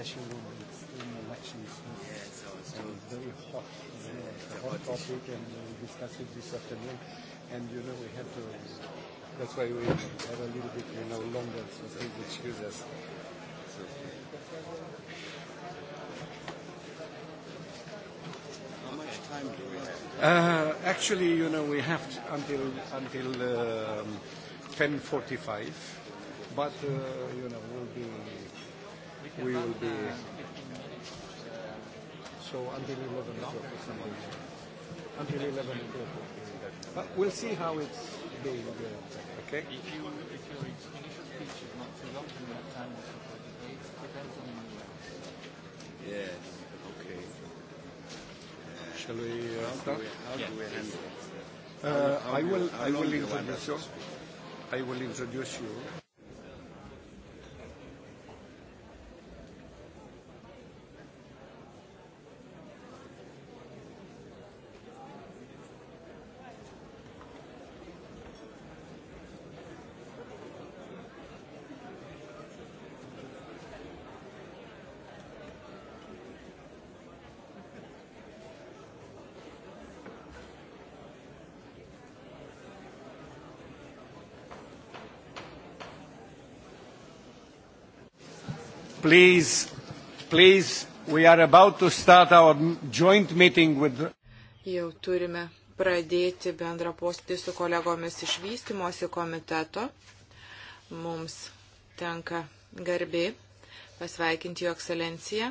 session will be in elections. Yeah, so it's and it's very hot. Yeah, yeah, it's a hot, hot topic, and we uh, discussed it this afternoon. And you know, we had to. That's why we have a little bit, you know, longer, so please excuse us. So. How much time do we have? Uh, actually, you know, we have to, until until um, 10:45, but uh, you know, we'll be we will be. So until 11 o'clock, someone. Until 11 o'clock. But we'll see how it's being. Uh, okay. If you if your initial speech is not too long, you have time also for debate. Depends on. Yes. Okay. Uh, Shall we uh, start? How do we handle it? Uh, I will. I will introduce you. I will introduce you. Please, please, we are about to start our joint meeting with. Jau turime pradėti bendrą postį su kolegomis iš vystimosi komiteto. Mums tenka garbi pasveikinti jo ekscelenciją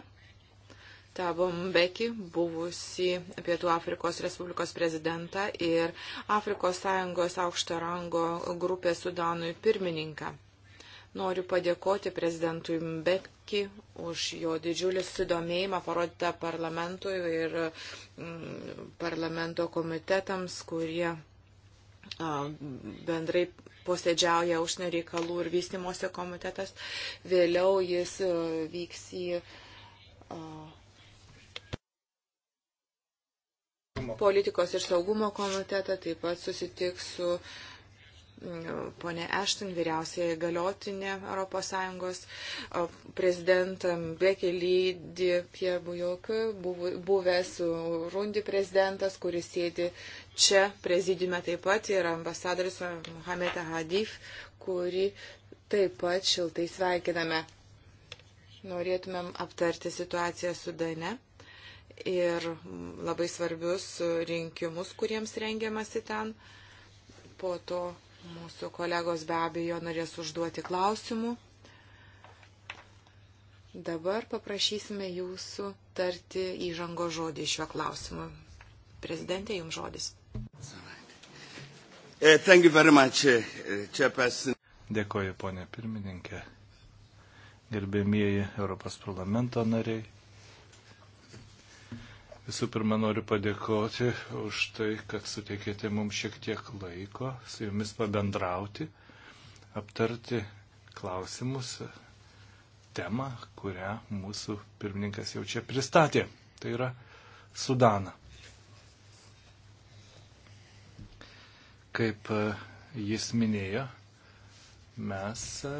Tabo Mbeki, buvusi Pietų Afrikos Respublikos prezidentą ir Afrikos Sąjungos aukšto rango grupės Sudanui pirmininką. Noriu padėkoti prezidentui Mbeki už jo didžiulį sudomėjimą parodytą parlamentui ir mm, parlamento komitetams, kurie bendrai posėdžiauja užsienio reikalų ir vystimosi komitetas. Vėliau jis vyks į. Politikos ir saugumo komitetą taip pat susitiks su uh, ponė Ešton, vyriausiai galiotinė ES, prezidentam Bekelydį Pierre Bujok, buvęs Rundi prezidentas, kuris sėdi čia prezidime taip pat, ir ambasadoris Mohamed Hadif, kuri taip pat šiltai sveikiname. Norėtumėm aptarti situaciją Sudane ir labai svarbius rinkimus, kuriems rengiamasi ten. Po to Mūsų kolegos be abejo norės užduoti klausimų. Dabar paprašysime jūsų tarti įžango žodį šiuo klausimu. Prezidentė, jums žodis. Eh, eh, Dėkoju, ponė pirmininkė. Gerbėmieji Europos parlamento nariai, Visų pirma, noriu padėkoti už tai, kad suteikėte mums šiek tiek laiko su jumis pabendrauti, aptarti klausimus, temą, kurią mūsų pirmininkas jau čia pristatė. Tai yra Sudana. Kaip e, jis minėjo, mes e,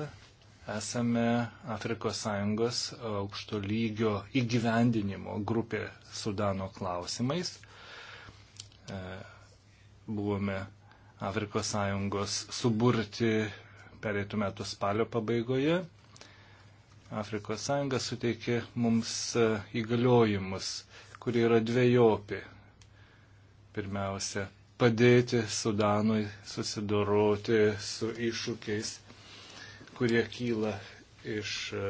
Esame Afrikos Sąjungos aukšto lygio įgyvendinimo grupė Sudano klausimais. E, buvome Afrikos Sąjungos suburti pereitų metų spalio pabaigoje. Afrikos Sąjunga suteikė mums e, įgaliojimus, kurie yra dviejopi. Pirmiausia, padėti Sudanui susidoroti su iššūkiais kurie kyla iš e,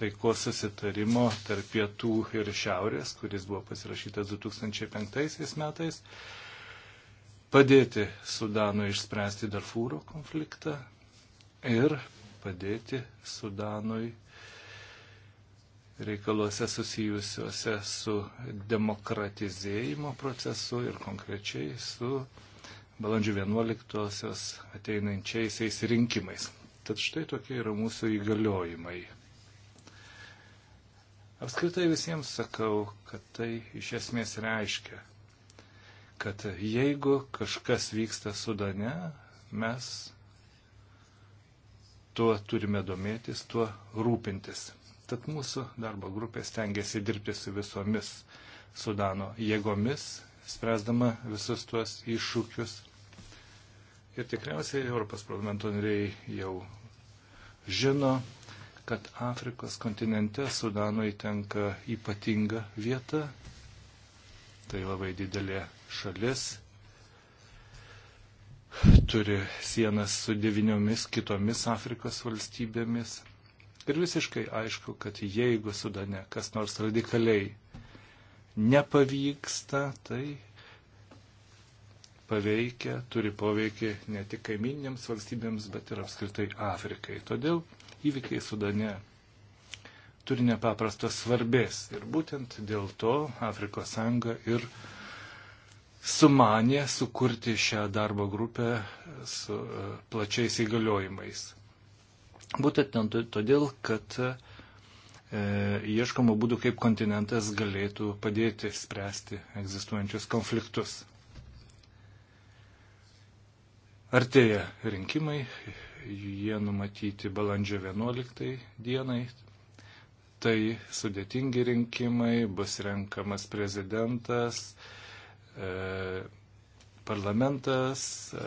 taikos susitarimo tarp pietų ir šiaurės, kuris buvo pasirašytas 2005 metais, padėti Sudanui išspręsti Darfūro konfliktą ir padėti Sudanui reikaluose susijusiuose su demokratizėjimo procesu ir konkrečiai su balandžio 11-osios ateinančiaisiais rinkimais. Tad štai tokie yra mūsų įgaliojimai. Apskritai visiems sakau, kad tai iš esmės reiškia, kad jeigu kažkas vyksta Sudane, mes tuo turime domėtis, tuo rūpintis. Tad mūsų darbo grupė stengiasi dirbti su visomis Sudano jėgomis, spręsdama visus tuos iššūkius. Ir tikriausiai Europos parlamento nariai jau žino, kad Afrikos kontinente Sudanui tenka ypatinga vieta. Tai labai didelė šalis. Turi sienas su devyniomis kitomis Afrikos valstybėmis. Ir visiškai aišku, kad jeigu Sudane kas nors radikaliai nepavyksta, tai paveikia, turi poveikį ne tik kaiminėms valstybėms, bet ir apskritai Afrikai. Todėl įvykiai Sudane turi nepaprastos svarbės ir būtent dėl to Afrikos Sąjunga ir sumanė sukurti šią darbo grupę su e, plačiais įgaliojimais. Būtent todėl, kad e, ieškoma būdų, kaip kontinentas galėtų padėti spręsti egzistuojančius konfliktus. Artėja rinkimai, jie numatyti balandžio 11 dienai. Tai sudėtingi rinkimai, bus renkamas prezidentas, e, parlamentas, e,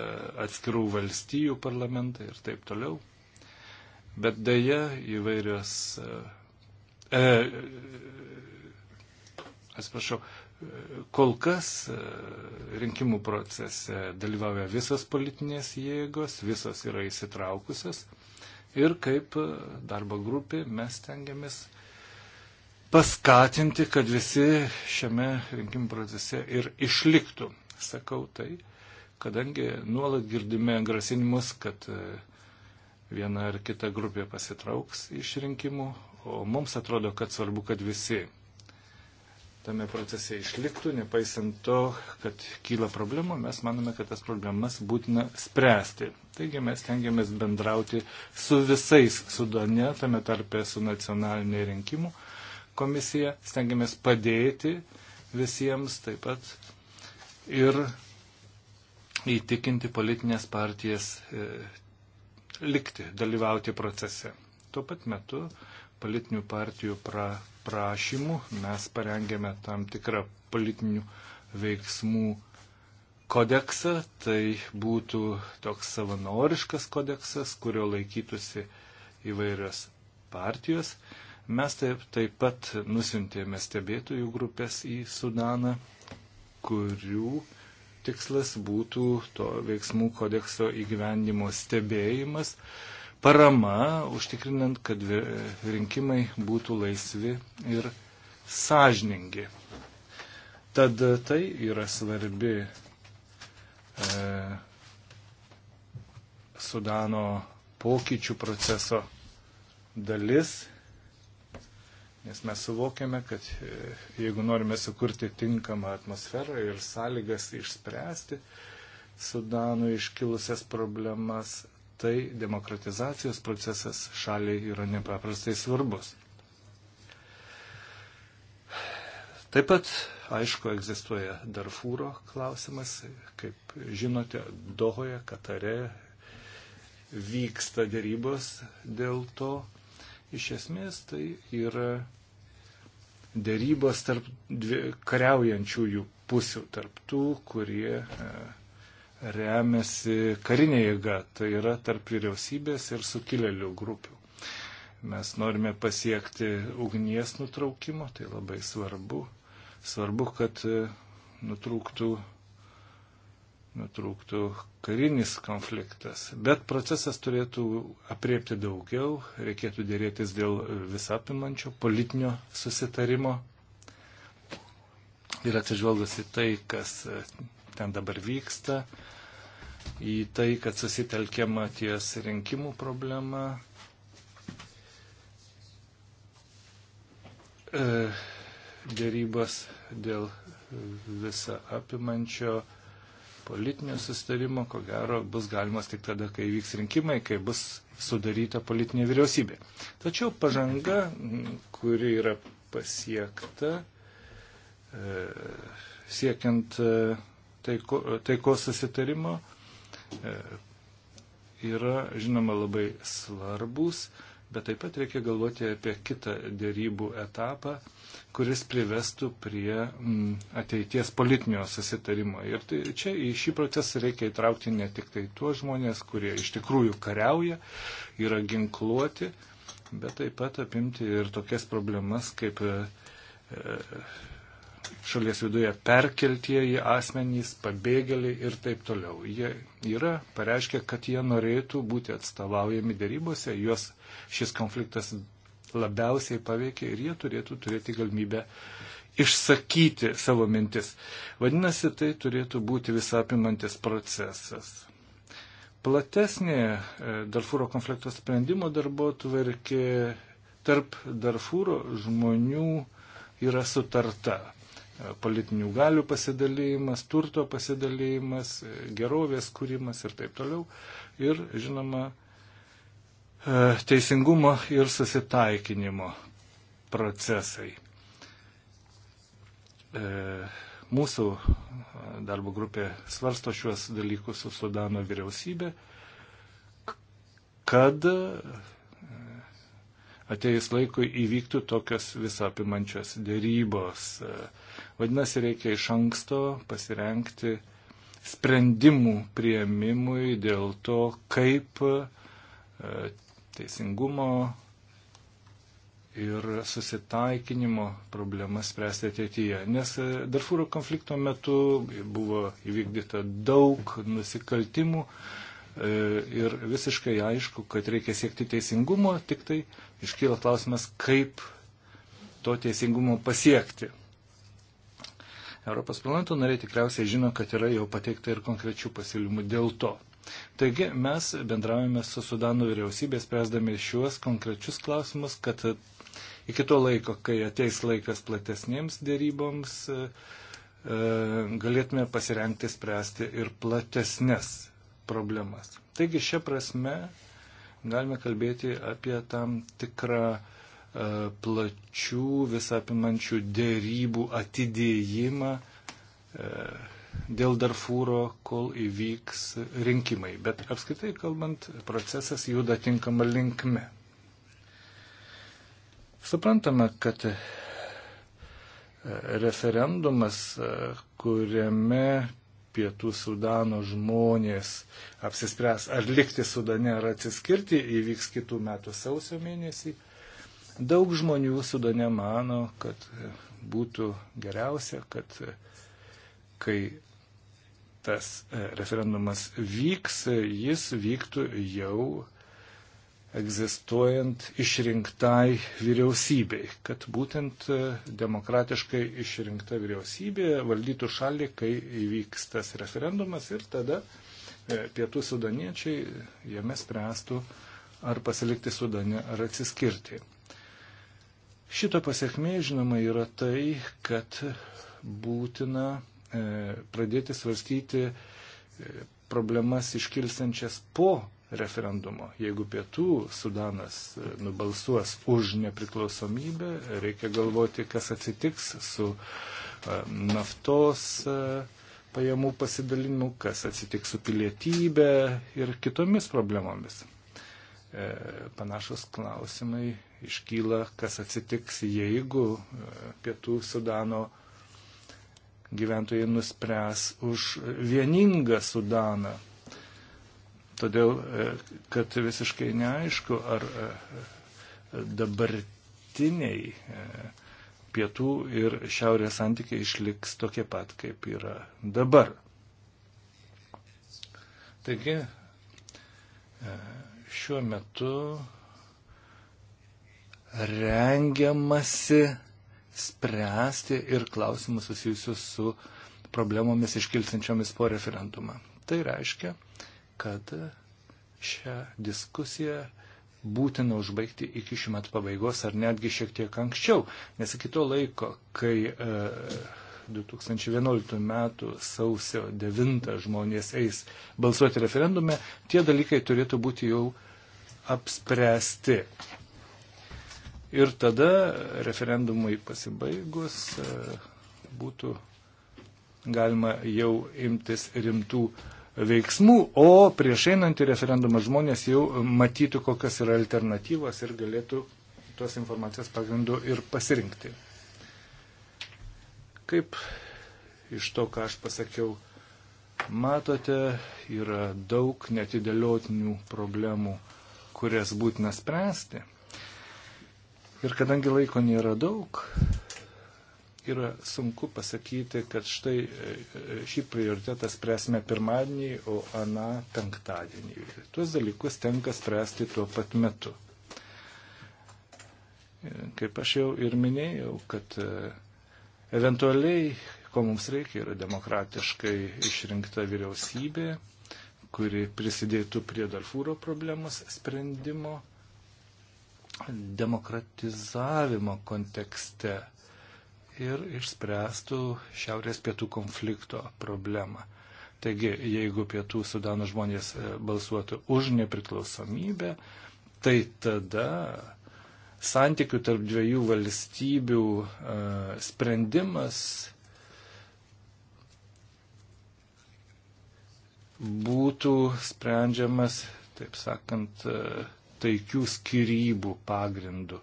atskirų valstijų parlamentai ir taip toliau. Bet dėja įvairios. E, e atsiprašau, e, Kol kas e, rinkimų procese dalyvauja visos politinės jėgos, visos yra įsitraukusios ir kaip e, darbo grupė mes tengiamės paskatinti, kad visi šiame rinkimų procese ir išliktų. Sakau tai, kadangi nuolat girdime grasinimus, kad e, viena ar kita grupė pasitrauks iš rinkimų, o mums atrodo, kad svarbu, kad visi tame procese išliktų, nepaisant to, kad kyla problemų, mes manome, kad tas problemas būtina spręsti. Taigi mes tengiamės bendrauti su visais Sudane, tame tarpe su nacionalinė rinkimų komisija, stengiamės padėti visiems taip pat ir įtikinti politinės partijas e, likti, dalyvauti procese. Tuo pat metu e, politinių partijų pra, prašymų mes parengėme tam tikrą politinių veiksmų kodeksą. Tai būtų toks savanoriškas kodeksas, kurio laikytųsi įvairios partijos. Mes taip, taip pat nusintėme stebėtojų grupės į Sudaną, kurių tikslas būtų to veiksmų kodekso įgyvendimo stebėjimas parama, užtikrinant, kad rinkimai būtų laisvi ir sąžiningi. Tad tai yra svarbi e, Sudano pokyčių proceso dalis, nes mes suvokiame, kad e, jeigu norime sukurti tinkamą atmosferą ir sąlygas išspręsti Sudanų iškilusias problemas, tai demokratizacijos procesas šaliai yra nepaprastai svarbus. Taip pat, aišku, egzistuoja Darfūro klausimas. Kaip žinote, Dohoje, Katare vyksta dėrybos dėl to. Iš esmės tai yra dėrybos tarp dvi, kariaujančiųjų pusių, tarp tų, kurie e, remiasi karinė jėga, tai yra tarp vyriausybės ir sukilėlių grupių. Mes norime pasiekti ugnies nutraukimo, tai labai svarbu. Svarbu, kad e, nutrūktų, nutrūktų karinis konfliktas. Bet procesas turėtų apriepti daugiau, reikėtų dėrėtis dėl visapimančio politinio susitarimo ir atsižvelgus į tai, kas e, ten dabar vyksta, į tai, kad susitelkiama ties rinkimų problema. E, dėrybos dėl visą apimančio politinio sustarimo, ko gero, bus galimas tik tada, kai vyks rinkimai, kai bus sudaryta politinė vyriausybė. Tačiau pažanga, kuri yra pasiekta, e, siekiant e, taiko, taiko susitarimo e, yra, žinoma, labai svarbus, bet taip pat reikia galvoti apie kitą dėrybų etapą, kuris privestų prie m, mm, ateities politinio susitarimo. Ir tai, čia į šį procesą reikia įtraukti ne tik tai tuos žmonės, kurie iš tikrųjų kariauja, yra ginkluoti, bet taip pat apimti ir tokias problemas kaip e, e šalies viduje perkeltieji asmenys, pabėgėliai ir taip toliau. Jie yra pareiškę, kad jie norėtų būti atstovaujami dėrybose, juos šis konfliktas labiausiai paveikė ir jie turėtų turėti galimybę išsakyti savo mintis. Vadinasi, tai turėtų būti visapimantis procesas. Platesnė e, Darfūro konflikto sprendimo darbo tvarkė tarp Darfūro žmonių yra sutarta politinių galių pasidalymas, turto pasidalymas, gerovės kūrimas ir taip toliau. Ir, žinoma, e, teisingumo ir susitaikinimo procesai. E, mūsų darbo grupė svarsto šiuos dalykus su Sudano vyriausybė, kad e, atėjus laikui įvyktų tokios visapimančios dėrybos. E, Vadinasi, reikia iš anksto pasirenkti sprendimų prieimimui dėl to, kaip e, teisingumo ir susitaikinimo problemas spręsti ateityje. Nes e, Darfūro konflikto metu buvo įvykdyta daug nusikaltimų e, ir visiškai aišku, kad reikia siekti teisingumo, tik tai iškyla klausimas, kaip to teisingumo pasiekti. Europos parlamento nariai tikriausiai žino, kad yra jau pateikta ir konkrečių pasiūlymų dėl to. Taigi mes bendravome su Sudano vyriausybė, spręsdami šiuos konkrečius klausimus, kad iki to laiko, kai ateis laikas platesniems dėryboms, e, e, galėtume pasirengti spręsti ir platesnės problemas. Taigi šią prasme galime kalbėti apie tam tikrą uh, E, plačių visapimančių dėrybų atidėjimą e, dėl Darfūro, kol įvyks rinkimai. Bet apskritai kalbant, procesas juda tinkama linkme. Suprantame, kad e, referendumas, kuriame pietų Sudano žmonės apsispręs ar likti Sudane ar atsiskirti, įvyks kitų metų sausio mėnesį. Daug žmonių Sudane mano, kad būtų geriausia, kad e, kai tas e, referendumas vyks, e, jis vyktų jau egzistuojant išrinktai vyriausybei, kad būtent demokratiškai išrinkta vyriausybė valdytų šalį, kai įvyks tas referendumas ir tada pietų sudaniečiai jame spręstų, ar pasilikti sudane, ar atsiskirti. Šito pasiekmė, žinoma, yra tai, kad būtina e, pradėti svarstyti e, problemas iškilsiančias po referendumo. Jeigu pietų Sudanas e, nubalsuos už nepriklausomybę, reikia galvoti, kas atsitiks su naftos pajamų pasidalinimu, kas atsitiks su pilietybė ir kitomis problemomis. E, panašus klausimai iškyla, kas atsitiks, jeigu e, pietų Sudano gyventojai nuspręs už vieningą Sudaną. Todėl, e, kad visiškai neaišku, ar dabartiniai pietų ir šiaurės santykiai išliks tokie pat, kaip yra dabar. Taigi, šiuo metu rengiamasi spręsti ir klausimus susijusius su problemomis iškilsinčiomis po referendumą. Tai reiškia, kad šią diskusiją būtina užbaigti iki šių metų pabaigos ar netgi šiek tiek anksčiau, nes iki to laiko, kai e, 2011 m. sausio 9 žmonės eis balsuoti referendume, tie dalykai turėtų būti jau apspręsti. Ir tada referendumui pasibaigus e, būtų galima jau imtis rimtų veiksmų, o prieš einant į referendumą žmonės jau matytų, kokios yra alternatyvos ir galėtų tos informacijos pagrindų ir pasirinkti. Kaip iš to, ką aš pasakiau, matote, yra daug netidėliotinių problemų, kurias būtina spręsti. Ir kadangi laiko nėra daug, yra sunku pasakyti, kad štai e, e, šį prioritetą spręsime pirmadienį, o aną penktadienį. Tuos dalykus tenka spręsti tuo pat metu. E, kaip aš jau ir minėjau, kad Eventualiai, ko mums reikia, yra demokratiškai išrinkta vyriausybė, kuri prisidėtų prie Darfūro problemos sprendimo demokratizavimo kontekste ir išspręstų šiaurės pietų konflikto problemą. Taigi, jeigu pietų sudano žmonės e, balsuotų už nepriklausomybę, tai tada santykių tarp dviejų valstybių e, sprendimas būtų sprendžiamas, taip sakant, e, taikių skirybų pagrindu.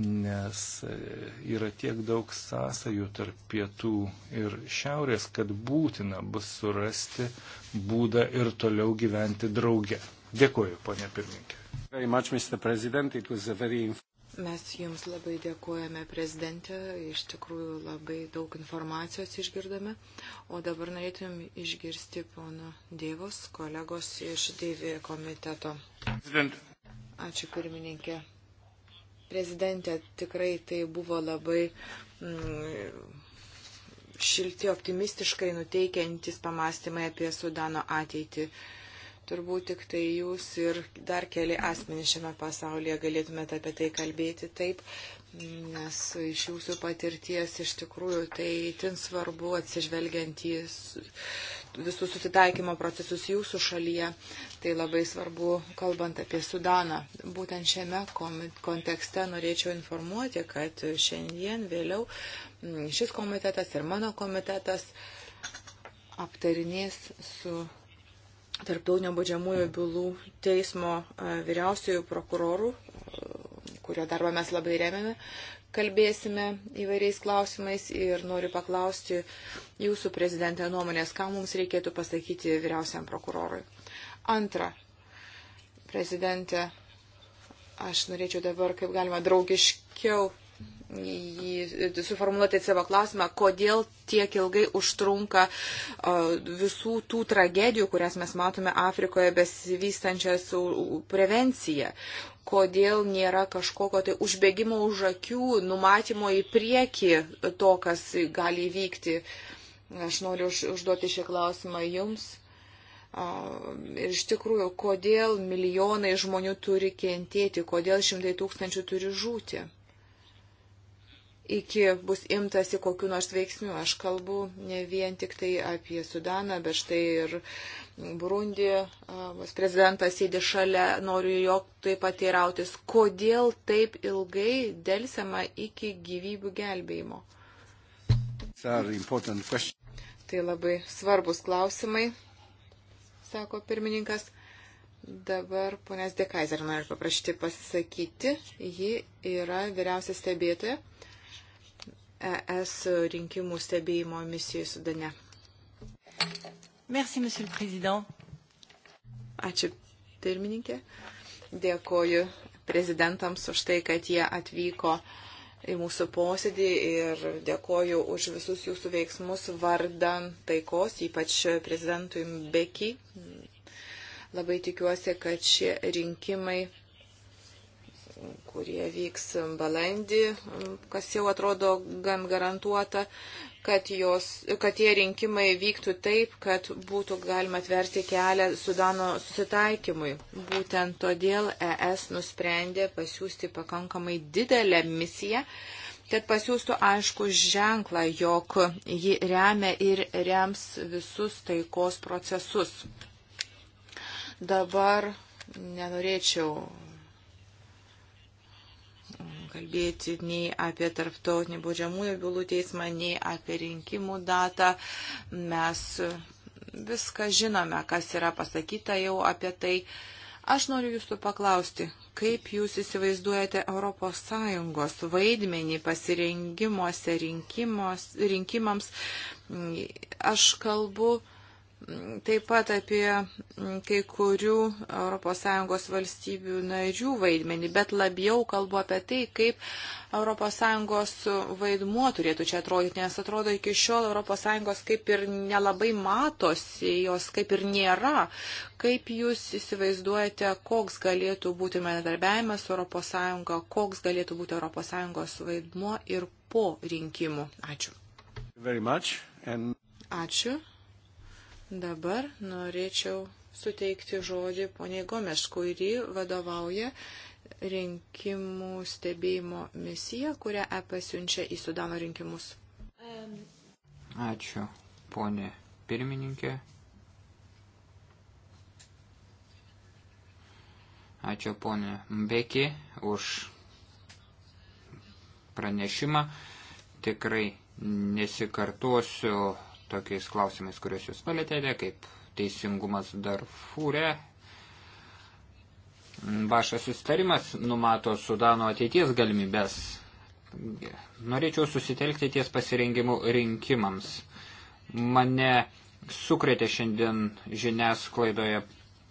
Nes e, yra tiek daug sąsajų tarp pietų ir šiaurės, kad būtina bus surasti būdą ir toliau gyventi drauge. Dėkuoju, ponė pirmininkė. Mes Jums labai dėkojame, prezidentė, iš tikrųjų labai daug informacijos išgirdome, o dabar norėtum išgirsti pono Dievos, kolegos iš Dievė komiteto. President. Ačiū pirmininkė. Prezidentė, tikrai tai buvo labai. Mm, šilti, optimistiškai nuteikiantis pamastymai apie Sudano ateitį. Uh, Turbūt tik tai jūs ir dar keli asmenys šiame pasaulyje galėtumėte apie tai kalbėti taip, nes iš jūsų patirties iš tikrųjų tai itin svarbu atsižvelgiant į visus susitaikymo procesus jūsų šalyje. Tai labai svarbu, kalbant apie Sudaną. Būtent šiame kontekste norėčiau informuoti, kad šiandien vėliau šis komitetas ir mano komitetas aptarinės su tarptautinio baudžiamųjų bylų teismo vyriausiųjų prokurorų, kurio darbą mes labai remiame, kalbėsime įvairiais klausimais ir noriu paklausti jūsų prezidentę nuomonės, ką mums reikėtų pasakyti vyriausiam prokurorui. Antra, prezidentė, aš norėčiau dabar kaip galima draugiškiau jį suformuoluoti savo klausimą, kodėl tiek ilgai užtrunka visų tų tragedijų, kurias mes matome Afrikoje besivystančias prevencija kodėl nėra kažkokio tai užbėgimo už akių, numatymo į priekį to, kas gali įvykti. Aš noriu užduoti šį klausimą jums. Ir iš tikrųjų, kodėl milijonai žmonių turi kentėti, kodėl šimtai tūkstančių turi žūti iki bus imtasi kokiu nors veiksmiu. Aš kalbu ne vien tik tai apie Sudaną, bet štai ir Burundi, prezidentas sėdi šalia, noriu jo taip pat teirautis, kodėl taip ilgai dėlsiama iki gyvybių gelbėjimo. Tai labai svarbus klausimai, sako pirmininkas. Dabar ponės Dekaiser noriu paprašyti pasisakyti. Ji yra vyriausia stebėtoja. ES rinkimų stebėjimo misijai Sudane. Merci, monsieur le président. Ačiū, pirmininkė. Dėkoju prezidentams už tai, kad jie atvyko į mūsų posėdį ir dėkoju už visus jūsų veiksmus vardan taikos, ypač prezidentui Beki. Labai tikiuosi, kad šie rinkimai kurie vyks balandį, kas jau atrodo gan garantuota, kad, jos, kad tie rinkimai vyktų taip, kad būtų galima atverti kelią Sudano susitaikymui. Būtent todėl ES nusprendė pasiūsti pakankamai didelę misiją, kad pasiūstų aišku ženklą, jog ji remia ir rems visus taikos procesus. Dabar nenorėčiau kalbėti nei apie tarptautinį baudžiamųjų bylų teismą, nei apie rinkimų datą. Mes viską žinome, kas yra pasakyta jau apie tai. Aš noriu jūsų paklausti, kaip jūs įsivaizduojate ES vaidmenį pasirengimuose rinkimos, rinkimams. Aš kalbu taip pat apie mm, kai kurių ES valstybių narių vaidmenį, bet labiau kalbu apie tai, kaip ES vaidmuo turėtų čia atrodyti, nes atrodo iki šiol ES kaip ir nelabai matosi, jos kaip ir nėra. Kaip jūs įsivaizduojate, koks galėtų būti bendradarbiavimas su ES, koks galėtų būti ES vaidmuo ir po rinkimų? Ačiū. And... Ačiū. Dabar norėčiau suteikti žodį poniai Gomes, kuri vadovauja rinkimų stebėjimo misiją, kurią EP siunčia į Sudano rinkimus. Ačiū, ponė pirmininkė. Ačiū, ponė Mbeki, už pranešimą. Tikrai nesikartosiu tokiais klausimais, kuriuos jūs palėtėte, kaip teisingumas dar fūrė. Bašas sustarimas numato Sudano ateities galimybės. Norėčiau susitelkti ties pasirengimu rinkimams. Mane sukrėtė šiandien žiniasklaidoje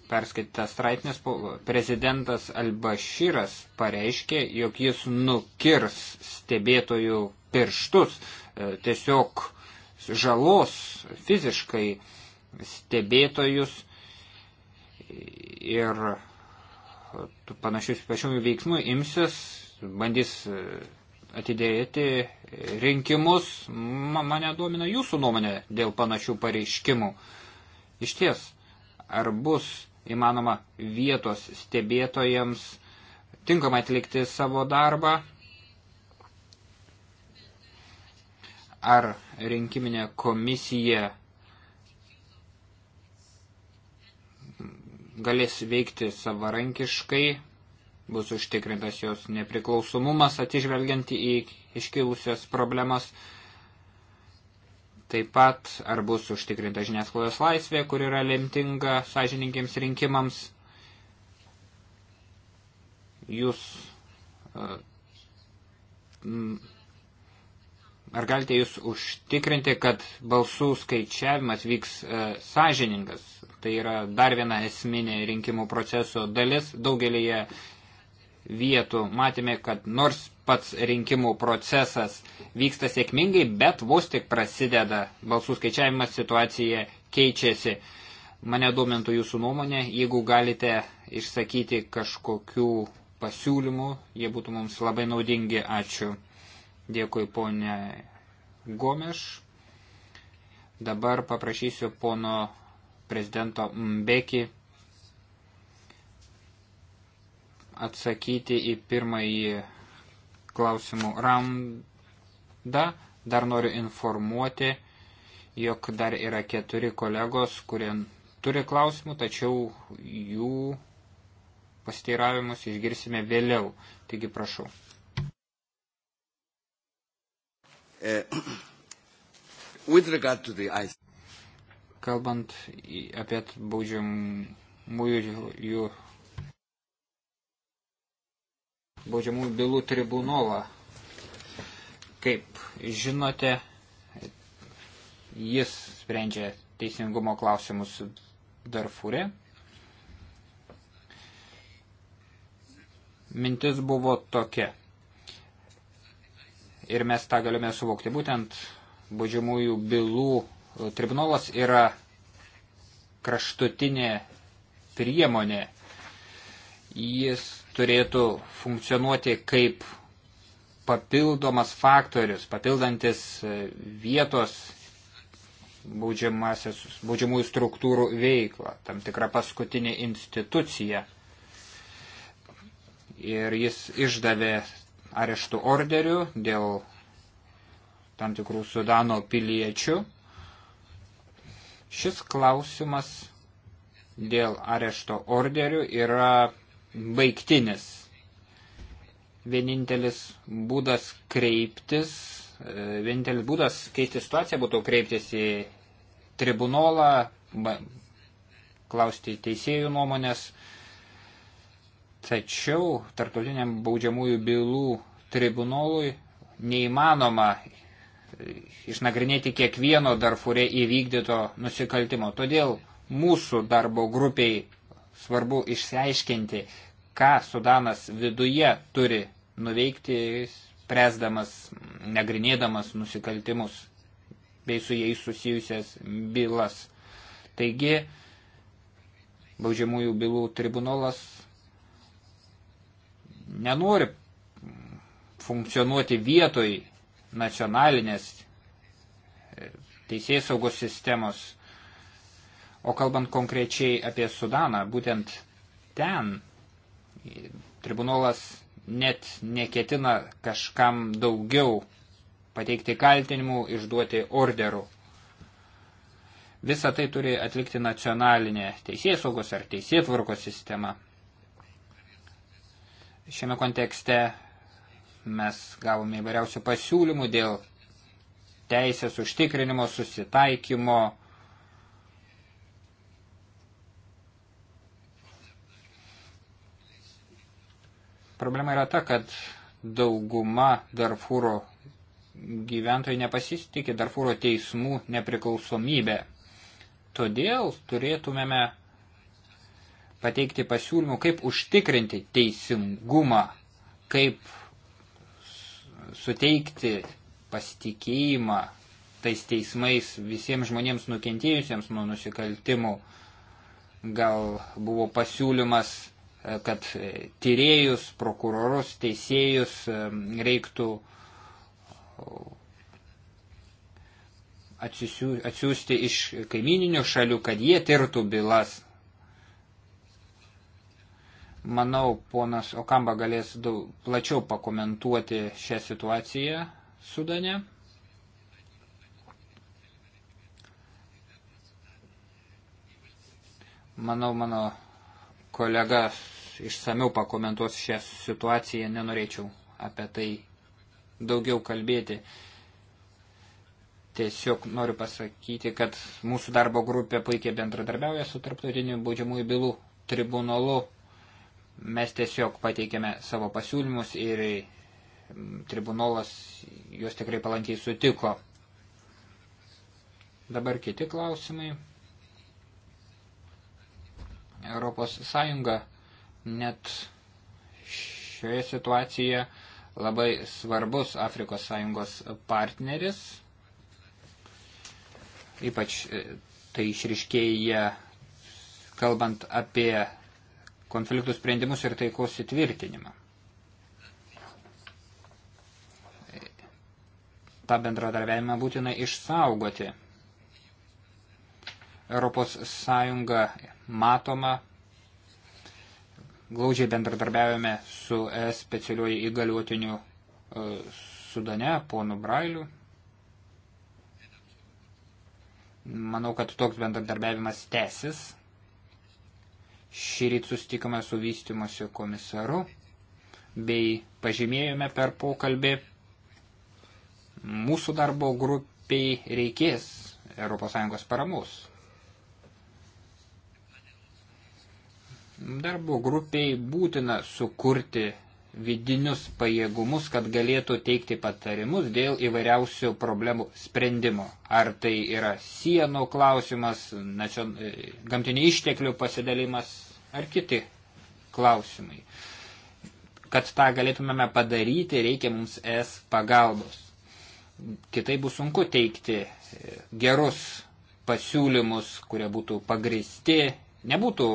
perskaitytas straipsnis, prezidentas Albašyras pareiškė, jog jis nukirs stebėtojų pirštus, e, tiesiog žalos fiziškai stebėtojus ir panašius pačių veiksmų imsis, bandys e, atidėti rinkimus. Mane domina jūsų nuomonė dėl panašių pareiškimų. Iš ties, ar bus įmanoma vietos stebėtojams tinkamai atlikti savo darbą, ar rinkiminė komisija galės veikti savarankiškai, bus užtikrintas jos nepriklausomumas atsižvelgiant į iškilusias problemas. Taip pat, ar bus užtikrinta žiniasklaidos laisvė, kur yra lemtinga sąžininkiems rinkimams. Jūs uh, m, Ar galite jūs užtikrinti, kad balsų skaičiavimas vyks e, sąžiningas? Tai yra dar viena esminė rinkimų proceso dalis. Daugelįje vietų matėme, kad nors pats rinkimų procesas vyksta sėkmingai, bet vos tik prasideda balsų skaičiavimas, situacija keičiasi. Mane domintų jūsų nuomonė, jeigu galite išsakyti kažkokių pasiūlymų, jie būtų mums labai naudingi. Ačiū. Dėkui, ponė Gomeš. Dabar paprašysiu pono prezidento Mbeki atsakyti į pirmąjį klausimų raundą. Dar noriu informuoti, jog dar yra keturi kolegos, kurie turi klausimų, tačiau jų pasteiravimus išgirsime vėliau. Taigi prašau. Uh, with regard to the ICE. Kalbant apie baudžiamųjų baudžiamųjų bylų tribunolą, kaip žinote, jis sprendžia teisingumo klausimus Darfūre. Mintis buvo tokia – ir mes tą galime suvokti. Būtent baudžiamųjų bylų e, tribunolas yra kraštutinė priemonė. Jis turėtų funkcionuoti kaip papildomas faktorius, papildantis e, vietos baudžiamųjų struktūrų veiklą, tam tikra paskutinė institucija. Ir jis išdavė areštų orderių dėl tam tikrų Sudano piliečių. Šis klausimas dėl arešto orderių yra baigtinis. Vienintelis būdas kreiptis, vienintelis būdas keisti situaciją būtų kreiptis į tribunolą, klausti teisėjų nuomonės, Tačiau tartutiniam baudžiamųjų bylų tribunolui neįmanoma e, išnagrinėti kiekvieno darfūrė įvykdyto nusikaltimo. Todėl mūsų darbo grupiai svarbu išsiaiškinti, ką Sudanas viduje turi nuveikti, presdamas, nagrinėdamas nusikaltimus bei su jais susijusias bylas. Taigi, baudžiamųjų bylų tribunolas nenori funkcionuoti vietoj nacionalinės e, teisės saugos sistemos. O kalbant konkrečiai apie Sudaną, būtent ten tribunolas net neketina kažkam daugiau pateikti kaltinimų, išduoti orderų. Visą tai turi atlikti nacionalinė teisėsaugos ar teisėtvarkos sistema. Šiame kontekste mes gavome įvairiausių pasiūlymų dėl teisės užtikrinimo, susitaikymo. Problema yra ta, kad dauguma Darfūro gyventojai nepasistikė Darfūro teismų nepriklausomybę. Todėl turėtumėme pateikti pasiūlymų, kaip užtikrinti teisingumą, kaip suteikti pasitikėjimą tais teismais visiems žmonėms nukentėjusiems nuo nusikaltimų. Gal buvo pasiūlymas, e, kad e, tyrėjus, prokurorus, teisėjus e, reiktų atsiųsti iš kaimininių šalių, kad jie tirtų bylas Manau, ponas Okamba galės daug, plačiau pakomentuoti šią situaciją Sudane. Manau, mano kolega išsamiau pakomentuos šią situaciją, nenorėčiau apie tai daugiau kalbėti. Tiesiog noriu pasakyti, kad mūsų darbo grupė puikiai bendradarbiauja su tarptautiniu baudžiamųjų bylų tribunolu Mes tiesiog pateikėme savo pasiūlymus ir tribunolas juos tikrai palankiai sutiko. Dabar kiti klausimai. Europos Sąjunga net šioje situacijoje labai svarbus Afrikos Sąjungos partneris. Ypač e, tai išriškėja kalbant apie konfliktų sprendimus ir taikos įtvirtinimą. tą bendradarbiavimą būtina išsaugoti. Europos Sąjunga matoma, glaudžiai bendradarbiavome su ES specialiuoju įgaliuotiniu e, Sudane, ponu Brailiu. Manau, kad toks bendradarbiavimas tęsis. Šį rytą susitikome su vystimosi komisaru bei pažymėjome per pokalbį mūsų darbo grupiai reikės ES paramos. Darbo grupiai būtina sukurti vidinius pajėgumus, kad galėtų teikti patarimus dėl įvairiausių problemų sprendimo. Ar tai yra sienų klausimas, nacion... E, gamtinių išteklių pasidalimas ar kiti klausimai. Kad tą galėtumėme padaryti, reikia mums es pagalbos. Kitai bus sunku teikti e, gerus pasiūlymus, kurie būtų pagristi, nebūtų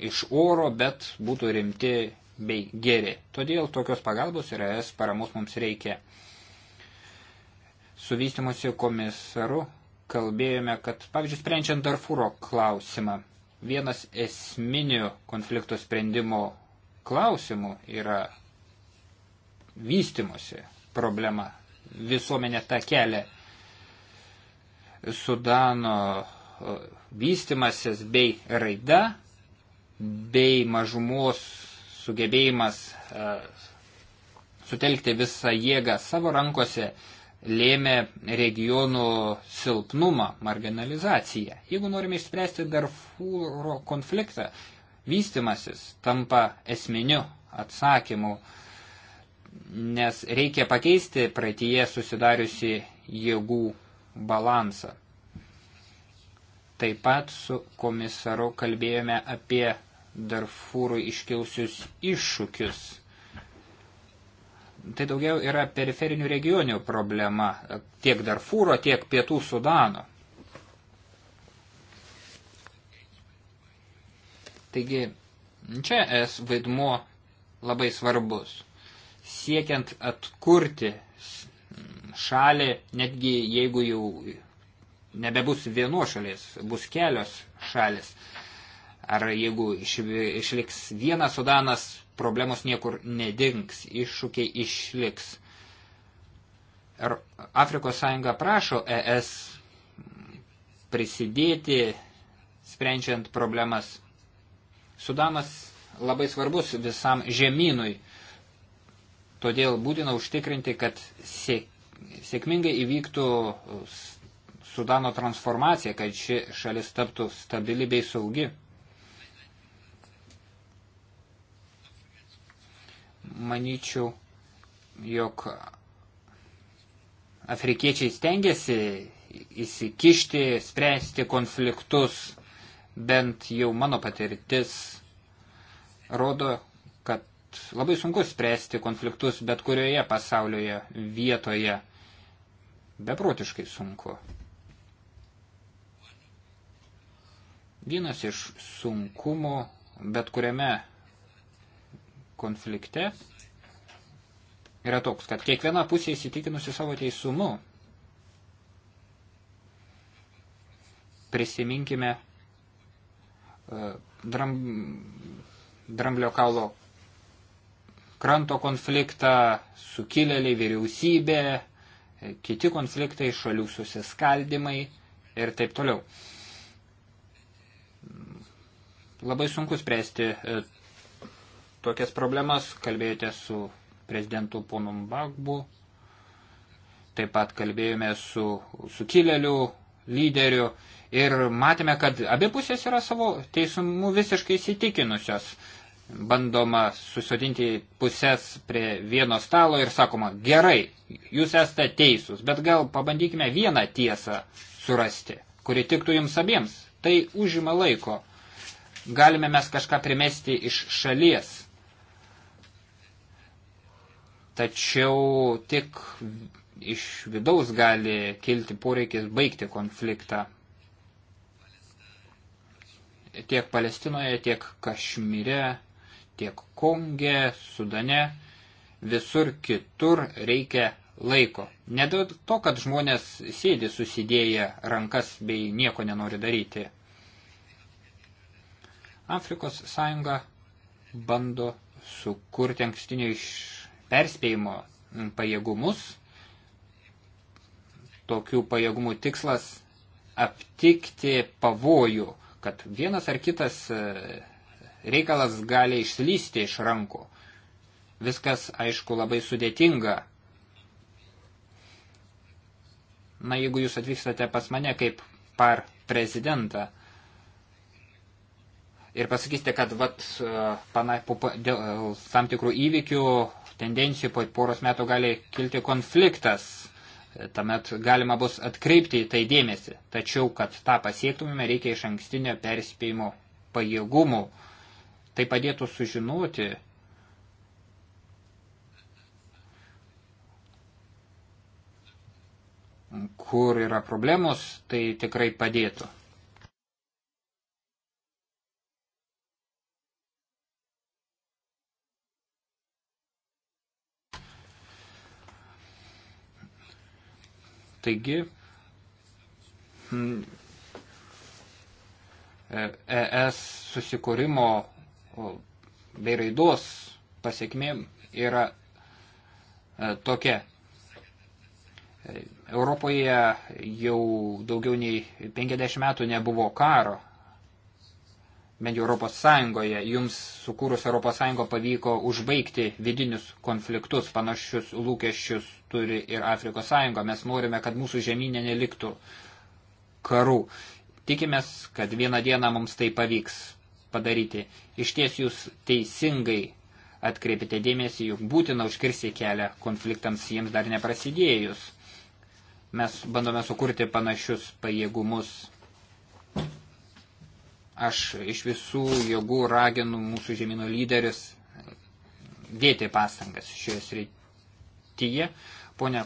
iš oro, bet būtų rimti bei geri. Todėl tokios pagalbos ir es paramos mums reikia. Su vystimosi komisaru kalbėjome, kad, pavyzdžiui, sprendžiant Darfūro klausimą, vienas esminių konflikto sprendimo klausimų yra vystimosi problema. Visuomenė tą kelią Sudano e, vystimasis bei raida bei mažumos sugebėjimas e, sutelkti visą jėgą savo rankose lėmė regionų silpnumą, marginalizaciją. Jeigu norime išspręsti Darfūro konfliktą, vystimasis tampa esminiu atsakymu, nes reikia pakeisti praeitie susidariusi jėgų balansą. Taip pat su komisaru kalbėjome apie Darfūrui iškilusius iššūkius. Tai daugiau yra periferinių regionių problema tiek Darfūro, tiek Pietų Sudano. Taigi, čia es vaidmuo labai svarbus. Siekiant atkurti šalį, netgi jeigu jau nebebus vienos šalies, bus kelios šalis ar jeigu išliks vienas Sudanas, problemos niekur nedings, iššūkiai išliks. Ir Afrikos Sąjunga prašo ES prisidėti, sprendžiant problemas. Sudanas labai svarbus visam žemynui, todėl būtina užtikrinti, kad sėk, sėkmingai įvyktų Sudano transformacija, kad ši šalis taptų stabili bei saugi. manyčiau, jog afrikiečiai stengiasi įsikišti, spręsti konfliktus, bent jau mano patirtis rodo, kad labai sunku spręsti konfliktus bet kurioje pasaulioje vietoje. Beprotiškai sunku. Vienas iš sunkumų bet kuriame konflikte yra toks, kad kiekviena pusė įsitikinusi savo teisumu. Prisiminkime e, dram, dramblio kaulo kranto konfliktą, sukilėliai, vyriausybė, e, kiti konfliktai, šalių susiskaldimai ir taip toliau. Labai sunku spręsti e, tokias problemas, kalbėjote su prezidentu ponu Bagbu, taip pat kalbėjome su sukilėliu, lyderiu ir matėme, kad abi pusės yra savo teisumu visiškai įsitikinusios. Bandoma susodinti pusės prie vieno stalo ir sakoma, gerai, jūs esate teisūs, bet gal pabandykime vieną tiesą surasti, kuri tiktų jums abiems. Tai užima laiko. Galime mes kažką primesti iš šalies tačiau tik iš vidaus gali kilti poreikis baigti konfliktą. Tiek Palestinoje, tiek Kašmyre, tiek Konge, Sudane, visur kitur reikia laiko. Ne dėl to, kad žmonės sėdi susidėję rankas bei nieko nenori daryti. Afrikos sąjunga bando sukurti ankstinio iš perspėjimo pajėgumus. Tokių pajėgumų tikslas aptikti pavojų, kad vienas ar kitas e, reikalas gali išslysti iš rankų. Viskas, aišku, labai sudėtinga. Na, jeigu jūs atvykstate pas mane kaip par prezidentą ir pasakysite, kad vat, e, pana, dėl e, tam tikrų įvykių tendencijų po poros metų gali kilti konfliktas, tamet galima bus atkreipti į tai dėmesį. Tačiau, kad tą pasiektumėme, reikia iš ankstinio perspėjimo pajėgumų. Tai padėtų sužinoti, kur yra problemos, tai tikrai padėtų. Taigi, hmm, ES e susikūrimo bei raidos pasiekmė yra e, tokia. E, Europoje jau daugiau nei 50 metų nebuvo karo bent jau Europos Sąjungoje, jums sukūrus Europos Sąjungo pavyko užbaigti vidinius konfliktus, panašius lūkesčius turi ir Afrikos Sąjunga. Mes norime, kad mūsų žemynė neliktų karų. Tikimės, kad vieną dieną mums tai pavyks padaryti. Iš ties jūs teisingai atkreipite dėmesį, juk būtina užkirsti kelią konfliktams jiems dar neprasidėjus. Mes bandome sukurti panašius pajėgumus Aš iš visų jėgų raginu mūsų žemynų lyderis dėti pastangas šioje srityje. Pone,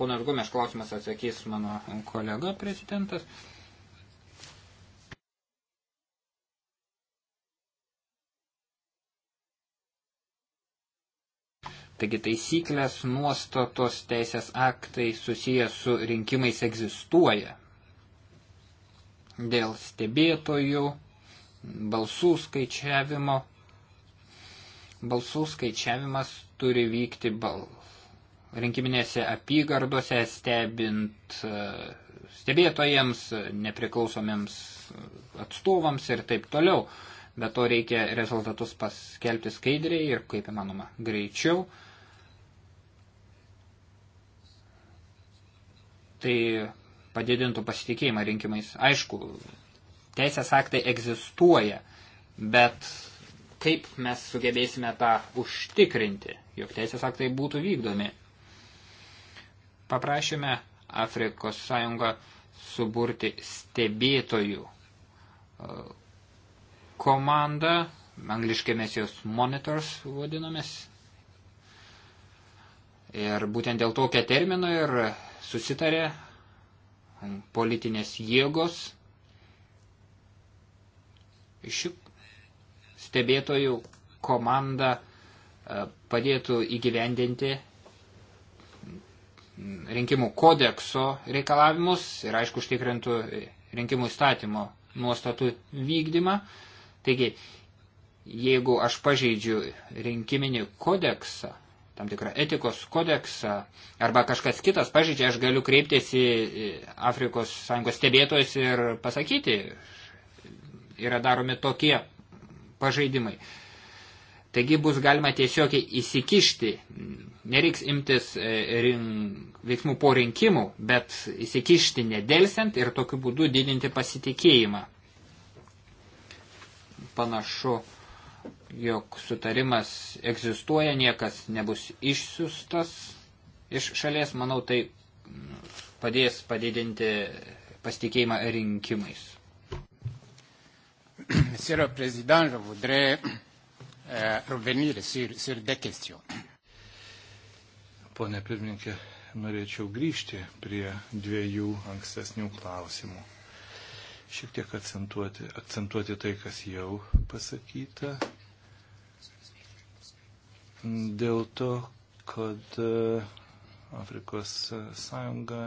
ponas Gumės klausimas atsakys mano kolega prezidentas. Taigi taisyklės, nuostatos, teisės aktai susijęs su rinkimais egzistuoja. Dėl stebėtojų, balsų skaičiavimo. Balsų skaičiavimas turi vykti bal... rinkiminėse apygardose, stebint e, stebėtojams, nepriklausomiems atstovams ir taip toliau. Bet to reikia rezultatus paskelbti skaidriai ir kaip įmanoma greičiau. Tai padidintų pasitikėjimą rinkimais. Aišku, Teisės aktai egzistuoja, bet kaip mes sugebėsime tą užtikrinti, jog teisės aktai būtų vykdomi. Paprašėme Afrikos sąjungą suburti stebėtojų e, komandą, angliškai mes jos monitors vadinamės. Ir būtent dėl tokio termino ir susitarė politinės jėgos ši stebėtojų komanda e, padėtų įgyvendinti rinkimų kodekso reikalavimus ir aišku užtikrintų rinkimų įstatymo nuostatų vykdymą. Taigi, jeigu aš pažeidžiu rinkiminį kodeksą, tam tikrą etikos kodeksą, arba kažkas kitas pažeidžia, aš galiu kreiptis į Afrikos Sąjungos stebėtojus ir pasakyti, yra daromi tokie pažeidimai. Taigi bus galima tiesiog įsikišti, nereiks imtis e, rink, veiksmų po rinkimų, bet įsikišti nedelsiant ir tokiu būdu didinti pasitikėjimą. Panašu, jog sutarimas egzistuoja, niekas nebus išsiustas iš šalies, manau, tai padės padidinti pasitikėjimą rinkimais. Monsieur le Président, je voudrais euh, revenir sur, sur des questions. Pone pirmininkė, norėčiau grįžti prie dviejų ankstesnių klausimų. Šiek tiek akcentuoti, akcentuoti tai, kas jau pasakyta. Dėl to, kad e, Afrikos sąjunga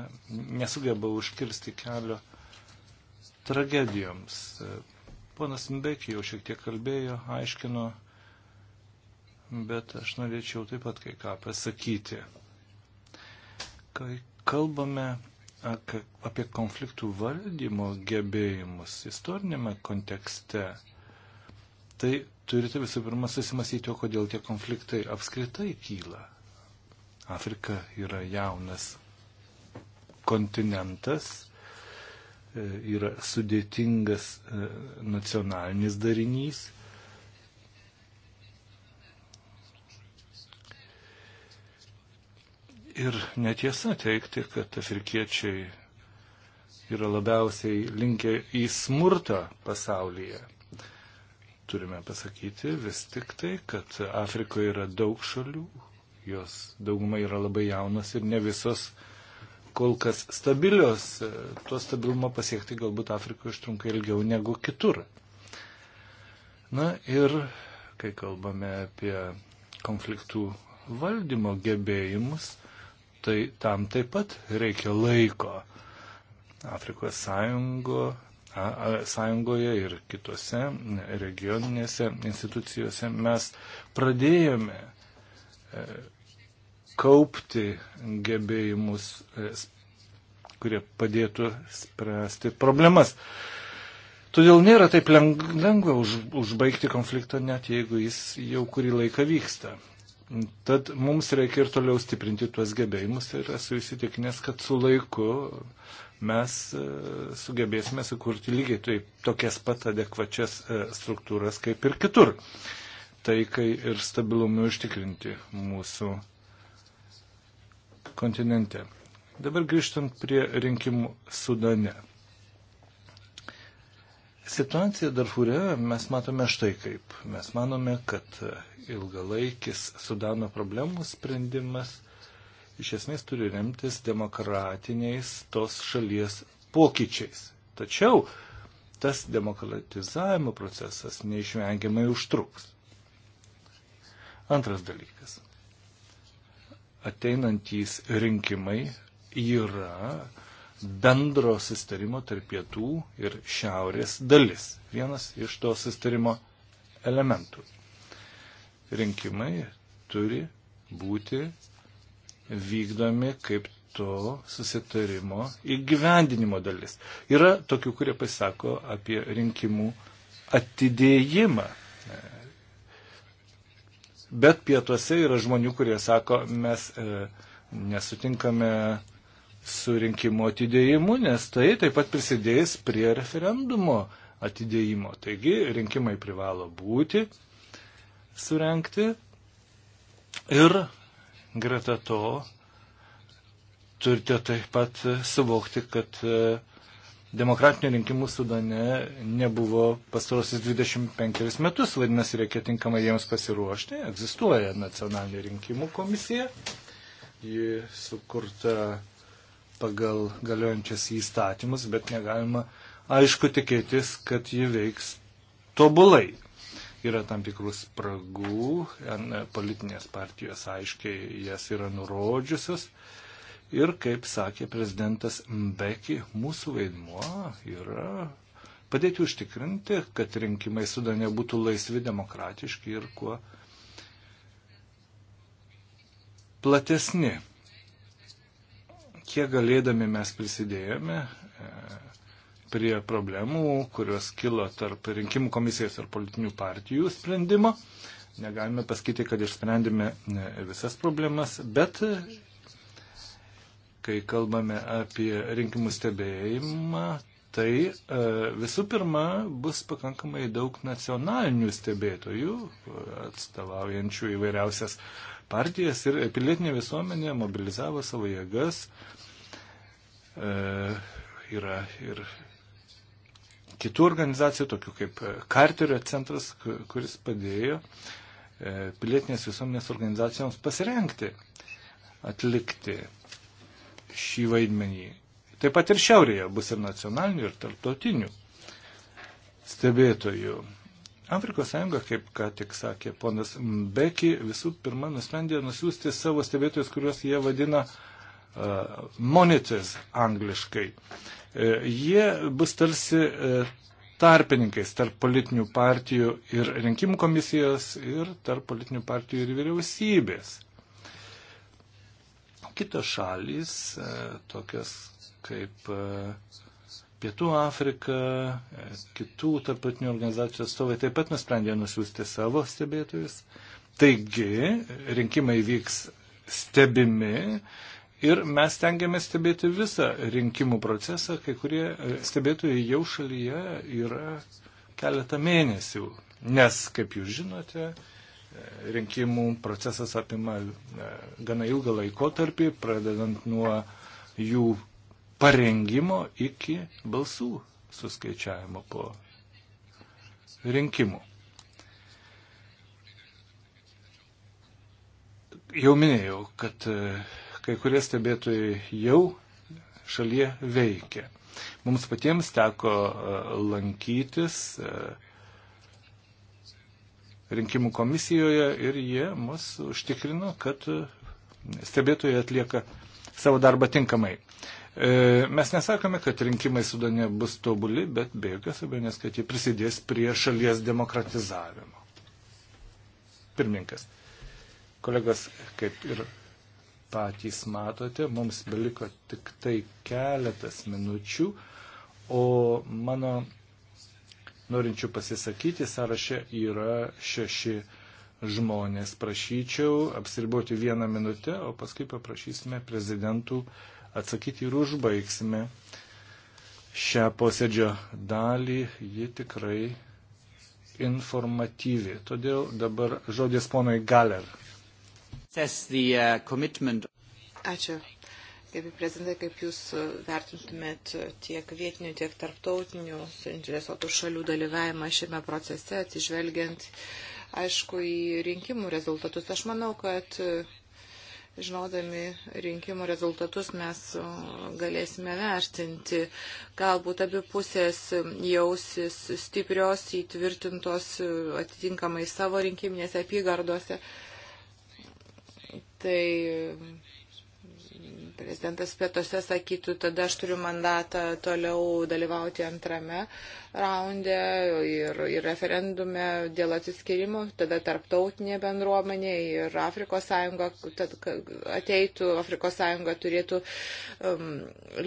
nesugeba užkirsti kelio tragedijoms Ponas Mbek jau šiek tiek kalbėjo, aiškino, bet aš norėčiau taip pat kai ką pasakyti. Kai kalbame apie konfliktų valdymo gebėjimus istorinėme kontekste, tai turite visų pirma susimasyti, o kodėl tie konfliktai apskritai kyla. Afrika yra jaunas kontinentas E, yra sudėtingas e, nacionalinis darinys. Ir netiesa teikti, kad afrikiečiai yra labiausiai linkę į smurtą pasaulyje. Turime pasakyti vis tik tai, kad Afrikoje yra daug šalių, jos dauguma yra labai jaunos ir ne visos uh, kol kas stabilios, e, to stabilumo pasiekti galbūt Afrikoje užtrunka ilgiau negu kitur. Na ir kai kalbame apie konfliktų valdymo gebėjimus, tai tam taip pat reikia laiko. Afrikos sąjungo, a, a, sąjungoje ir kitose regioninėse institucijose mes pradėjome e, kaupti gebėjimus, e, kurie padėtų spręsti problemas. Todėl nėra taip lengva už, užbaigti konfliktą, net jeigu jis jau kurį laiką vyksta. Tad mums reikia ir toliau stiprinti tuos gebėjimus ir esu įsitikinęs, kad su laiku mes e, sugebėsime sukurti lygiai taip, tokias pat adekvačias e, struktūras kaip ir kitur. Tai kai ir stabilumui užtikrinti mūsų kontinente. Dabar grįžtant prie rinkimų Sudane. Situacija Darfūre mes matome štai kaip. Mes manome, kad ilgalaikis Sudano problemų sprendimas iš esmės turi remtis demokratiniais tos šalies pokyčiais. Tačiau tas demokratizavimo procesas neišvengiamai užtruks. Antras dalykas ateinantys rinkimai yra bendro sustarimo tarp pietų ir šiaurės dalis. Vienas iš to sustarimo elementų. Rinkimai turi būti vykdomi kaip to susitarimo įgyvendinimo dalis. Yra tokių, kurie pasako apie rinkimų atidėjimą. Bet pietuose yra žmonių, kurie sako, mes e, nesutinkame su rinkimo atidėjimu, nes tai taip pat prisidės prie referendumo atidėjimo. Taigi rinkimai privalo būti surenkti ir greta to turite taip pat suvokti, kad e, demokratinių rinkimų Sudane nebuvo pastarosius 25 metus, vadinasi, reikia tinkamai jiems pasiruošti. Egzistuoja nacionalinė rinkimų komisija, ji sukurta pagal galiojančias įstatymus, bet negalima aišku tikėtis, kad ji veiks tobulai. Yra tam tikrų spragų, politinės partijos aiškiai jas yra nurodžiusios. Uh, Ir kaip sakė prezidentas Mbeki, mūsų vaidmuo yra padėti užtikrinti, kad rinkimai Sudane būtų laisvi, demokratiški ir kuo platesni. Kiek galėdami mes prisidėjome e, prie problemų, kurios kilo tarp rinkimų komisijos ir politinių partijų sprendimo. Negalime pasakyti, kad išsprendėme e, visas problemas, bet kai kalbame apie rinkimų stebėjimą, tai e, visų pirma bus pakankamai daug nacionalinių stebėtojų, atstovaujančių įvairiausias partijas ir pilietinė visuomenė mobilizavo savo jėgas. E, yra ir kitų organizacijų, tokių kaip Karterio centras, kuris padėjo e, pilietinės visuomenės organizacijoms pasirenkti, atlikti šį vaidmenį. Taip pat ir šiaurėje bus ir nacionalinių, ir tarptautinių stebėtojų. Afrikos sąjunga, kaip ką tik sakė ponas Beki, visų pirma nusprendė nusiųsti savo stebėtojus, kuriuos jie vadina uh, monitors angliškai. Uh, jie bus tarsi uh, tarpininkais tarp politinių partijų ir rinkimų komisijos ir tarp politinių partijų ir vyriausybės kitos šalys, e, tokios kaip e, Pietų Afrika, e, kitų tarptautinių organizacijų atstovai taip pat nusprendė nusiųsti savo stebėtojus. Taigi, rinkimai vyks stebimi ir mes tengiamės stebėti visą rinkimų procesą, kai kurie stebėtojai jau šalyje yra keletą mėnesių, nes, kaip jūs žinote, rinkimų procesas apima e, gana ilgą laikotarpį, pradedant nuo jų parengimo iki balsų suskaičiavimo po rinkimų. Jau minėjau, kad e, kai kurie stebėtojai jau šalyje veikia. Mums patiems teko e, lankytis uh, rinkimų komisijoje ir jie mus užtikrino, kad e, stebėtojai atlieka savo darbą tinkamai. E, mes nesakome, kad rinkimai Sudane bus tobuli, bet be jokios abejonės, kad jie prisidės prie šalies demokratizavimo. Pirmininkas. Kolegos, kaip ir patys matote, mums beliko tik tai keletas minučių, o mano norinčių pasisakyti. Sąraše yra šeši žmonės. Prašyčiau apsiriboti vieną minutę, o paskui paprašysime prezidentų atsakyti ir užbaigsime šią posėdžio dalį. Ji tikrai informatyvi. Todėl dabar žodis ponui Galer. Uh, Ačiū Kaip prezidentai, kaip jūs e, vertintumėt e, tiek vietinių, tiek tarptautinių suinteresuotų šalių dalyvavimą šiame procese, atsižvelgiant, aišku, į rinkimų rezultatus. Aš manau, kad e, žinodami rinkimų rezultatus mes galėsime vertinti. Galbūt abi pusės jausis stiprios, įtvirtintos atitinkamai savo rinkiminėse apygardose. Tai prezidentas pietose sakytų, tada aš turiu mandatą toliau dalyvauti antrame raunde ir, ir referendume dėl atsiskirimo, tada tarptautinė bendruomenė ir Afrikos sąjunga ateitų, Afrikos sąjunga turėtų um,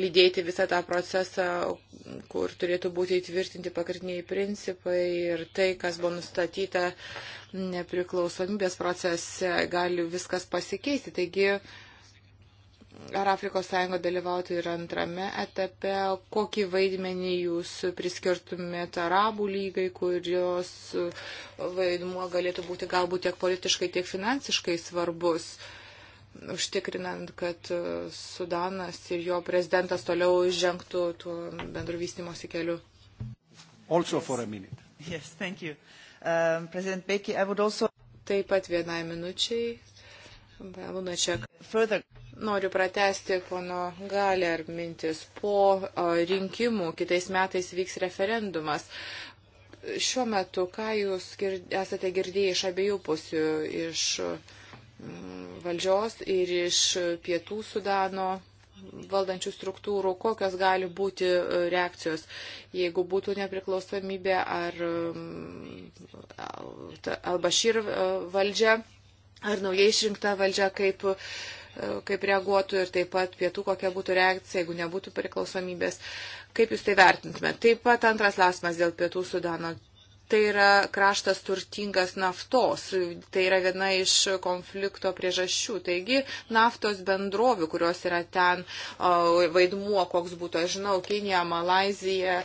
lydėti visą tą procesą, kur turėtų būti įtvirtinti pagrindiniai principai ir tai, kas buvo nustatyta nepriklausomybės procese, gali viskas pasikeisti. Taigi, ar Afrikos Sąjunga dalyvautų ir antrame etape, kokį vaidmenį jūs priskirtumėte Arabų lygai, kurios vaidmuo galėtų būti galbūt tiek politiškai, tiek finansiškai svarbus, užtikrinant, kad Sudanas ir jo prezidentas toliau žengtų tuo bendrovystimosi keliu. Also for a minute. Yes, thank you. Um, President Becky, I would also... Taip pat vienai minučiai. Lunačiak. Further Noriu pratesti pono Galer mintis. Po rinkimų kitais metais vyks referendumas. Šiuo metu, ką jūs esate girdėję iš abiejų pusių, iš mm, valdžios ir iš pietų Sudano valdančių struktūrų, kokios gali būti e, reakcijos, jeigu būtų nepriklausomybė ar mm, Albašir e, valdžia, ar naujai išrinkta valdžia, kaip E, kaip reaguotų ir taip pat pietų kokia būtų reakcija, jeigu nebūtų priklausomybės. Kaip jūs tai vertintumėte? Taip pat antras klausimas dėl pietų sudano. Tai yra kraštas turtingas naftos. Tai yra viena iš konflikto priežasčių. Taigi naftos bendrovių, kurios yra ten vaidmuo, koks būtų, aš žinau, Kinija, Malazija.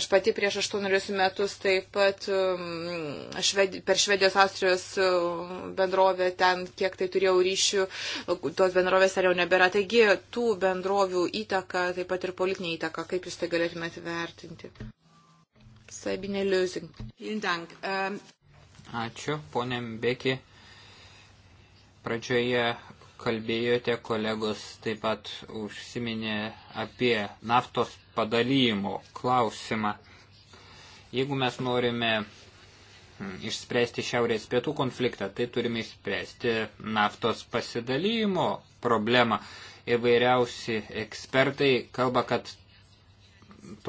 Aš pati prieš aštuonerius metus taip pat um, švedi, per Švedijos Austrijos um, bendrovę ten, kiek tai turėjau ryšių, tos bendrovės ar jau nebėra. Taigi tų bendrovių įtaka, taip pat ir politinė įtaka, kaip jūs tai galėtumėte vertinti? Sabine Lösing. Ähm, Ačiū, ponė Beki. Pradžioje kalbėjote, kolegos taip pat užsiminė apie naftos padalymo klausimą. Jeigu mes norime hmm, išspręsti šiaurės pietų konfliktą, tai turime išspręsti naftos pasidalymo problemą. Įvairiausi ekspertai kalba, kad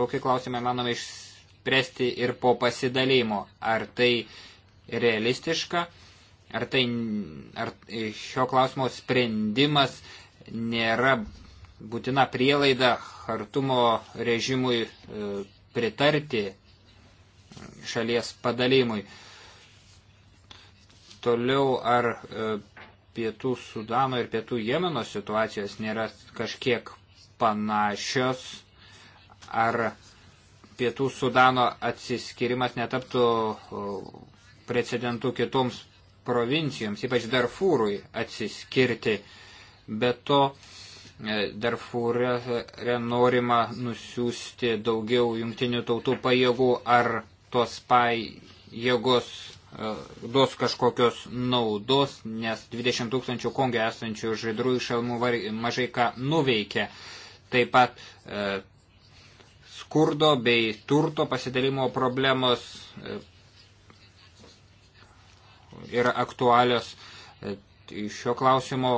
tokį klausimą manome išspręsti spręsti ir po pasidalymo. Ar tai realistiška, ar, tai, ar šio klausimo sprendimas nėra būtina prielaida hartumo režimui e, pritarti šalies padalymui. Toliau ar e, pietų Sudano ir pietų Jemeno situacijos nėra kažkiek panašios, ar pietų Sudano atsiskirimas netaptų precedentų kitoms provincijoms, ypač Darfūrui atsiskirti. Be to, e, Darfūre e, norima nusiųsti daugiau jungtinių tautų pajėgų, ar tos pajėgos e, duos kažkokios naudos, nes 20 tūkstančių kongė esančių žaidrų iš Almų mažai ką nuveikia. Taip pat skurdo bei turto pasidalimo problemos e, yra aktualios. E, tai šio klausimo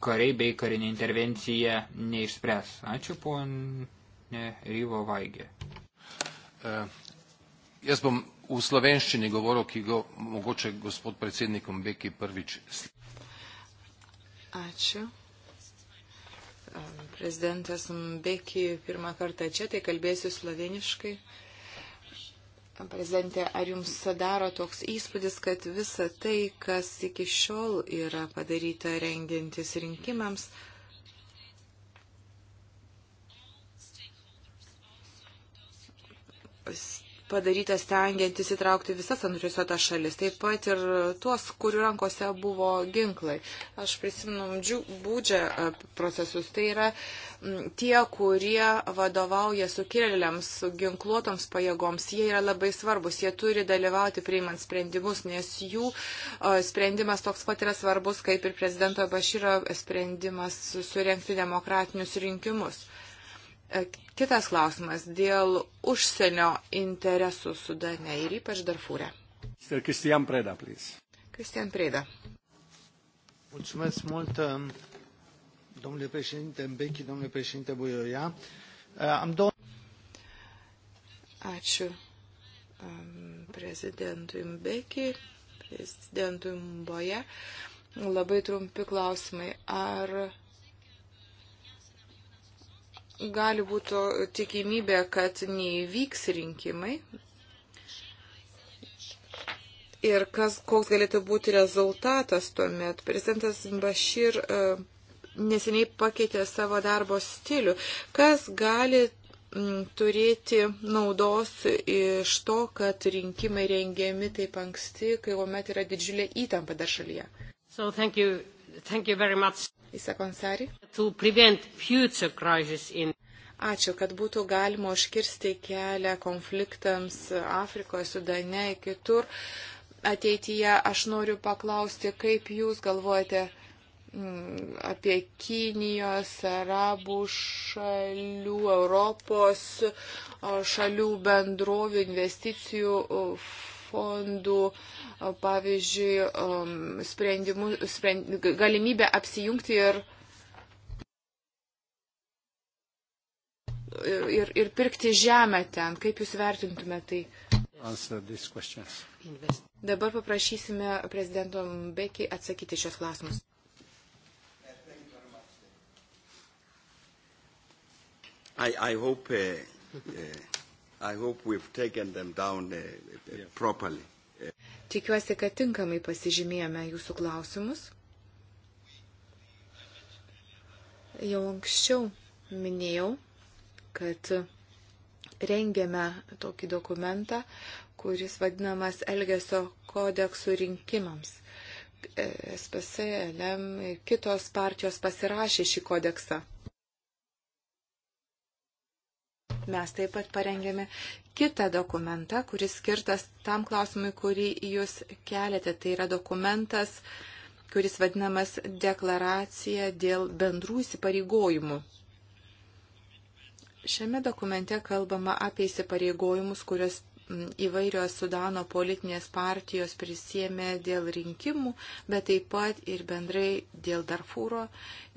kariai bei karinė intervencija neišspręs. Ačiū, ponė Ryvo Vaigė. E, jaz bom v slovenščini govoril, ki ga mogoče gospod predsednikom Beki prvič. Ačiū. Prezidentas Mbeki pirmą kartą čia, tai kalbėsiu sloveniškai. Prezidentė, ar jums daro toks įspūdis, kad visa tai, kas iki šiol yra padaryta rengiantis rinkimams, padarytas tengiantis įtraukti visas antriuotas šalis, taip pat ir tuos, kurių rankose buvo ginklai. Aš prisimenu būdžią e, procesus, tai yra tie, kurie vadovauja sukilėliams, ginkluotoms pajėgoms, jie yra labai svarbus, jie turi dalyvauti priimant sprendimus, nes jų e, sprendimas toks pat yra svarbus, kaip ir prezidento Bašyro sprendimas surenkti demokratinius rinkimus. E, kitas klausimas dėl užsienio interesų Sudane ir ypač Darfūre. Kristian Preda, please. Cristian Preda. Mulțumesc mult, um, domnule președinte Mbeki, domnule președinte Buioia. Uh, am două... Ačiū um, prezidentui Mbeki, prezidentui Mboje. Labai trumpi klausimai. Ar gali būti tikimybė, kad neįvyks rinkimai. Ir kas, koks galėtų būti rezultatas tuomet. Prezidentas Bashir e, neseniai pakeitė savo darbo stilių. Kas gali turėti naudos iš to, kad rinkimai rengiami taip anksti, kai kuomet yra didžiulė įtampa dar šalyje. So thank you, thank you very much. Isakonsari. Ačiū, kad būtų galima užkirsti kelią konfliktams Afrikoje, Sudane, kitur. Ateityje aš noriu paklausti, kaip jūs galvojate mm, apie Kinijos, arabų šalių, Europos šalių bendrovių investicijų fondų, pavyzdžiui, sprend, galimybę apsijungti ir, ir, ir pirkti žemę ten. Kaip Jūs vertintumėte tai? Dabar paprašysime prezidento Bekiai atsakyti šios klausimus. I, I hope, uh, uh, I hope we've taken them down uh, uh properly. Tikiuosi, kad tinkamai pasižymėjome jūsų klausimus. Jau anksčiau minėjau, kad rengėme tokį dokumentą, kuris vadinamas Elgesio kodeksų rinkimams. E, SPC, LM ir kitos partijos pasirašė šį kodeksą. mes taip pat parengėme kitą dokumentą, kuris skirtas tam klausimui, kurį jūs keliate. Tai yra dokumentas, kuris vadinamas deklaracija dėl bendrų įsipareigojimų. Šiame dokumente kalbama apie įsipareigojimus, kurios įvairios Sudano politinės partijos prisėmė dėl rinkimų, bet taip pat ir bendrai dėl Darfūro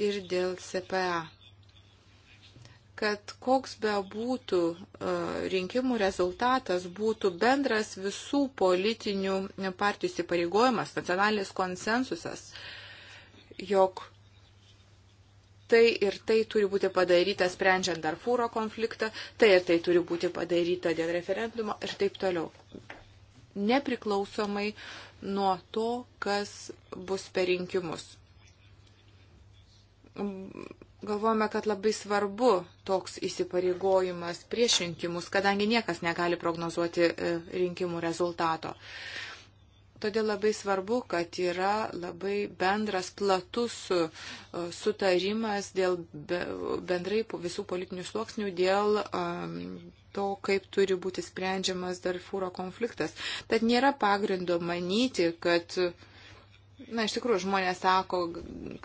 ir dėl CPA kad koks be būtų e, rinkimų rezultatas, būtų bendras visų politinių partijų įsipareigojimas, nacionalinis konsensusas, jog tai ir tai turi būti padaryta sprendžiant Darfūro konfliktą, tai ir tai turi būti padaryta dėl referendumo ir taip toliau. Nepriklausomai nuo to, kas bus per rinkimus galvojame, kad labai svarbu toks įsipareigojimas prieš rinkimus, kadangi niekas negali prognozuoti e, rinkimų rezultato. Todėl labai svarbu, kad yra labai bendras, platus e, sutarimas dėl bendrai visų politinių sluoksnių, dėl to, kaip turi būti sprendžiamas Darfūro konfliktas. Tad nėra pagrindo manyti, kad uh, Na, iš tikrųjų, žmonės sako,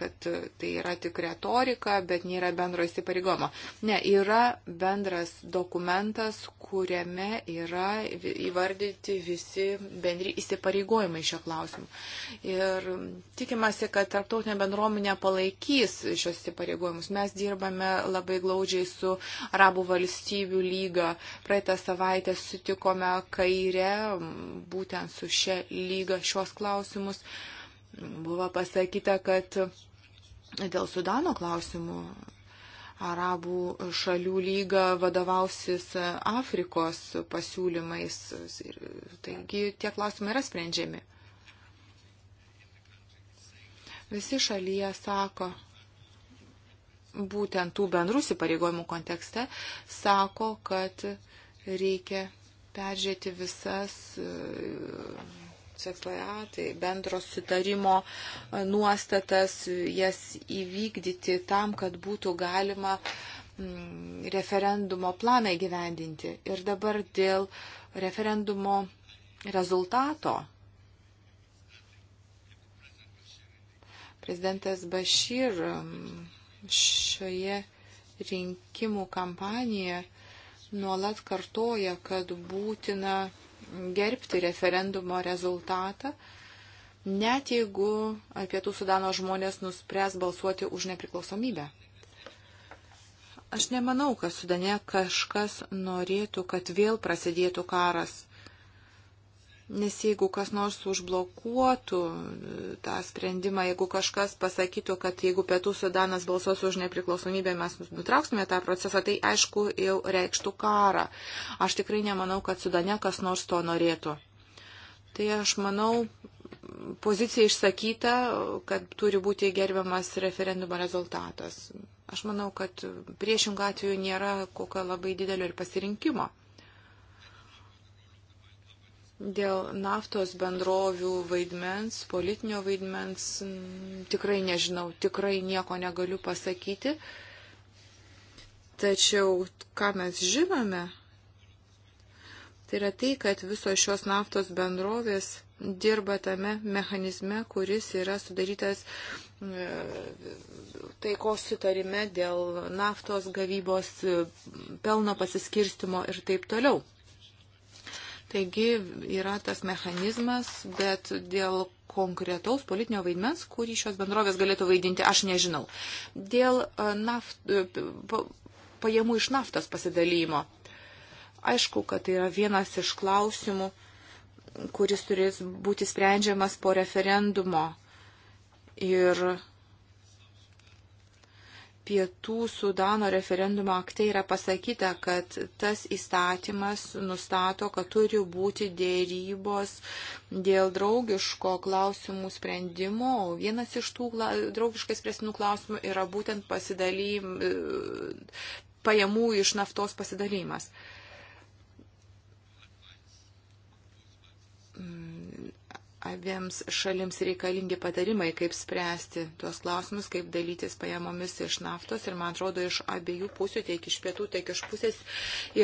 kad tai yra tik retorika, bet nėra bendro įsipareigomo. Ne, yra bendras dokumentas, kuriame yra įvardyti visi bendri įsipareigojimai šio klausimu. Ir tikimasi, kad tarptautinė bendruomenė palaikys šios įsipareigojimus. Mes dirbame labai glaudžiai su Arabų valstybių lyga. Praeitą savaitę sutikome kairę būtent su šia lyga šios klausimus. Thank you Buvo pasakyta, kad dėl Sudano klausimų Arabų šalių lyga vadovausis Afrikos pasiūlymais. Taigi tie klausimai yra sprendžiami. Visi šalyje sako, būtent tų bendrų įpareigojimų kontekste, sako, kad reikia peržiūrėti visas sekslariatai, bendros sutarimo e, nuostatas, jas įvykdyti tam, kad būtų galima mm, referendumo planą įgyvendinti. Ir dabar dėl referendumo rezultato. Prezidentas Bashir mm, šioje rinkimų kampanijoje nuolat kartoja, kad būtina gerbti referendumo rezultatą, net jeigu pietų sudano žmonės nuspręs balsuoti už nepriklausomybę. Aš nemanau, kad sudane kažkas norėtų, kad vėl prasidėtų karas. Nes jeigu kas nors užblokuotų e, tą sprendimą, jeigu kažkas pasakytų, kad jeigu Pietų Sudanas balsuos už nepriklausomybę, mes nutrauksime tą procesą, tai aišku, jau reikštų karą. Aš tikrai nemanau, kad Sudane kas nors to norėtų. Tai aš manau, pozicija išsakyta, kad turi būti gerbiamas referendumo rezultatas. Aš manau, kad priešingų atveju nėra kokio labai didelio ir pasirinkimo. Dėl naftos bendrovių vaidmens, politinio vaidmens tikrai nežinau, tikrai nieko negaliu pasakyti. Tačiau ką mes žinome, tai yra tai, kad visos šios naftos bendrovės dirba tame mechanizme, kuris yra sudarytas e, taikos sutarime dėl naftos gavybos, e, pelno pasiskirstimo ir taip toliau. Taigi yra tas mechanizmas, bet dėl konkretaus politinio vaidmens, kurį šios bendrovės galėtų vaidinti, aš nežinau. Dėl e, naft, e, pajamų iš naftos pasidalymo. Aišku, kad tai yra vienas iš klausimų, kuris turės būti sprendžiamas po referendumo. Ir pietų Sudano referendumo akte yra pasakyta, kad tas įstatymas nustato, kad turi būti dėrybos dėl draugiško klausimų sprendimo, o vienas iš tų draugiškai spręstinų klausimų yra būtent pasidalym, pajamų iš naftos pasidalymas. Mm abiems šalims reikalingi patarimai, kaip spręsti tuos klausimus, kaip dalytis pajamomis iš naftos. Ir man atrodo, iš abiejų pusių, tiek iš pietų, tiek iš pusės,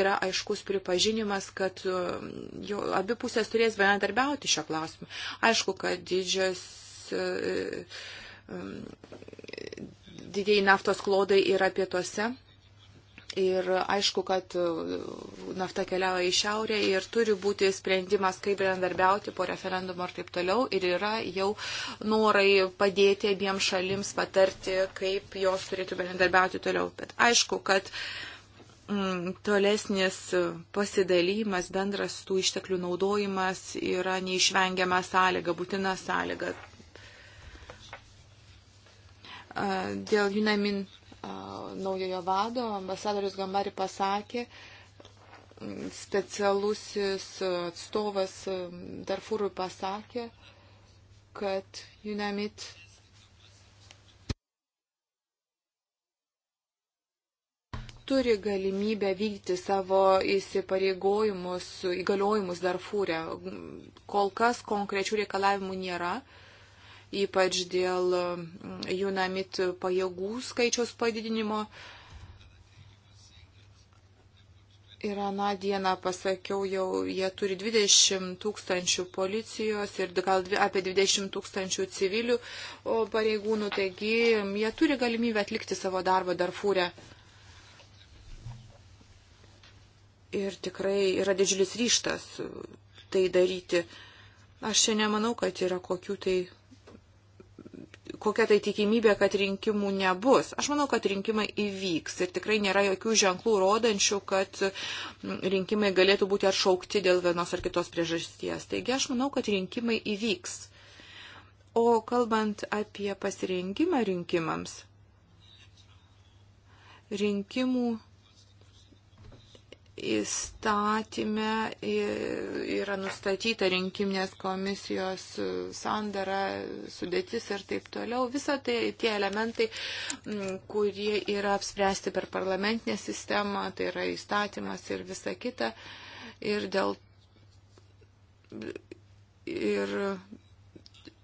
yra aiškus pripažinimas, kad e, jo, abi pusės turės bendradarbiauti šio klausimu. Aišku, kad didžios. E, e, Didėjai naftos klodai yra pietuose Ir aišku, kad e, nafta keliauja į šiaurę ir turi būti sprendimas, kaip bendarbiauti po referendumo ir taip toliau. Ir yra jau norai padėti abiems šalims patarti, kaip jos turėtų bendarbiauti toliau. Bet aišku, kad mm, tolesnis pasidalymas, bendras tų išteklių naudojimas yra neišvengiama sąlyga, būtina sąlyga. Dėl Junamin naujojo vado, ambasadorius Gamari pasakė, specialusis atstovas Darfūrui pasakė, kad UNAMIT turi galimybę vykti savo įsipareigojimus, įgaliojimus Darfūrė. Kol kas konkrečių reikalavimų nėra ypač dėl mm, Junamit pajėgų skaičiaus padidinimo. Ir aną dieną pasakiau, jau jie turi 20 tūkstančių policijos ir gal apie 20 tūkstančių civilių pareigūnų, taigi mm, jie turi galimybę atlikti savo darbą Darfūrę. Ir tikrai yra didžiulis ryštas mm, tai daryti. Aš čia nemanau, kad yra kokių tai kokia tai tikimybė, kad rinkimų nebus. Aš manau, kad rinkimai įvyks ir tikrai nėra jokių ženklų rodančių, kad mm, rinkimai galėtų būti atšaukti dėl vienos ar kitos priežasties. Taigi aš manau, kad rinkimai įvyks. O kalbant apie pasirengimą rinkimams, rinkimų įstatymė yra nustatyta rinkiminės komisijos sandara, sudėtis ir taip toliau. Visą tai tie elementai, kurie yra apspręsti per parlamentinę sistemą, tai yra įstatymas ir visa kita. Ir dėl. Ir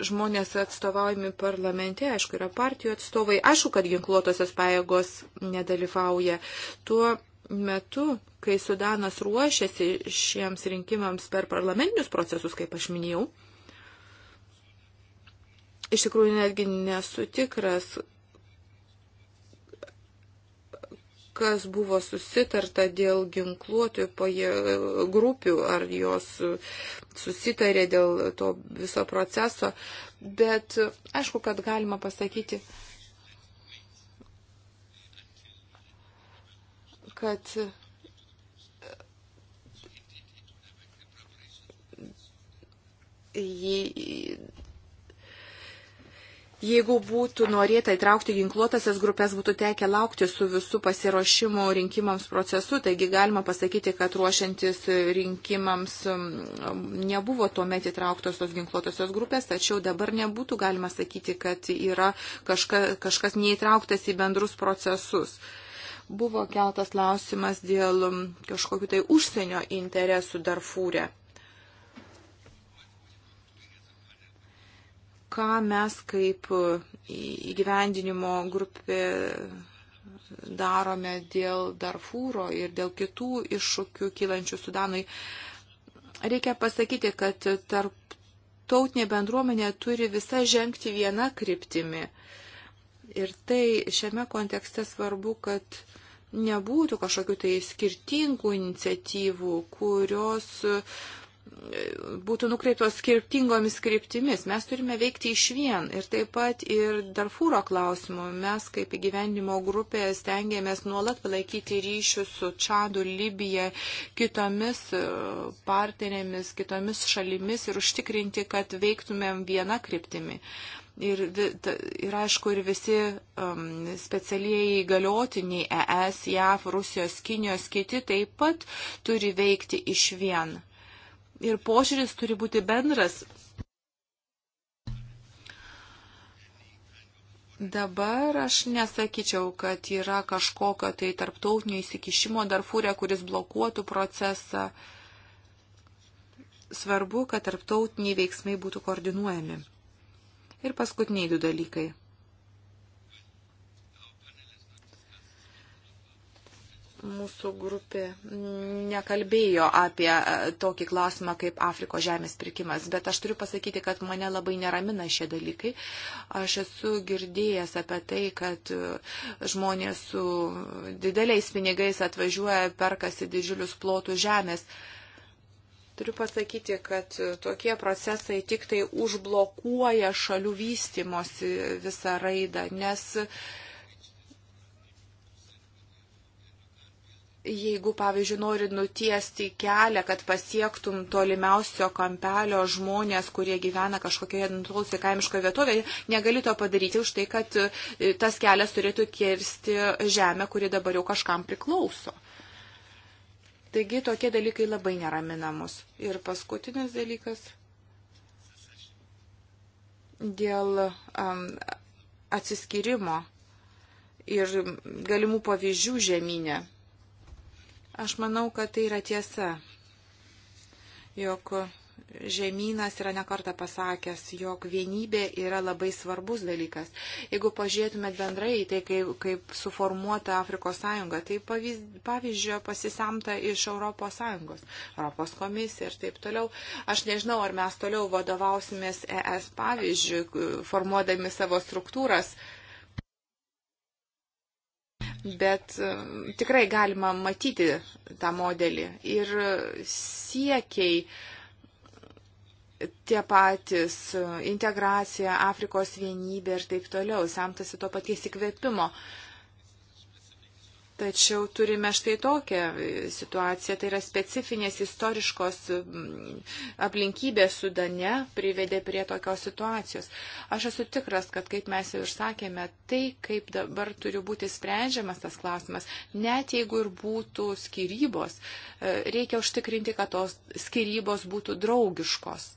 žmonės atstovaujami parlamente, aišku, yra partijų atstovai, aišku, kad ginkluotosios pajėgos nedalyvauja. Tuo metu, kai Sudanas ruošiasi šiems rinkimams per parlamentinius procesus, kaip aš minėjau, iš tikrųjų netgi nesu tikras, kas buvo susitarta dėl ginkluotojų grupių, ar jos susitarė dėl to viso proceso. Bet aišku, kad galima pasakyti, kad jį, Jeigu būtų norėta įtraukti ginkluotasias grupės, būtų tekę laukti su visų pasiruošimo rinkimams procesu, taigi galima pasakyti, kad ruošiantis rinkimams um, nebuvo tuomet įtrauktos tos ginkluotosios grupės, tačiau dabar nebūtų galima sakyti, kad yra kažka, kažkas neįtrauktas į bendrus procesus. Buvo keltas klausimas dėl um, kažkokiu tai užsienio interesų Darfūrė. Ką mes kaip uh, įgyvendinimo grupė darome dėl Darfūro ir dėl kitų iššūkių kylančių Sudanui. Reikia pasakyti, kad tarptautinė bendruomenė turi visa žengti vieną kryptimį. Ir tai šiame kontekste svarbu, kad nebūtų kažkokių tai skirtingų iniciatyvų, kurios e, būtų nukreiptos skirtingomis kryptimis. Mes turime veikti iš vien ir taip pat ir Darfūro klausimu. Mes kaip įgyvendimo grupė stengiamės nuolat palaikyti ryšius su Čadu, Libija, kitomis e, partnerėmis, kitomis šalimis ir užtikrinti, kad veiktumėm vieną kryptimį ir, ir aišku, ir visi um, specialieji galiotiniai ES, JAF, Rusijos, Kinijos, kiti taip pat turi veikti iš vien. Ir požiūris turi būti bendras. Dabar aš nesakyčiau, kad yra kažkokio tai tarptautinio įsikišimo darfūrė, kuris blokuotų procesą. Svarbu, kad tarptautiniai veiksmai būtų koordinuojami. Ir paskutiniai du dalykai. Mūsų grupė nekalbėjo apie e, tokį klausimą kaip Afrikos žemės pirkimas, bet aš turiu pasakyti, kad mane labai neramina šie dalykai. Aš esu girdėjęs apie tai, kad e, žmonės su dideliais pinigais atvažiuoja, perkasi didžiulius plotus žemės. Uh, Turiu pasakyti, kad tokie procesai tik tai užblokuoja šalių vystimosi visą raidą, nes jeigu, pavyzdžiui, nori nutiesti kelią, kad pasiektum tolimiausio kampelio žmonės, kurie gyvena kažkokioje nutolusioje kaimiškoje vietovėje, negali to padaryti už tai, kad tas kelias turėtų kirsti žemę, kuri dabar jau kažkam priklauso. Taigi tokie dalykai labai neraminamus. Ir paskutinis dalykas dėl um, atsiskirimo ir galimų pavyzdžių žemynė. Aš manau, kad tai yra tiesa, jog žemynas yra nekarta pasakęs, jog vienybė yra labai svarbus dalykas. Jeigu pažiūrėtumėt bendrai į tai, kaip, kaip suformuota Afrikos sąjunga, tai pavyzdžio pasisamta iš Europos sąjungos, Europos komisija ir taip toliau. Aš nežinau, ar mes toliau vadovausimės ES pavyzdžių, formuodami savo struktūras. Bet e, tikrai galima matyti tą modelį ir siekiai uh, tie patys e, integracija, Afrikos vienybė ir taip toliau, semtasi to paties įkvėpimo. Tačiau turime štai tokią e, situaciją, tai yra specifinės istoriškos aplinkybės Sudane privedė prie tokios situacijos. Aš esu tikras, kad kaip mes jau ir sakėme, tai kaip dabar turi būti sprendžiamas tas klausimas, net jeigu ir būtų skirybos, e, reikia užtikrinti, kad tos skirybos būtų draugiškos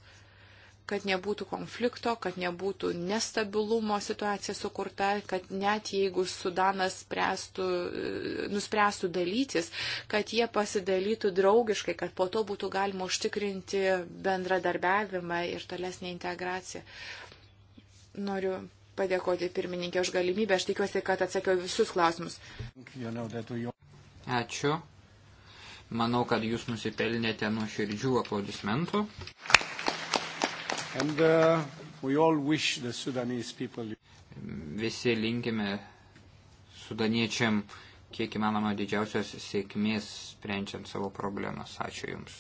kad nebūtų konflikto, kad nebūtų nestabilumo situacija sukurta, kad net jeigu Sudanas spręstų, nuspręstų dalytis, kad jie pasidalytų draugiškai, kad po to būtų galima užtikrinti bendradarbiavimą ir tolesnį integraciją. Noriu padėkoti pirmininkė už galimybę. Aš tikiuosi, kad atsakiau visus klausimus. Ačiū. Manau, kad jūs nusipelnėte nuo širdžių aplaudismentų. And, uh, Visi linkime sudaniečiam kiek įmanoma didžiausios sėkmės sprendžiant savo problemas. Ačiū Jums.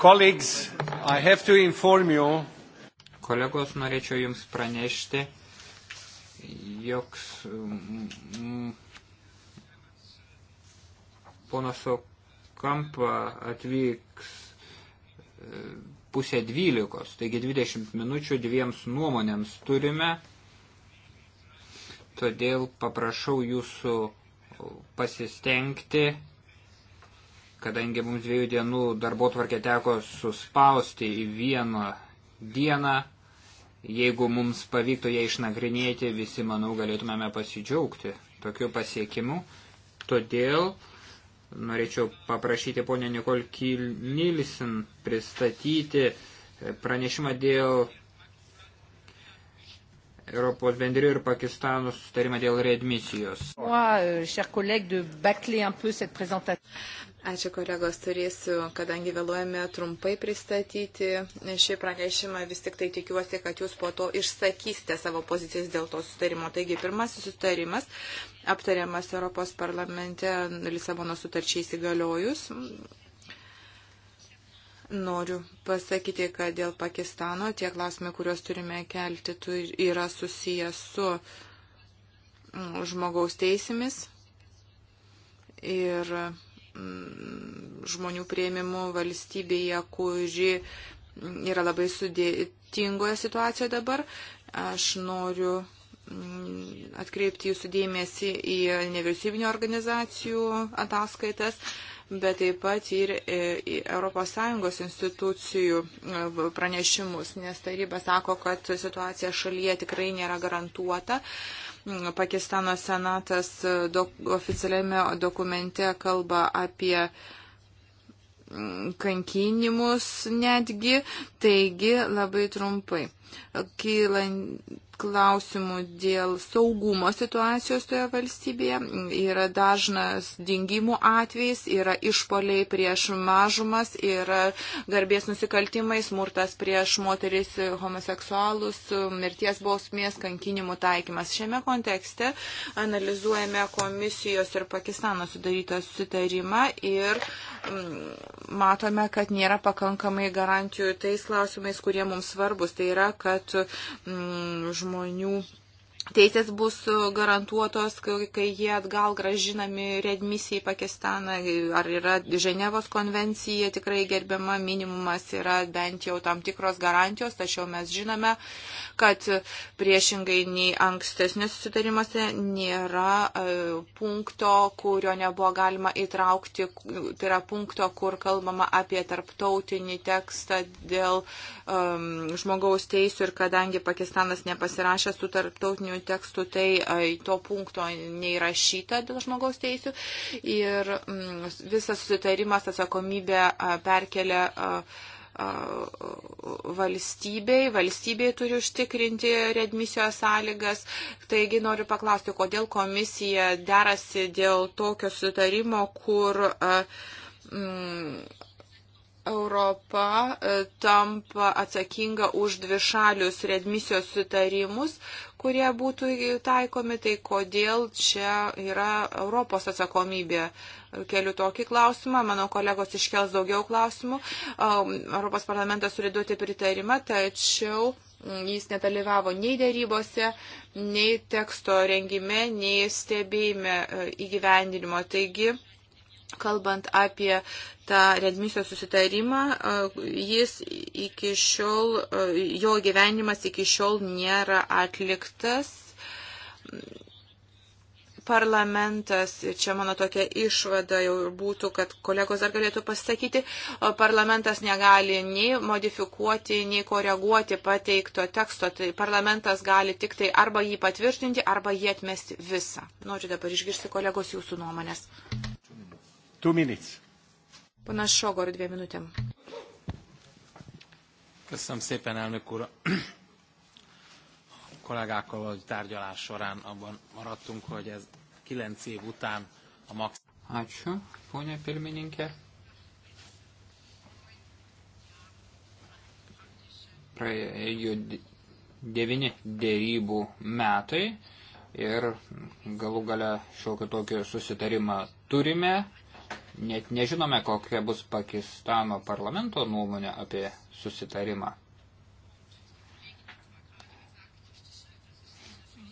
Colleagues, I have to inform you. Kolegos, norėčiau Jums pranešti, jog ponas Okampa atvyks e, pusė dvylikos, taigi 20 minučių dviems nuomonėms turime, todėl paprašau Jūsų pasistengti kadangi mums dviejų dienų darbo tvarkė teko suspausti į vieną dieną, jeigu mums pavyktų ją išnagrinėti, visi, manau, galėtumėme pasidžiaugti tokiu pasiekimu. Todėl norėčiau paprašyti ponę Nikol Nilsen pristatyti pranešimą dėl Europos bendrių ir Pakistano sustarimą dėl readmisijos. Euh, Ačiū kolegos, turėsiu, kadangi vėluojame trumpai pristatyti šį pranešimą, vis tik tai tikiuosi, kad jūs po to išsakysite savo pozicijas dėl to sustarimo. Taigi, pirmasis sustarimas aptariamas Europos parlamente Lisabono sutarčiai įsigaliojus Noriu pasakyti, kad dėl Pakistano tie klausimai, kuriuos turime kelti, yra susijęs su mm, žmogaus teisėmis ir mm, žmonių prieimimu valstybėje, kuri mm, yra labai sudėtingoje situacijoje dabar. Aš noriu atkreipti jūsų dėmesį į nevyriausybinio organizacijų ataskaitas bet taip pat ir ES institucijų e, pranešimus, nes taryba sako, kad situacija šalyje tikrai nėra garantuota. Mm, Pakistano senatas e, dok, oficialiame dokumente kalba apie mm, kankinimus netgi, taigi labai trumpai kyla klausimų dėl saugumo situacijos toje valstybėje. Yra dažnas dingimų atvejs, yra išpoliai prieš mažumas, yra garbės nusikaltimai, smurtas prieš moteris homoseksualus, mirties bausmės, kankinimų taikymas. Šiame kontekste analizuojame komisijos ir Pakistano sudarytą susitarimą ir mm, matome, kad nėra pakankamai garantijų tais klausimais, kurie mums svarbus. Tai yra, kad mm, žmonių Teisės bus garantuotos, kai jie atgal gražinami redmisijai į Pakistaną, ar yra Ženevos konvencija tikrai gerbiama, minimumas yra bent jau tam tikros garantijos, tačiau mes žinome, kad priešingai nei ankstesniuose sutarimuose nėra e, punkto, kurio nebuvo galima įtraukti, tai yra punkto, kur kalbama apie tarptautinį tekstą dėl uh, um, žmogaus teisų ir kadangi Pakistanas nepasirašė su tarptautiniu tekstu, tai uh, to punkto neįrašyta dėl žmogaus teisų ir um, visas susitarimas atsakomybę uh, perkelia. Uh, valstybei, valstybei turi užtikrinti redmisijos sąlygas. Taigi noriu paklausti, kodėl komisija derasi dėl tokio sutarimo, kur uh, mm, Europa e, tampa atsakinga už dvišalius redmisijos sutarimus, kurie būtų taikomi, tai kodėl čia yra Europos atsakomybė. Keliu tokį klausimą, mano kolegos iškels daugiau klausimų. E, Europos parlamentas turi duoti pritarimą, tačiau jis nedalyvavo nei dėrybose, nei teksto rengime, nei stebėjime e, įgyvendinimo. Taigi, Kalbant apie tą redmisijos susitarimą, e, jis iki šiol, e, jo gyvenimas iki šiol nėra atliktas. Parlamentas, čia mano tokia išvada jau būtų, kad kolegos dar galėtų pasakyti, parlamentas negali nei modifikuoti, nei koreguoti pateikto teksto. Tai parlamentas gali tik tai arba jį patvirtinti, arba jį atmesti visą. Noriu dabar išgirsti kolegos jūsų nuomonės. Two minutes. Panas Sogor, dviem minutėm. Köszönöm szépen, elnök úr. A kollégákkal való tárgyalás során abban maradtunk, hogy ez 9 év után a max. Ačiū, ponia pirmininkė. Praėjo devini dėrybų metai ir galų gale šiokį tokį susitarimą turime. Net nežinome, kokia bus Pakistano parlamento nuomonė apie susitarimą.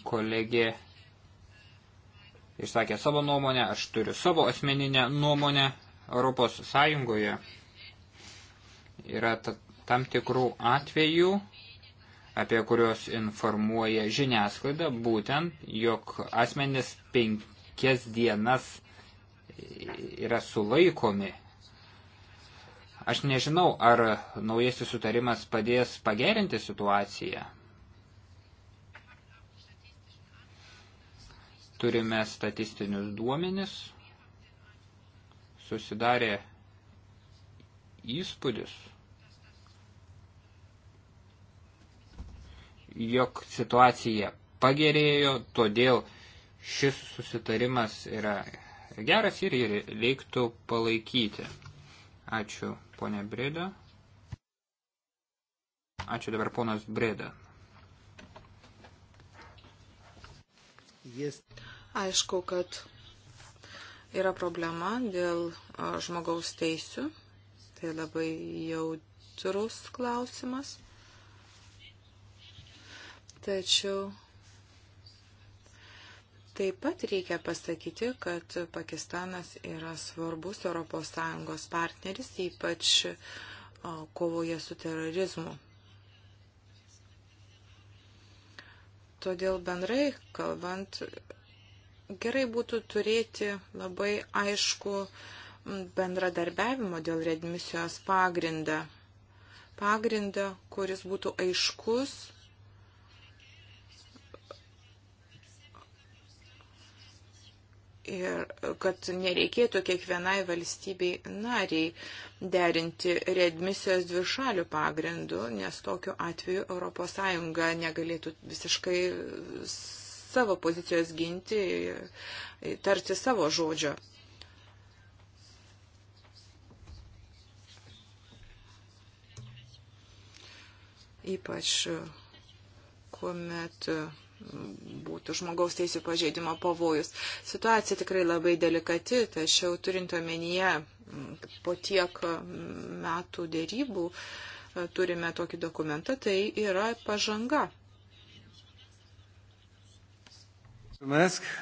Kolegė išsakė savo nuomonę, aš turiu savo asmeninę nuomonę Europos Sąjungoje. Yra tam tikrų atvejų, apie kuriuos informuoja žiniasklaida, būtent, jog asmenis penkias dienas yra sulaikomi. Aš nežinau, ar naujasis sutarimas padės pagerinti situaciją. Turime statistinius duomenis. Susidarė įspūdis, jog situacija pagerėjo, todėl šis susitarimas yra Tai geras ir jį reiktų palaikyti. Ačiū, ponė Breda. Ačiū dabar ponas Breda. Jis. Aišku, kad yra problema dėl žmogaus teisių. Tai labai jautrus klausimas. Tačiau Taip pat reikia pasakyti, kad Pakistanas yra svarbus ES partneris, ypač kovoje su terorizmu. Todėl bendrai kalbant, gerai būtų turėti labai aišku bendradarbiavimo dėl redmisijos pagrindą. Pagrindą, kuris būtų aiškus ir kad nereikėtų kiekvienai valstybei nariai derinti readmisijos dvišalių pagrindų, nes tokiu atveju ES negalėtų visiškai savo pozicijos ginti, tarti savo žodžio. Ypač kuomet būtų žmogaus teisų pažeidimo pavojus. Situacija tikrai labai delikati, tačiau turint omenyje mm, po tiek mm, metų dėrybų e, turime tokį dokumentą, tai yra pažanga.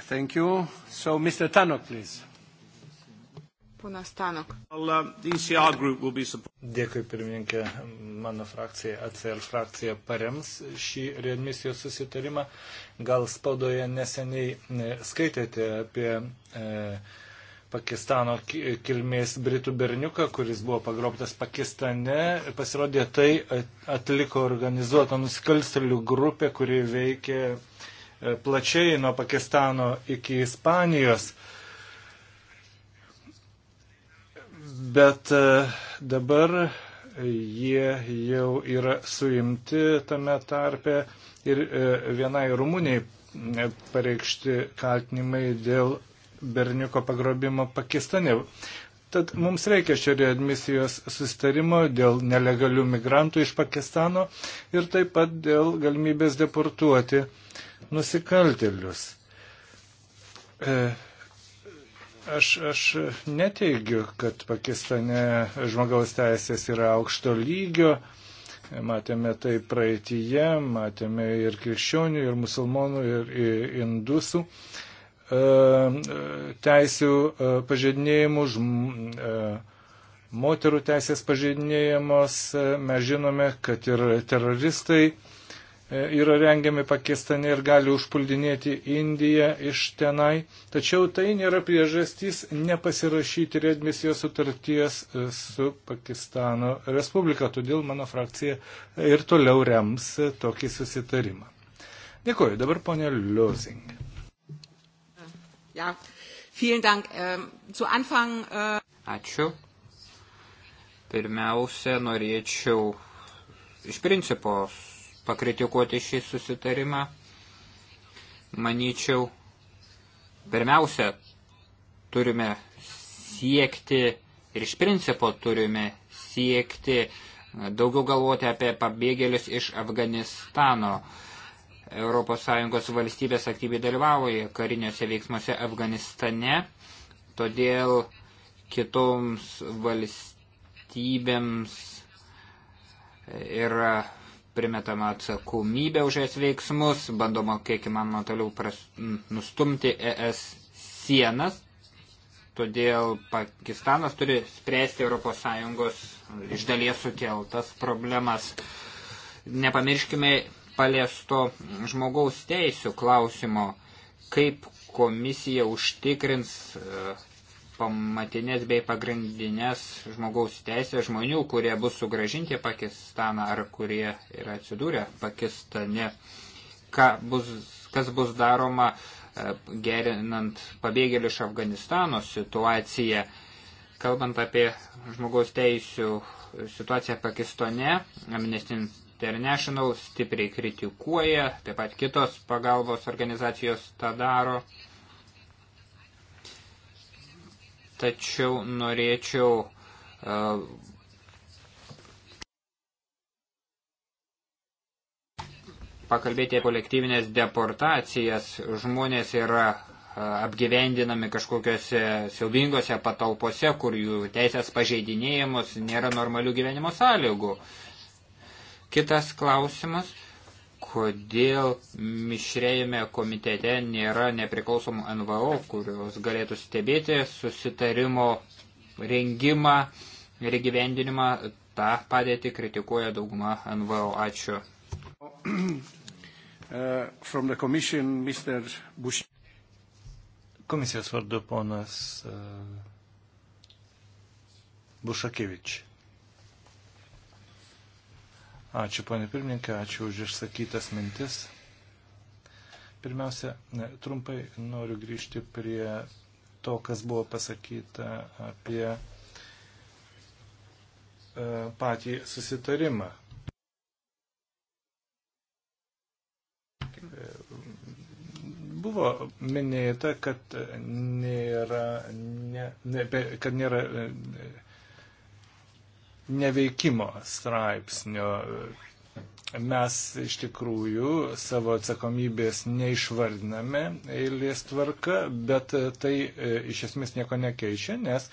Thank you. So, Mr. Tanok, please. Ponas Tanok. Uh, e Dėkui, pirmininkė. Mano frakcija, ACL frakcija, parems šį readmisijos susitarimą. Gal spaudoje neseniai e, skaitėte apie e, Pakistano kilmės britų berniuką, kuris buvo pagrobtas Pakistane. Pasirodė tai e, atliko organizuota nusikalstelių grupė, kuri veikė plačiai nuo Pakistano iki Ispanijos. E, bet e, dabar jie jau yra suimti tame tarpe ir e, vienai Rumunijai e, pareikšti kaltinimai dėl berniuko pagrobimo Pakistane. Tad mums reikia šio readmisijos sustarimo dėl nelegalių migrantų iš Pakistano ir taip pat dėl galimybės deportuoti nusikaltelius. E, Aš, aš neteigiu, kad Pakistane žmogaus teisės yra aukšto lygio. Matėme tai praeitįje, matėme ir krikščionių, ir musulmonų, ir, ir indusų e, teisių e, pažeidinėjimų, e, moterų teisės pažeidinėjimos. Mes žinome, kad ir teroristai E, yra rengiami Pakistane ir gali užpuldinėti Indiją iš tenai. Tačiau tai nėra priežastys nepasirašyti redmisijos sutarties e, su Pakistano Respublika. Todėl mano frakcija ir toliau rems e, tokį susitarimą. Dėkuoju. Dabar ponė Liuzing. Ja, dank, um, anfang, uh... Ačiū. Pirmiausia, norėčiau iš principo pakritikuoti šį susitarimą. Manyčiau, pirmiausia, turime siekti ir iš principo turime siekti daugiau galvoti apie pabėgėlius iš Afganistano. ES valstybės aktyviai dalyvauja kariniuose veiksmuose Afganistane, todėl kitoms valstybėms yra primetama atsakomybė už jas veiksmus, bandoma kiek įmanoma toliau pras, nustumti ES sienas, todėl Pakistanas turi spręsti ES iš dalies sukeltas problemas. Nepamirškime paliesto žmogaus teisų klausimo, kaip komisija užtikrins uh, pamatinės bei pagrindinės žmogaus teisės žmonių, kurie bus sugražinti į Pakistaną ar kurie yra atsidūrę Pakistane. Ka bus, kas bus daroma e, gerinant pabėgėlių iš Afganistano situaciją. Kalbant apie žmogaus teisų situaciją Pakistane, Amnesty International stipriai kritikuoja, taip pat kitos pagalbos organizacijos tą daro. tačiau norėčiau uh, pakalbėti apie kolektyvinės deportacijas. Žmonės yra uh, apgyvendinami kažkokiuose siaubingose patalpose, kur jų teisės pažeidinėjimus nėra normalių gyvenimo sąlygų. Kitas klausimas – kodėl mišrėjame komitete nėra nepriklausomų NVO, kurios galėtų stebėti susitarimo rengimą ir gyvendinimą. Ta padėtį kritikuoja dauguma NVO. Ačiū. Uh, Komisijos vardu ponas uh, Bušakevičius. Ačiū, ponė pirmininkė, ačiū už išsakytas mintis. Pirmiausia, trumpai noriu grįžti prie to, kas buvo pasakyta apie e, patį susitarimą. E, buvo minėta, kad nėra, ne, ne, kad nėra e, neveikimo straipsnio. Mes iš tikrųjų savo atsakomybės neišvardiname eilės tvarka, bet tai e, iš esmės nieko nekeičia, nes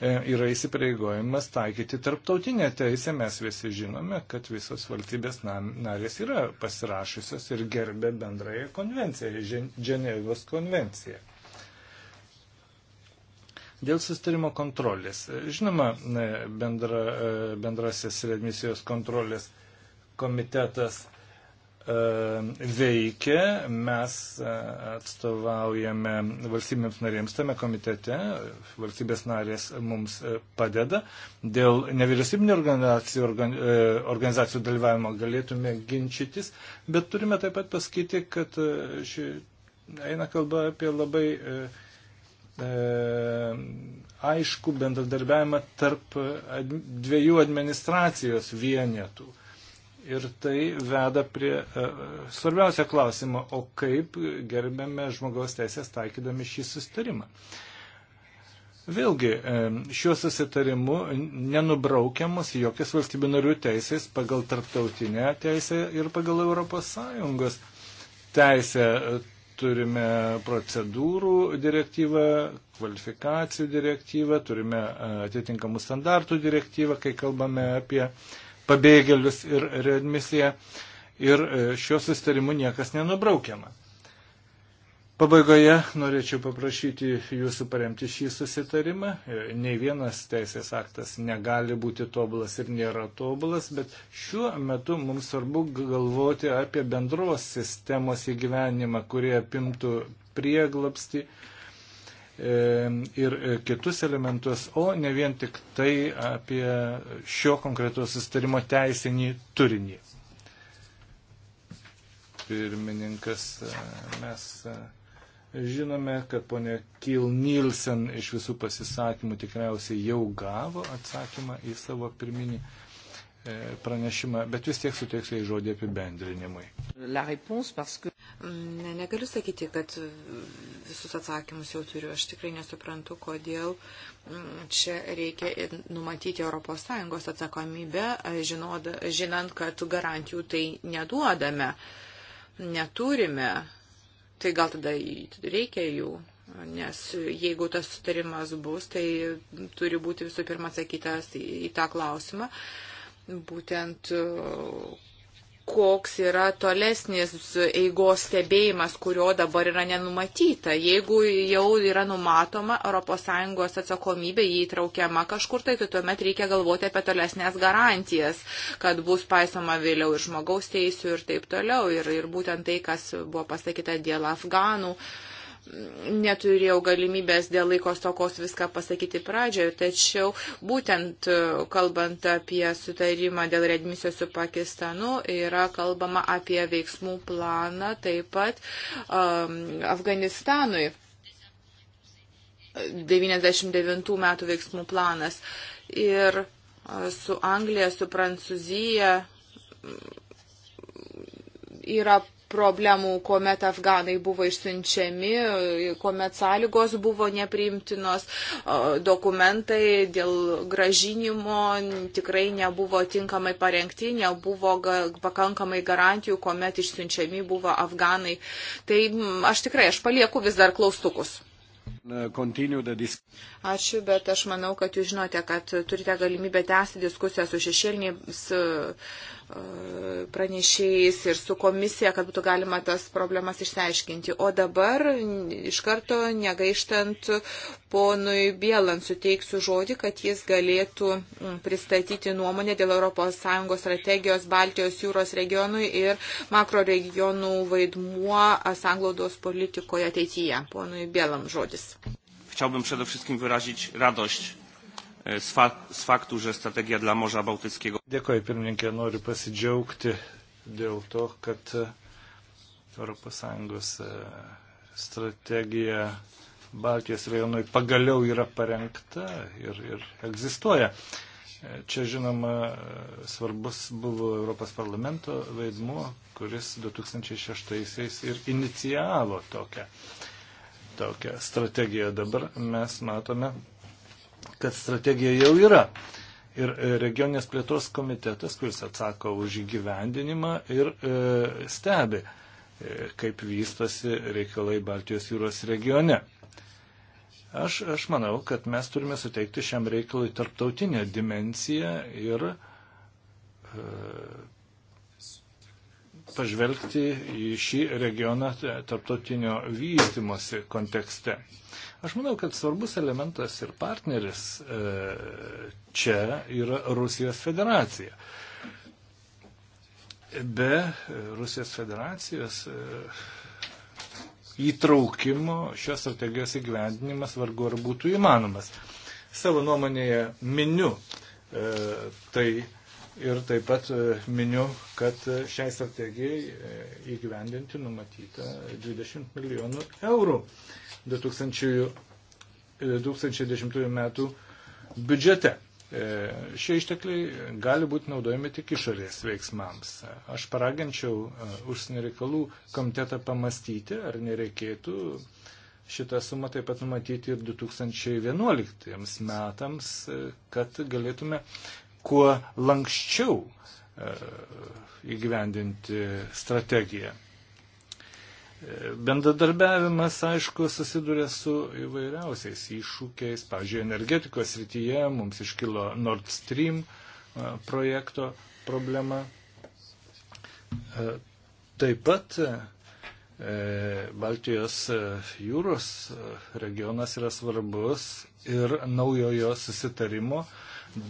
e, yra įsipareigojimas taikyti tarptautinę teisę. Mes visi žinome, kad visos valstybės narės yra pasirašusios ir gerbė bendrąją konvenciją, Ženevos konvenciją. Dėl sustarimo kontrolės. Žinoma, e, bendra, e, bendrasis readmisijos kontrolės komitetas e, veikia, mes atstovaujame valstybėms narėms tame komitete, valstybės narės mums padeda. Dėl nevyriausybinio organizacijų, organizacijų dalyvavimo galėtume ginčytis, bet turime taip pat pasakyti, kad ši eina kalba apie labai E, aišku bendradarbiavimą tarp dviejų administracijos vienetų. Ir tai veda prie e, svarbiausia klausimo, o kaip gerbėme žmogaus teisės taikydami šį sustarimą. Vėlgi, e, šiuo susitarimu nenubraukiamas jokios valstybių narių teisės pagal tarptautinę teisę ir pagal ES teisę. Turime procedūrų direktyvą, kvalifikacijų direktyvą, turime e, atitinkamų standartų direktyvą, kai kalbame apie pabėgėlius ir readmisiją. Ir e, šiuo sustarimu niekas nenubraukiama. Pabaigoje norėčiau paprašyti jūsų paremti šį susitarimą. E, Nei vienas teisės aktas negali būti tobulas ir nėra tobulas, bet šiuo metu mums svarbu galvoti apie bendros sistemos įgyvenimą, kurie apimtų prieglapsti e, ir kitus elementus, o ne vien tik tai apie šio konkretaus susitarimo teisinį turinį. Pirmininkas, e, mes Žinome, kad ponė Kil Nielsen iš visų pasisakymų tikriausiai jau gavo atsakymą į savo pirminį e, pranešimą, bet vis tiek suteiksiu į žodį apibendrinimui. Mm, ne, negaliu sakyti, kad visus atsakymus jau turiu. Aš tikrai nesuprantu, kodėl mm, čia reikia numatyti ES atsakomybę, e, žinod, žinant, kad garantijų tai neduodame, neturime tai gal tada reikia jų, nes jeigu tas sutarimas bus, tai turi būti visų pirma atsakytas į tą klausimą, būtent koks yra tolesnis eigos stebėjimas, kurio dabar yra nenumatyta. Jeigu jau yra numatoma ES atsakomybė įtraukiama kažkur, tai, tai tuomet reikia galvoti apie tolesnės garantijas, kad bus paisoma vėliau ir žmogaus teisų ir taip toliau. Ir, ir būtent tai, kas buvo pasakyta dėl Afganų. Uh, neturėjau galimybės dėl laikos tokos viską pasakyti pradžioje, tačiau būtent e, kalbant apie sutarimą dėl redmisijos su Pakistanu yra kalbama apie veiksmų planą taip pat um, Afganistanui. 99 metų veiksmų planas. Ir e, su Anglija, su Prancūzija yra problemų, kuomet afganai buvo išsiunčiami, kuomet sąlygos buvo nepriimtinos, dokumentai dėl gražinimo tikrai nebuvo tinkamai parengti, nebuvo pakankamai garantijų, kuomet išsiunčiami buvo afganai. Tai aš tikrai, aš palieku vis dar klaustukus. Ačiū, bet aš manau, kad jūs žinote, kad turite galimybę tęsti diskusiją su šešėliniais pranešėjais ir su komisija, kad būtų galima tas problemas išsiaiškinti. O dabar iš karto negaištant ponui Bielan suteiksiu žodį, kad jis galėtų mm, pristatyti nuomonę dėl ES strategijos Baltijos jūros regionui ir makro regionų vaidmuo sanglaudos politikoje ateityje. Ponui Bielan žodis. Chciałbym przede wszystkim wyrazić radość E, z, fa z faktu, że strategija dla Morza Bałtyckiego. Dėkoju, pirmininkė, noriu pasidžiaugti dėl to, kad ES e, strategija Baltijos rajonui pagaliau yra parengta ir, ir egzistuoja. E, čia, žinoma, svarbus buvo Europos parlamento vaidmuo, kuris 2006-aisiais ir inicijavo tokią, tokią strategiją. Dabar mes matome kad strategija jau yra. Ir e, regioninės plėtros komitetas, kuris atsako už įgyvendinimą ir e, stebi, e, kaip vystosi reikalai Baltijos jūros regione. Aš, aš manau, kad mes turime suteikti šiam reikalui tarptautinę dimenciją ir e, pažvelgti į šį regioną tarptautinio vystimosi kontekste. Aš manau, kad svarbus elementas ir partneris e, čia yra Rusijos federacija. Be e, Rusijos federacijos e, įtraukimo šios strategijos įgyvendinimas vargu ar būtų įmanomas. Savo nuomonėje miniu tai ir taip pat miniu, kad šiai strategijai įgyvendinti numatyta 20 milijonų eurų. 2010 metų biudžete. E, šie ištekliai gali būti naudojami tik išorės veiksmams. Aš paraginčiau e, užsienio reikalų komitetą pamastyti, ar nereikėtų šitą sumą taip pat numatyti ir 2011 metams, e, kad galėtume kuo lankščiau įgyvendinti strategiją. Bendradarbiavimas, aišku, susiduria su įvairiausiais iššūkiais. Pavyzdžiui, energetikos rytyje mums iškilo Nord Stream projekto problema. Taip pat e, Baltijos jūros regionas yra svarbus ir naujojo susitarimo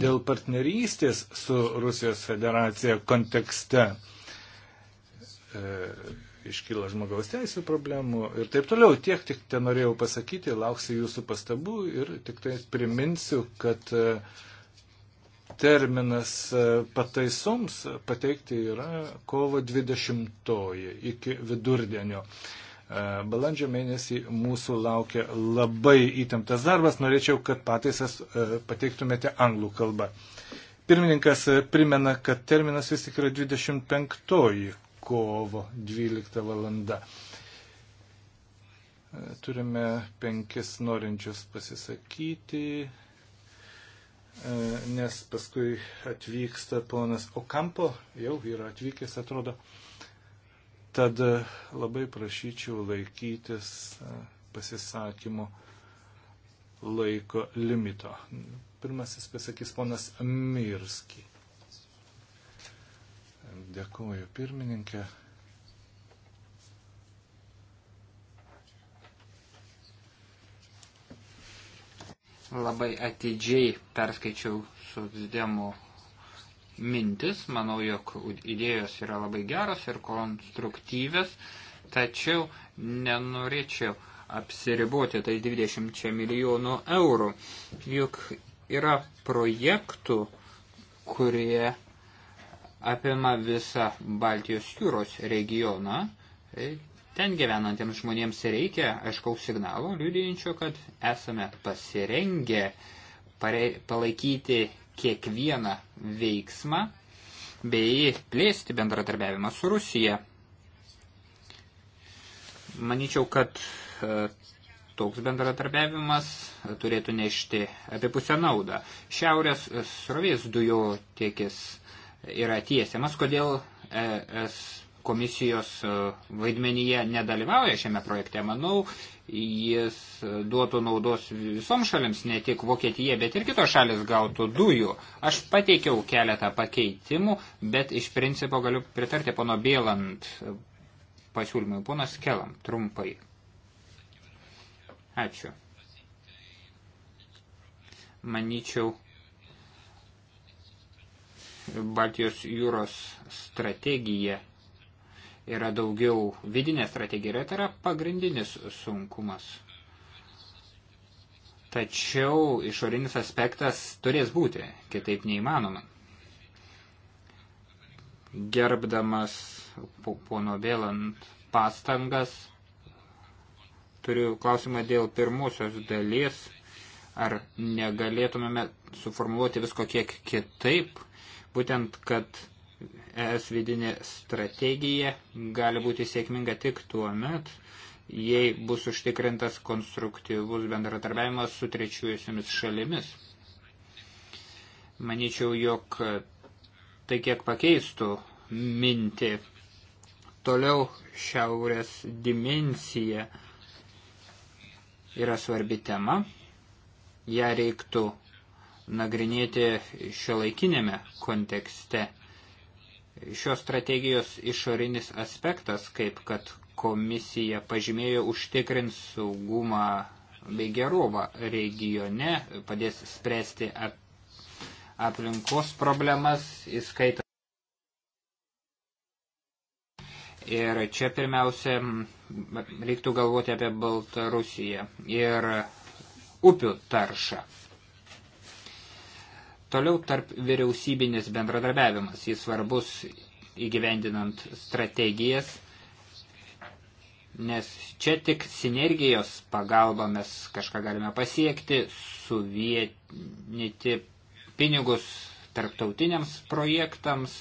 dėl partnerystės su Rusijos federacija kontekste e, iškyla žmogaus teisų problemų ir taip toliau. Tiek tik ten norėjau pasakyti, lauksiu jūsų pastabų ir tik tai priminsiu, kad e, terminas e, pataisoms pateikti yra kovo 20 iki vidurdienio. E, balandžio mėnesį mūsų laukia labai įtemptas darbas, norėčiau, kad pataisas pateiktumėte anglų kalbą. Pirmininkas primena, kad terminas vis tik yra 25 kovo 12 valanda. Turime penkis norinčius pasisakyti, e, nes paskui atvyksta ponas Okampo, jau yra atvykęs, atrodo. Tad e, labai prašyčiau laikytis e, pasisakymo laiko limito. Pirmasis pasakys ponas Mirski. Dėkuoju pirmininkė. Labai atidžiai perskaičiau socdemų mintis. Manau, jog idėjos yra labai geros ir konstruktyvės, tačiau nenorėčiau apsiriboti tai 20 milijonų eurų. Juk yra projektų, kurie apima visą Baltijos jūros regioną. E, ten gyvenantiems žmonėms reikia aiškaus signalo, liudijančio, kad esame pasirengę palaikyti kiekvieną veiksmą bei plėsti bendradarbiavimą su Rusija. Maničiau, kad e, toks bendradarbiavimas turėtų nešti apie pusę naudą. Šiaurės srovės dujo tiekis yra tiesiamas, kodėl ES komisijos e, vaidmenyje nedalyvauja šiame projekte. Manau, jis duotų naudos visoms šalims, ne tik Vokietija, bet ir kitos šalis gautų dujų. Aš pateikiau keletą pakeitimų, bet iš principo galiu pritarti pono Bėlant pasiūlymui. Ponas Kelam, trumpai. Ačiū. Manyčiau, Baltijos jūros strategija yra daugiau vidinė strategija ir tai yra pagrindinis sunkumas. Tačiau išorinis aspektas turės būti, kitaip neįmanoma. Gerbdamas pono Vėlant pastangas, turiu klausimą dėl pirmosios dalies, ar negalėtumėme suformuoluoti visko kiek kitaip, būtent, kad ES vidinė strategija gali būti sėkminga tik tuo met, jei bus užtikrintas konstruktyvus bendratarbiavimas su trečiuosiomis šalimis. Manyčiau, jog tai kiek pakeistų mintį. Toliau šiaurės dimensija yra svarbi tema. Ja reiktų nagrinėti šio laikinėme kontekste. Šios strategijos išorinis aspektas, kaip kad komisija pažymėjo, užtikrins saugumą bei gerovą regione, padės spręsti aplinkos problemas, įskaitant. Ir čia pirmiausia reiktų galvoti apie Baltarusiją ir upių taršą. Toliau tarp vyriausybinis bendradarbiavimas, jis svarbus įgyvendinant strategijas, nes čia tik sinergijos pagalba mes kažką galime pasiekti, suvienyti pinigus tarptautiniams projektams,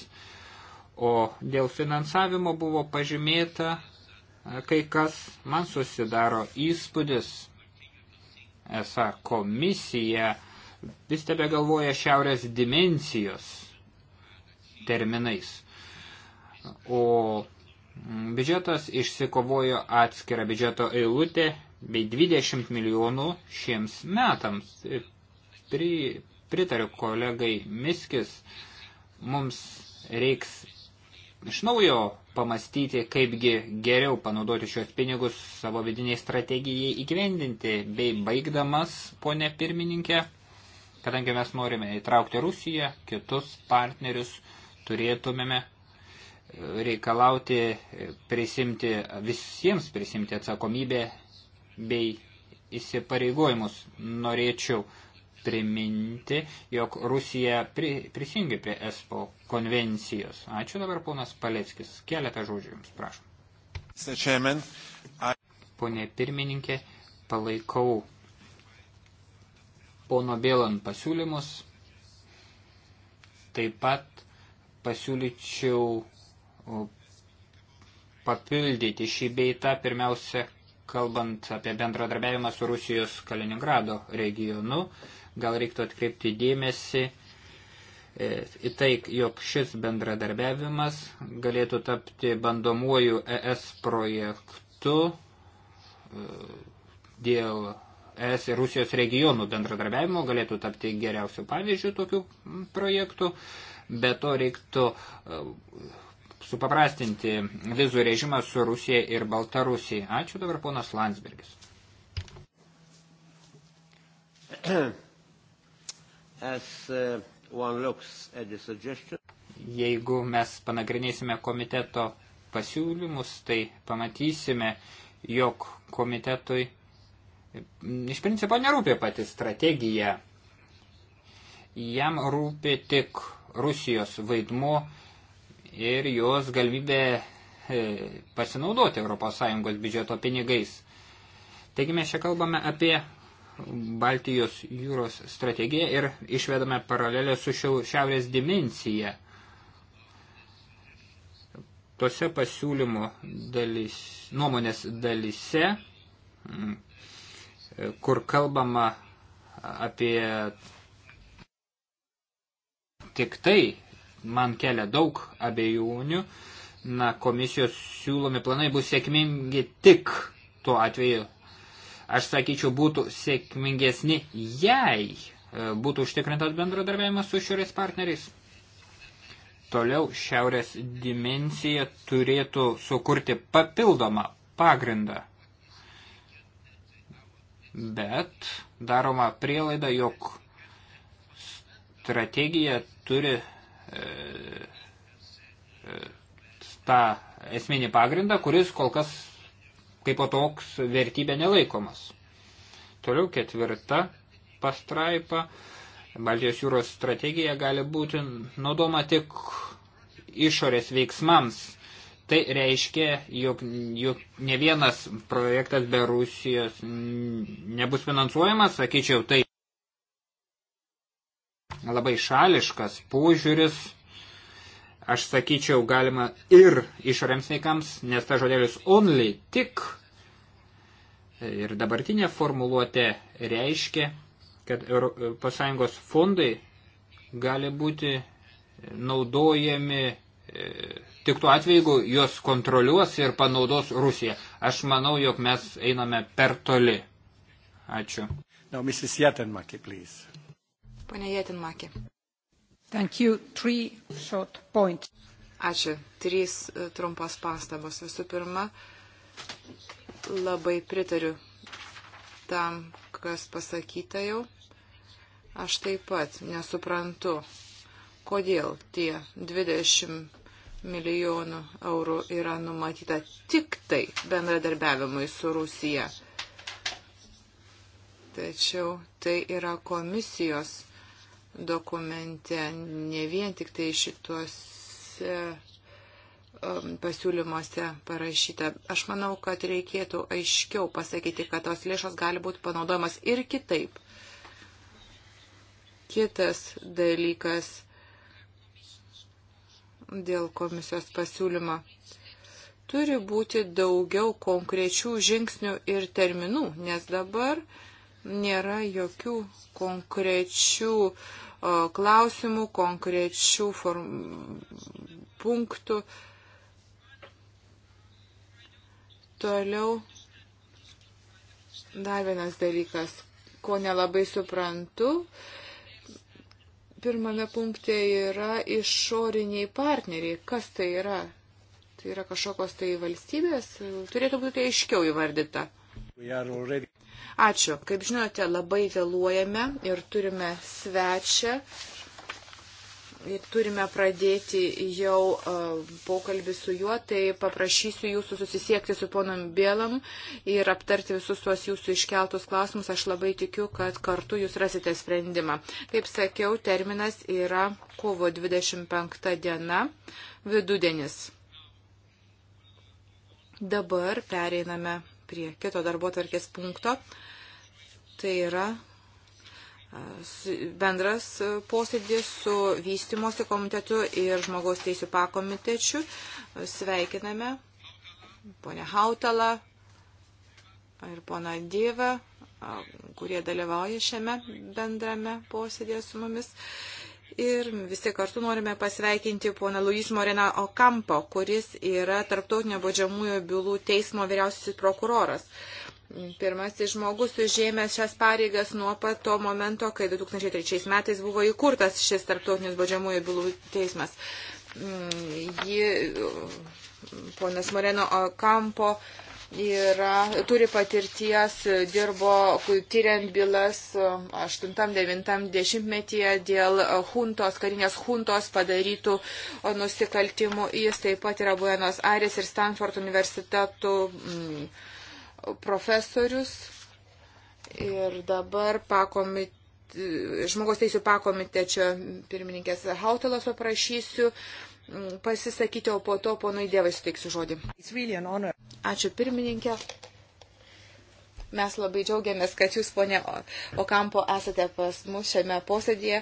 o dėl finansavimo buvo pažymėta e, kai kas, man susidaro įspūdis, esą komisija, vis tebe galvoja šiaurės dimensijos terminais. O mm, biudžetas išsikovojo atskirą biudžeto eilutę bei 20 milijonų šiems metams. Pri, pritariu kolegai Miskis, mums reiks iš naujo pamastyti, kaipgi geriau panaudoti šios pinigus savo vidiniai strategijai įgyvendinti. Bei baigdamas, ponė pirmininkė, Kadangi mes norime įtraukti Rusiją, kitus partnerius, turėtumėme e, reikalauti e, prisimti, visiems prisimti atsakomybę bei įsipareigojimus. Norėčiau priminti, jog Rusija pri, prisijungė prie ESPO konvencijos. Ačiū dabar, ponas Paleckis. Keletą žodžių jums, prašom. Pone pirmininkė, palaikau pono Bėlan pasiūlymus. Taip pat pasiūlyčiau papildyti šį beitą, pirmiausia, kalbant apie bendradarbiavimą su Rusijos Kaliningrado regionu. Gal reiktų atkreipti dėmesį e, į tai, jog šis bendradarbiavimas galėtų tapti bandomuoju ES projektu e, dėl ES ir Rusijos regionų bendradarbiavimo galėtų tapti geriausių pavyzdžių tokių projektų. Be to reiktų e, supaprastinti vizų režimą su Rusija ir Baltarusija. Ačiū dabar ponas Landsbergis. As, uh, one looks at the suggestion. Jeigu mes panagrinėsime komiteto pasiūlymus, tai pamatysime, jog komitetui iš principo nerūpė pati strategija. Jam rūpė tik Rusijos vaidmuo ir jos galimybė e, pasinaudoti ES biudžeto pinigais. Taigi mes čia kalbame apie Baltijos jūros strategiją ir išvedame paralelę su šiaurės dimencija. Tose pasiūlymo dalis, nuomonės dalise kur kalbama apie tik tai, man kelia daug abejonių, na, komisijos siūlomi planai bus sėkmingi tik tuo atveju. Aš sakyčiau, būtų sėkmingesni, jei e, būtų užtikrintas bendradarbiavimas su šiaurės partneriais. Toliau šiaurės dimensija turėtų sukurti papildomą pagrindą bet daroma prielaida, jog strategija turi e, e, tą esminį pagrindą, kuris kol kas kaip o toks vertybė nelaikomas. Toliau ketvirta pastraipa. Baltijos jūros strategija gali būti naudoma tik išorės veiksmams Tai reiškia, jog, jog ne vienas projektas be Rusijos nebus finansuojamas, sakyčiau, tai labai šališkas požiūris. Aš sakyčiau, galima ir išremsnikams, nes ta žodėlis only tik ir dabartinė formuluotė reiškia, kad ES fondai gali būti naudojami E, tik tuo atveju, jeigu juos kontroliuos ir panaudos Rusija. Aš manau, jog mes einame per toli. Ačiū. Now, Mrs. Jatenmaki, please. Pane Jatenmaki. Thank you. Three short points. Ačiū. Trys e, trumpos pastabos. Visų pirma, labai pritariu tam, kas pasakyta jau. Aš taip pat nesuprantu, kodėl tie 20 milijonų eurų yra numatyta tik tai bendradarbiavimui su Rusija. Tačiau tai yra komisijos dokumente, ne vien tik tai šituose um, pasiūlymuose parašyta. Aš manau, kad reikėtų aiškiau pasakyti, kad tos lėšos gali būti panaudojamas ir kitaip. Kitas dalykas dėl komisijos pasiūlymo. Turi būti daugiau konkrečių žingsnių ir terminų, nes dabar nėra jokių konkrečių o, klausimų, konkrečių form... punktų. Toliau dar vienas dalykas, ko nelabai suprantu. Uh, pirmame punkte yra išoriniai partneriai. Kas tai yra? Tai yra kažkokios tai valstybės? Turėtų būti aiškiau įvardyta. Ačiū. Kaip žinote, labai vėluojame ir turime svečią turime pradėti jau e, pokalbį su juo, tai paprašysiu jūsų susisiekti su ponom Bėlam ir aptarti visus tuos jūsų iškeltus klausimus. Aš labai tikiu, kad kartu jūs rasite sprendimą. Kaip sakiau, terminas yra kovo 25 diena, vidudienis. Dabar pereiname prie kito darbo tvarkės punkto. Tai yra bendras e, posėdis su vystimosi komitetu ir žmogaus teisų pakomitečiu. E, sveikiname ponę Hautalą ir poną Dievą, e, kurie dalyvauja šiame bendrame posėdėje su mumis. Ir visi kartu norime pasveikinti poną Luis Morena Okampo, kuris yra Tarptautinio baudžiamųjų bylų teismo vyriausiasis prokuroras. Pirmasis žmogus užėmęs šias pareigas nuo pat to momento, kai 2003 metais buvo įkurtas šis tarptautinis baudžiamųjų bylų teismas. Mm, ji, ponas Moreno Kampo, yra, turi patirties, dirbo tyriant bylas 8-9 metyje dėl huntos, karinės huntos padarytų nusikaltimų. Jis taip pat yra Buenos Aires ir Stanford universitetų. Mm, profesorius ir dabar pakomit, žmogaus teisų pakomitečio pirmininkės Hautelos paprašysiu mm, pasisakyti, o po to ponui Dievai suteiksiu žodį. Really Ačiū pirmininkė. Mes labai džiaugiamės, kad jūs, ponė Okampo, esate pas mus šiame posėdėje.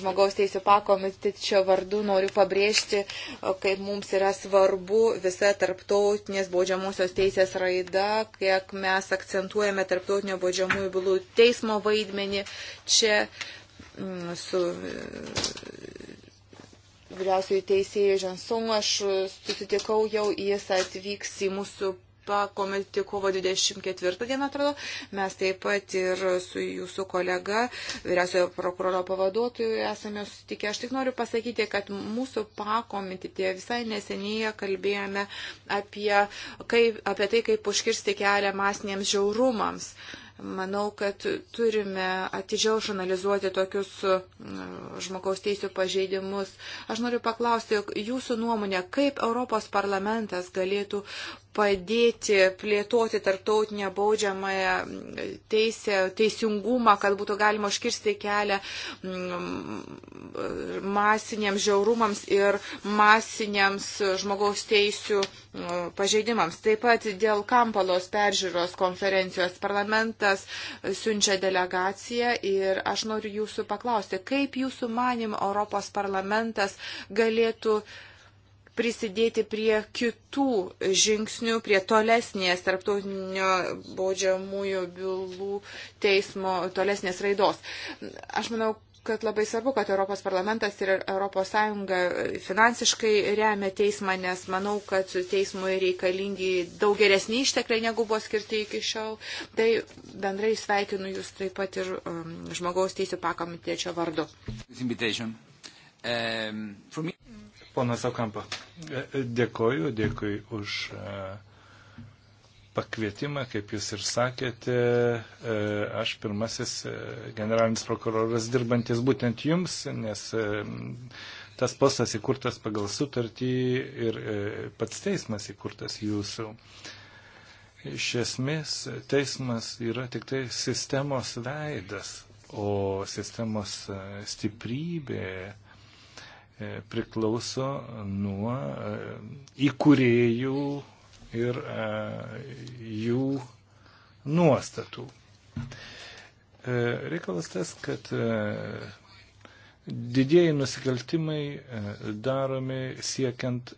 Žmogaus teisų pakomitečio vardu noriu pabrėžti, kaip mums yra svarbu visa tarptautinės baudžiamusios teisės raida, kiek mes akcentuojame tarptautinio baudžiamųjų bylų teismo vaidmenį čia mm, su vyriausiųjų teisėjų Žansungu, aš susitikau jau, jis atvyks į mūsų pakomitį kovo 24 dieną, atrodo. Mes taip pat ir su jūsų kolega, vyriausiojo prokuroro pavaduotoju, esame sutikę. Aš tik noriu pasakyti, kad mūsų pakomitėje visai neseniai kalbėjome apie, kaip, apie tai, kaip užkirsti kelią masiniams žiaurumams. Manau, kad turime atidžiau žurnalizuoti tokius mm, žmogaus teisų pažeidimus. Aš noriu paklausti jūsų nuomonę, kaip Europos parlamentas galėtų padėti plėtoti tarptautinę baudžiamąją teisę, teisingumą, kad būtų galima užkirsti kelią mm, masiniams žiaurumams ir masiniams žmogaus teisų mm, pažeidimams. Taip pat dėl Kampalos peržiūros konferencijos parlamentas siunčia delegaciją ir aš noriu jūsų paklausti, kaip jūsų manim Europos parlamentas galėtų uh, prisidėti prie kitų žingsnių, prie tolesnės tarptautinio baudžiamųjų bylų teismo tolesnės raidos. Aš manau, kad labai svarbu, kad Europos parlamentas ir Europos Sąjunga finansiškai remia teismą, nes manau, kad teismui reikalingi daug geresni ištekliai, negu buvo skirti iki šiol. Tai bendrai sveikinu Jūs taip pat ir um, žmogaus teisų pakomitečio vardu. Um, me... Ponas Okampa, e, e, dėkoju, dėkui už e, pakvietimą, kaip jūs ir sakėte. Aš pirmasis generalinis prokuroras dirbantis būtent jums, nes tas postas įkurtas pagal sutartį ir pats teismas įkurtas jūsų. Iš esmės, teismas yra tik tai sistemos veidas, o sistemos stiprybė E, priklauso nuo e, įkūrėjų ir e, jų nuostatų. Reikalas tas, kad didieji nusikaltimai daromi siekiant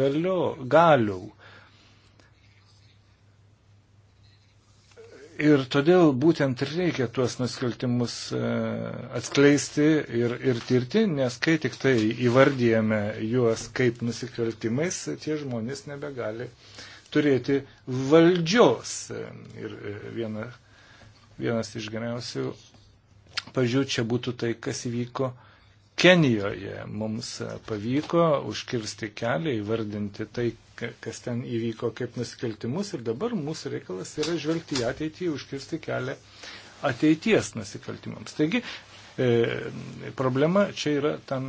galio, galių Ir todėl būtent reikia tuos nusikaltimus e, atskleisti ir, ir tirti, nes kai tik tai įvardyjame juos kaip nusikaltimais, tie žmonės nebegali turėti valdžios. Ir e, viena, vienas iš geriausių pažiūrėjų čia būtų tai, kas įvyko uh, Kenijoje mums pavyko užkirsti kelią, įvardinti tai, kas ten įvyko kaip nusikaltimus ir dabar mūsų reikalas yra žvelgti į ateitį, užkirsti kelią ateities nusikaltimams. Taigi e, problema čia yra tam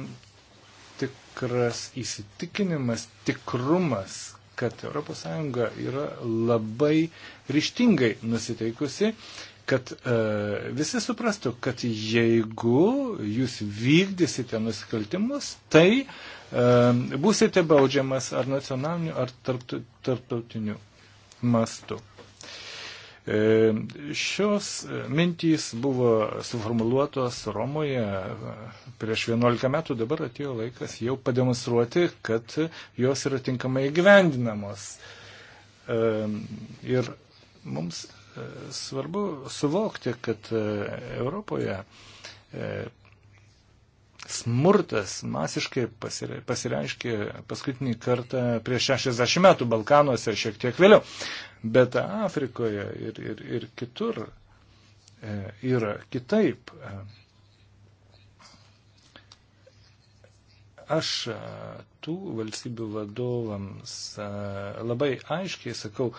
tikras įsitikinimas, tikrumas, kad ES yra labai ryštingai nusiteikusi kad e, visi suprastų, kad jeigu jūs vykdysite nusikaltimus, tai e, būsite baudžiamas ar nacionaliniu, ar tarptautiniu mastu. E, šios mintys buvo suformuluotos Romoje e, prieš 11 metų, dabar atėjo laikas jau pademonstruoti, kad jos yra tinkamai gyvendinamos. E, ir mums Svarbu suvokti, kad e, Europoje e, smurtas masiškai pasireiškė paskutinį kartą prieš 60 metų Balkanuose, šiek tiek vėliau. Bet Afrikoje ir, ir, ir kitur e, yra kitaip. Aš tų valstybių vadovams labai aiškiai sakau,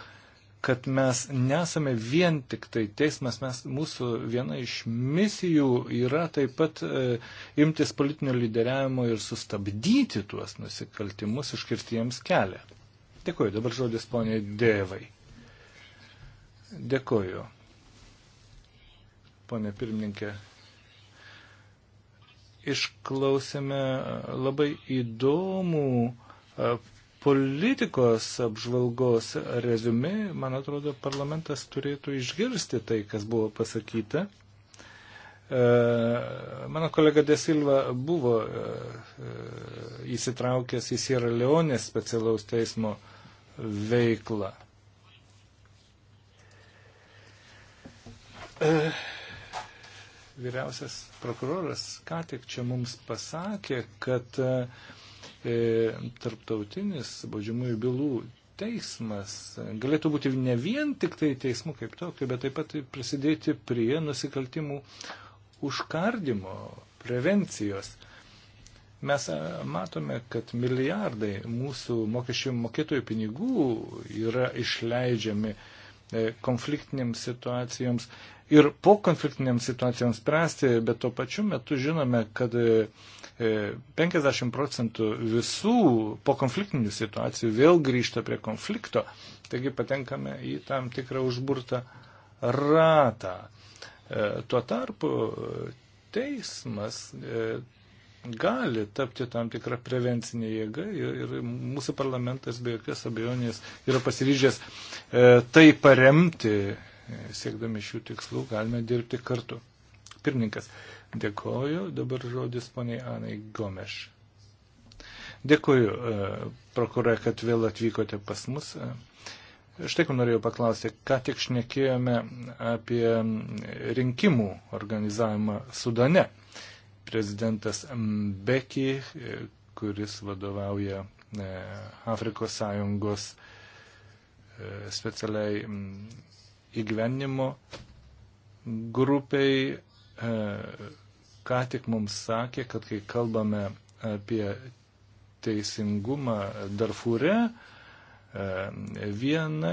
kad mes nesame vien tik tai teismas, mes, mūsų viena iš misijų yra taip pat e, imtis politinio lyderiavimo ir sustabdyti tuos nusikaltimus, iškirti jiems kelią. Dėkuoju, dabar žodis poniai Dėvai. Dėkuoju, ponė pirmininkė. Išklausėme labai įdomų e, politikos apžvalgos rezumi, man atrodo, parlamentas turėtų išgirsti tai, kas buvo pasakyta. E, mano kolega Desilva buvo e, e, įsitraukęs į Sierra Leonės specialaus teismo veiklą. Vyriausias prokuroras ką tik čia mums pasakė, kad E, tarptautinis baudžiamųjų bylų teismas galėtų būti ne vien tik tai teismų kaip tokio, bet taip pat prisidėti prie nusikaltimų užkardimo, prevencijos. Mes e, matome, kad milijardai mūsų mokesčių mokėtojų pinigų yra išleidžiami uh, E, konfliktinėms situacijoms ir po konfliktinėms situacijoms spręsti, bet tuo pačiu metu žinome, kad 50 e, e, procentų visų po konfliktinių situacijų vėl grįžta prie konflikto, taigi patenkame į tam tikrą užburtą ratą. Tuo tarpu teismas gali tapti tam tikrą prevencinę jėgą ir, ir mūsų parlamentas be jokios abejonės yra pasiryžęs e, tai paremti, e, siekdami šių tikslų, galime dirbti kartu. Pirmininkas, dėkoju, dabar žodis poniai Anai Gomeš. Dėkoju, e, prokurore, kad vėl atvykote pas mus. E, štai ko norėjau paklausti, ką tik šnekėjome apie rinkimų organizavimą Sudane prezidentas Mbeki, e, kuris vadovauja e, Afrikos sąjungos e, specialiai įgyvenimo grupiai, ką tik mums sakė, kad kai kalbame apie teisingumą Darfūre, Viena,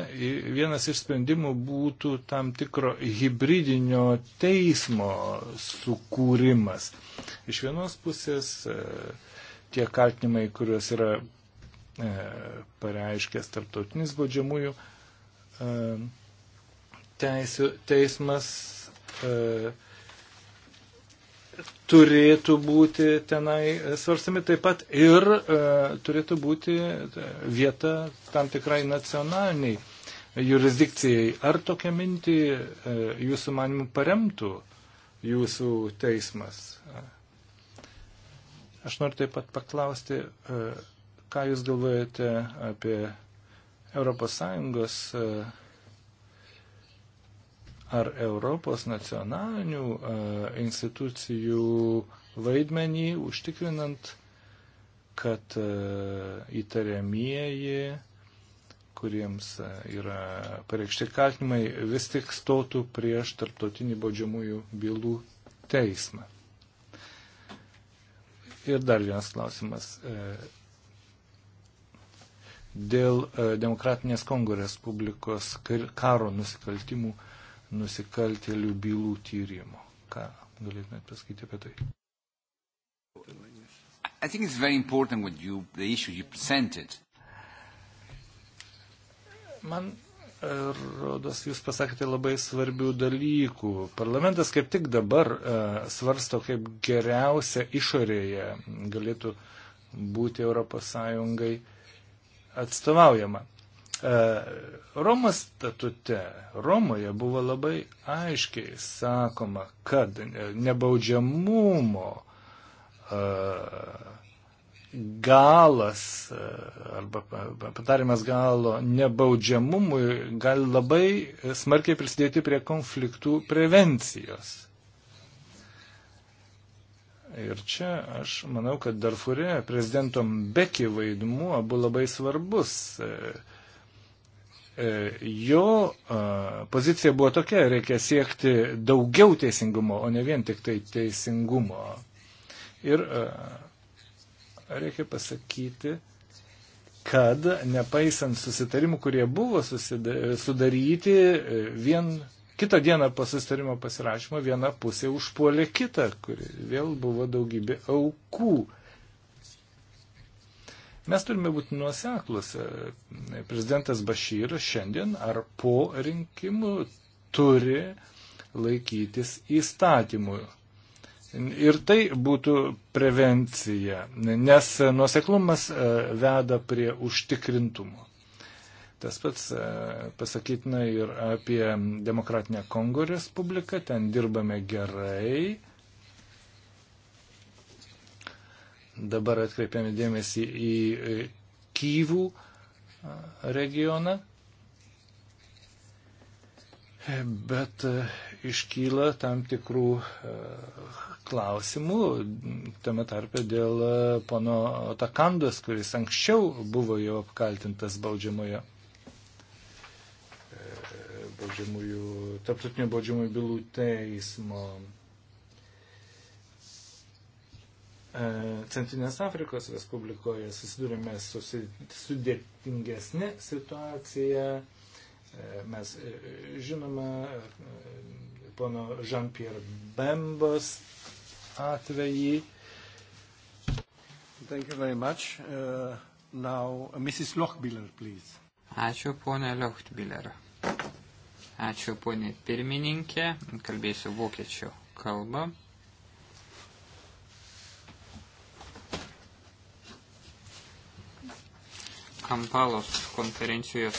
vienas iš sprendimų būtų tam tikro hybridinio teismo sukūrimas. Iš vienos pusės e, tie kaltinimai, kuriuos yra e, pareiškęs tarptautinis baudžiamųjų e, teisų teismas, turėtų būti tenai svarstami taip pat ir e, turėtų būti vieta tam tikrai nacionaliniai jurisdikcijai. Ar tokią mintį e, jūsų manimų paremtų jūsų teismas? Aš noriu taip pat paklausti, e, ką jūs galvojate apie ES ar Europos nacionalinių e, institucijų vaidmenį užtikrinant, kad e, įtariamieji, kuriems e, yra pareikšti kaltinimai, vis tik stotų prieš tarptautinį baudžiamųjų bylų teismą. Ir dar vienas klausimas. Dėl Demokratinės Kongo Respublikos karo nusikaltimų nusikaltėlių bylų tyrimo. Ką galėtumėt pasakyti apie tai? I think it's very important what you, the issue you presented. Man e, rodos, jūs pasakėte labai svarbių dalykų. Parlamentas kaip tik dabar e, svarsto, kaip geriausia išorėje galėtų būti ES atstovaujama. E, Romos statute Romoje buvo labai aiškiai sakoma, kad nebaudžiamumo e, galas e, arba patarimas galo nebaudžiamumui gali labai smarkiai prisidėti prie konfliktų prevencijos. Ir čia aš manau, kad Darfure prezidento Beki vaidmuo buvo labai svarbus. E, E, jo e, pozicija buvo tokia, reikia siekti daugiau teisingumo, o ne vien tik tai teisingumo. Ir e, reikia pasakyti, kad nepaisant susitarimų, kurie buvo sudaryti, vien kitą dieną po susitarimo pasirašymo viena pusė užpuolė kitą, kuri vėl buvo daugybė aukų. Mes turime būti nuoseklus. Prezidentas Bašyras šiandien ar po rinkimų turi laikytis įstatymų. Ir tai būtų prevencija, nes nuoseklumas e, veda prie užtikrintumo. Tas pats e, pasakytina ir apie Demokratinę Kongo Respubliką, ten dirbame gerai Dabar atkreipiame dėmesį į Kyvų regioną. Bet iškyla tam tikrų klausimų, tame tarpe dėl pono Takandos, kuris anksčiau buvo jau apkaltintas baudžiamojo, e, baudžiamųjų, tarptautinio baudžiamųjų bylų teismo E, Centrinės Afrikos Respublikoje susidurime su sudėtingesnė situacija. E, mes e, žinoma pono Jean-Pierre Bembos atvejį. Thank you very much. Uh, now, Mrs. Lochbiller, please. Ačiū, ponė Lochbiller. Ačiū, ponė pirmininkė. Kalbėsiu vokiečių kalbą. Kampalos konferencijos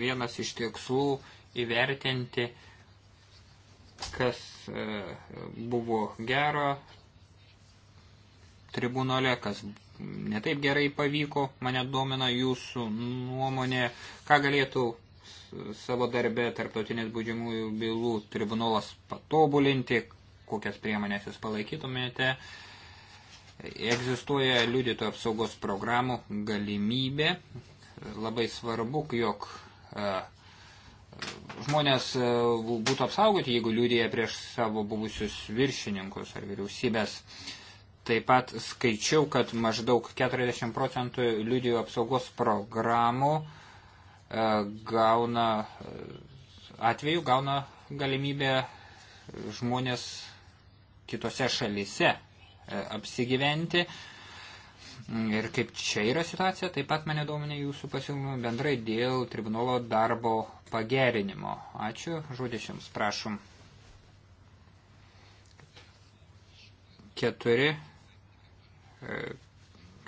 vienas iš tikslų įvertinti, kas e, buvo gero tribunole, kas netaip gerai pavyko, mane domina jūsų nuomonė, ką galėtų savo darbę tarptautinės būdžiamųjų bylų tribunolas patobulinti, kokias priemonės jūs palaikytumėte, uh, Egzistuoja liudytojų apsaugos programų galimybė. Labai svarbu, jog e, žmonės e, būtų apsaugoti, jeigu liūdėja prieš savo buvusius viršininkus ar vyriausybės. Taip pat skaičiau, kad maždaug 40 procentų liūdėjų apsaugos programų e, gauna atveju, gauna galimybę žmonės kitose šalise E, apsigyventi. Ir kaip čia yra situacija, taip pat mane domina jūsų pasiūlymų bendrai dėl tribunolo darbo pagerinimo. Ačiū, žodis jums, prašom. Keturi, e,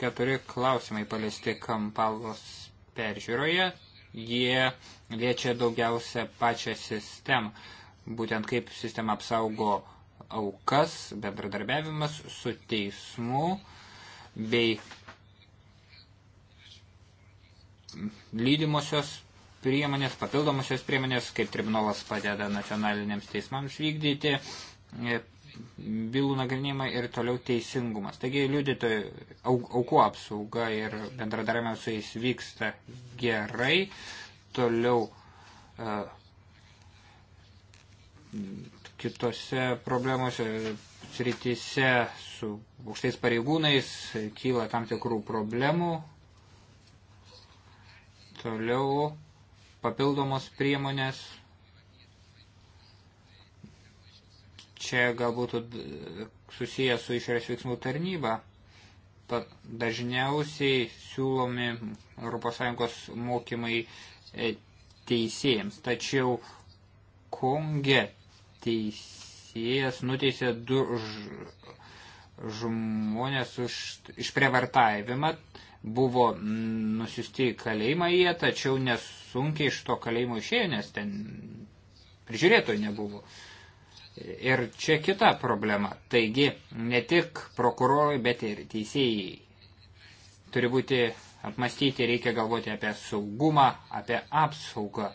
keturi klausimai paliesti Kampalos peržiūroje. Jie liečia daugiausia pačią sistemą, būtent kaip sistema apsaugo aukas, bendradarbiavimas su teismu bei lydimosios priemonės, papildomosios priemonės, kaip tribunolas padeda nacionaliniams teismams vykdyti e, bylų nagrinimą ir toliau teisingumas. Taigi liudytojų aukų apsauga ir bendradarbiavimas su jais vyksta gerai, toliau e, kitose problemose srityse su aukštais pareigūnais kyla tam tikrų problemų. Toliau papildomos priemonės. Čia galbūt susijęs su išorės veiksmų tarnyba. Tad dažniausiai siūlomi ES mokymai teisėjams. Tačiau Konge teisėjas nuteisė du žmonės už išprievartavimą, buvo nusiusti į kalėjimą jie, tačiau nesunkiai iš to kalėjimo išėjo, nes ten prižiūrėtojų nebuvo. Ir čia kita problema. Taigi, ne tik prokurorai, bet ir teisėjai turi būti apmastyti, reikia galvoti apie saugumą, apie apsaugą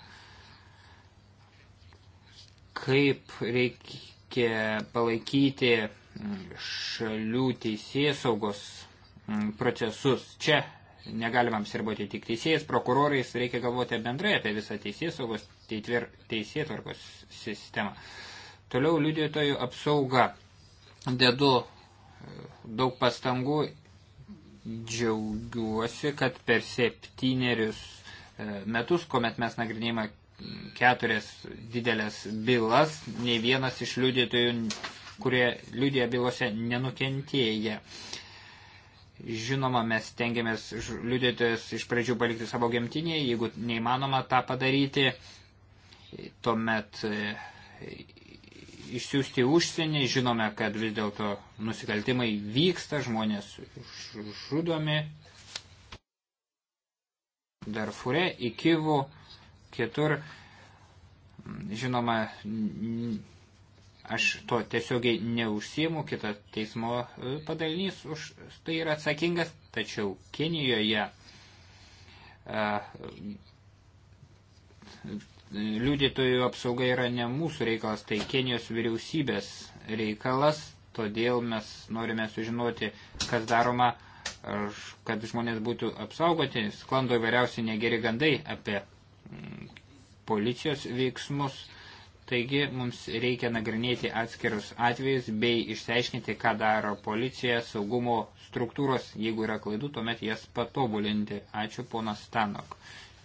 kaip reikia palaikyti šalių teisės saugos mm, procesus. Čia negalima apsirboti tik teisėjais, prokurorais, reikia galvoti bendrai apie visą teisės saugos teisėtvarkos sistemą. Toliau liudytojų apsauga. Dedu e, daug pastangų, džiaugiuosi, kad per septynerius e, metus, kuomet mes nagrinėjame keturias didelės bylas, nei vienas iš liudytojų, kurie liudė bylose, nenukentėja. Žinoma, mes tengiamės liudytojus iš pradžių palikti savo gimtinėje, jeigu neįmanoma tą padaryti, tuomet e, išsiųsti užsienį, žinome, kad vis dėlto nusikaltimai vyksta, žmonės žudomi, Darfure į Kivų kitur. Žinoma, aš to tiesiogiai neužsiemu, kita teismo e, padalinys už tai yra atsakingas, tačiau Kinijoje e, liudytojų apsauga yra ne mūsų reikalas, tai Kenijos vyriausybės reikalas, todėl mes norime sužinoti, kas daroma, e, kad žmonės būtų apsaugoti, sklando įvairiausi negeri gandai apie policijos veiksmus. Taigi mums reikia nagrinėti atskirus atvejus bei išsiaiškinti, ką daro policija, saugumo struktūros. Jeigu yra klaidų, tuomet jas patobulinti. Ačiū, ponas Stanok.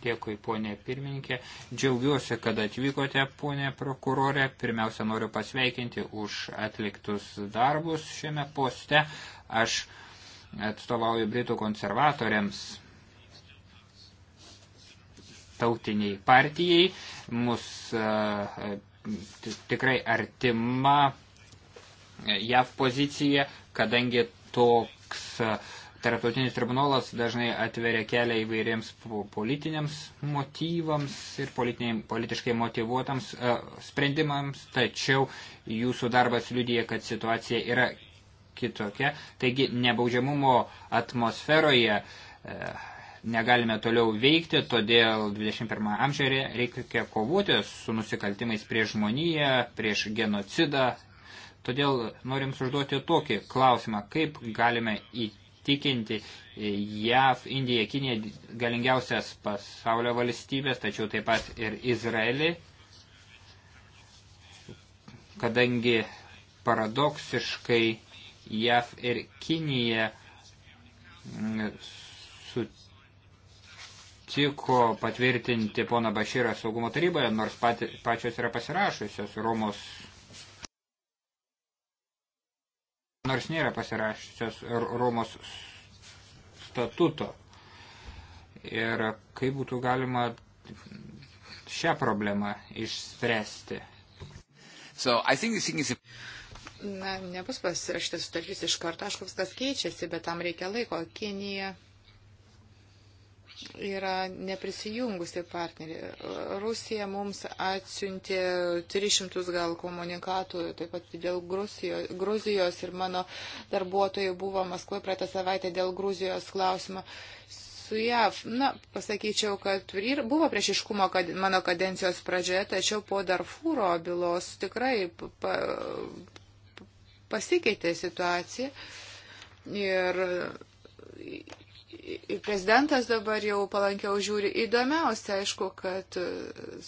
Dėkui, ponė pirmininkė. Džiaugiuosi, kad atvykote, ponė prokurorė. Pirmiausia, noriu pasveikinti už atliktus darbus šiame poste. Aš atstovauju Britų konservatoriams tautiniai partijai, mus e, e, tikrai artima JAV pozicija, kadangi toks e, tarptautinis tribunolas dažnai atveria kelią įvairiems politiniams motyvams ir politiškai motivuotams sprendimams, tačiau jūsų darbas liudyje, kad situacija yra kitokia. Taigi nebaudžiamumo atmosferoje negalime toliau veikti, todėl 21 amžiuje reikia kovoti su nusikaltimais prieš žmoniją, prieš genocidą. Todėl norim užduoti tokį klausimą, kaip galime įtikinti JAV, Indiją, Kiniją galingiausias pasaulio valstybės, tačiau taip pat ir Izraelį, kadangi paradoksiškai JAV ir Kinija mm, sutiko patvirtinti pono Bašyrą saugumo taryboje, nors pat, pačios yra pasirašusios Romos. Nors nėra pasirašusios Romos statuto. Ir kaip būtų galima šią problemą išspręsti. So, is... Na, nebus pasirašytas sutartis iš karto, aišku, viskas keičiasi, bet tam reikia laiko. Kinija yra neprisijungusi partnerė. Rusija mums atsiuntė 300 gal komunikatų, taip pat dėl Gruzijos, Gruzijos ir mano darbuotojai buvo Maskvoje praeitą savaitę dėl Gruzijos klausimo su JAV. Na, pasakyčiau, kad buvo priešiškumo kad, mano kadencijos pradžioje, tačiau po Darfūro bylos tikrai pa, pasikeitė situacija. Ir prezidentas dabar jau palankiau žiūri įdomiausia, aišku, kad e,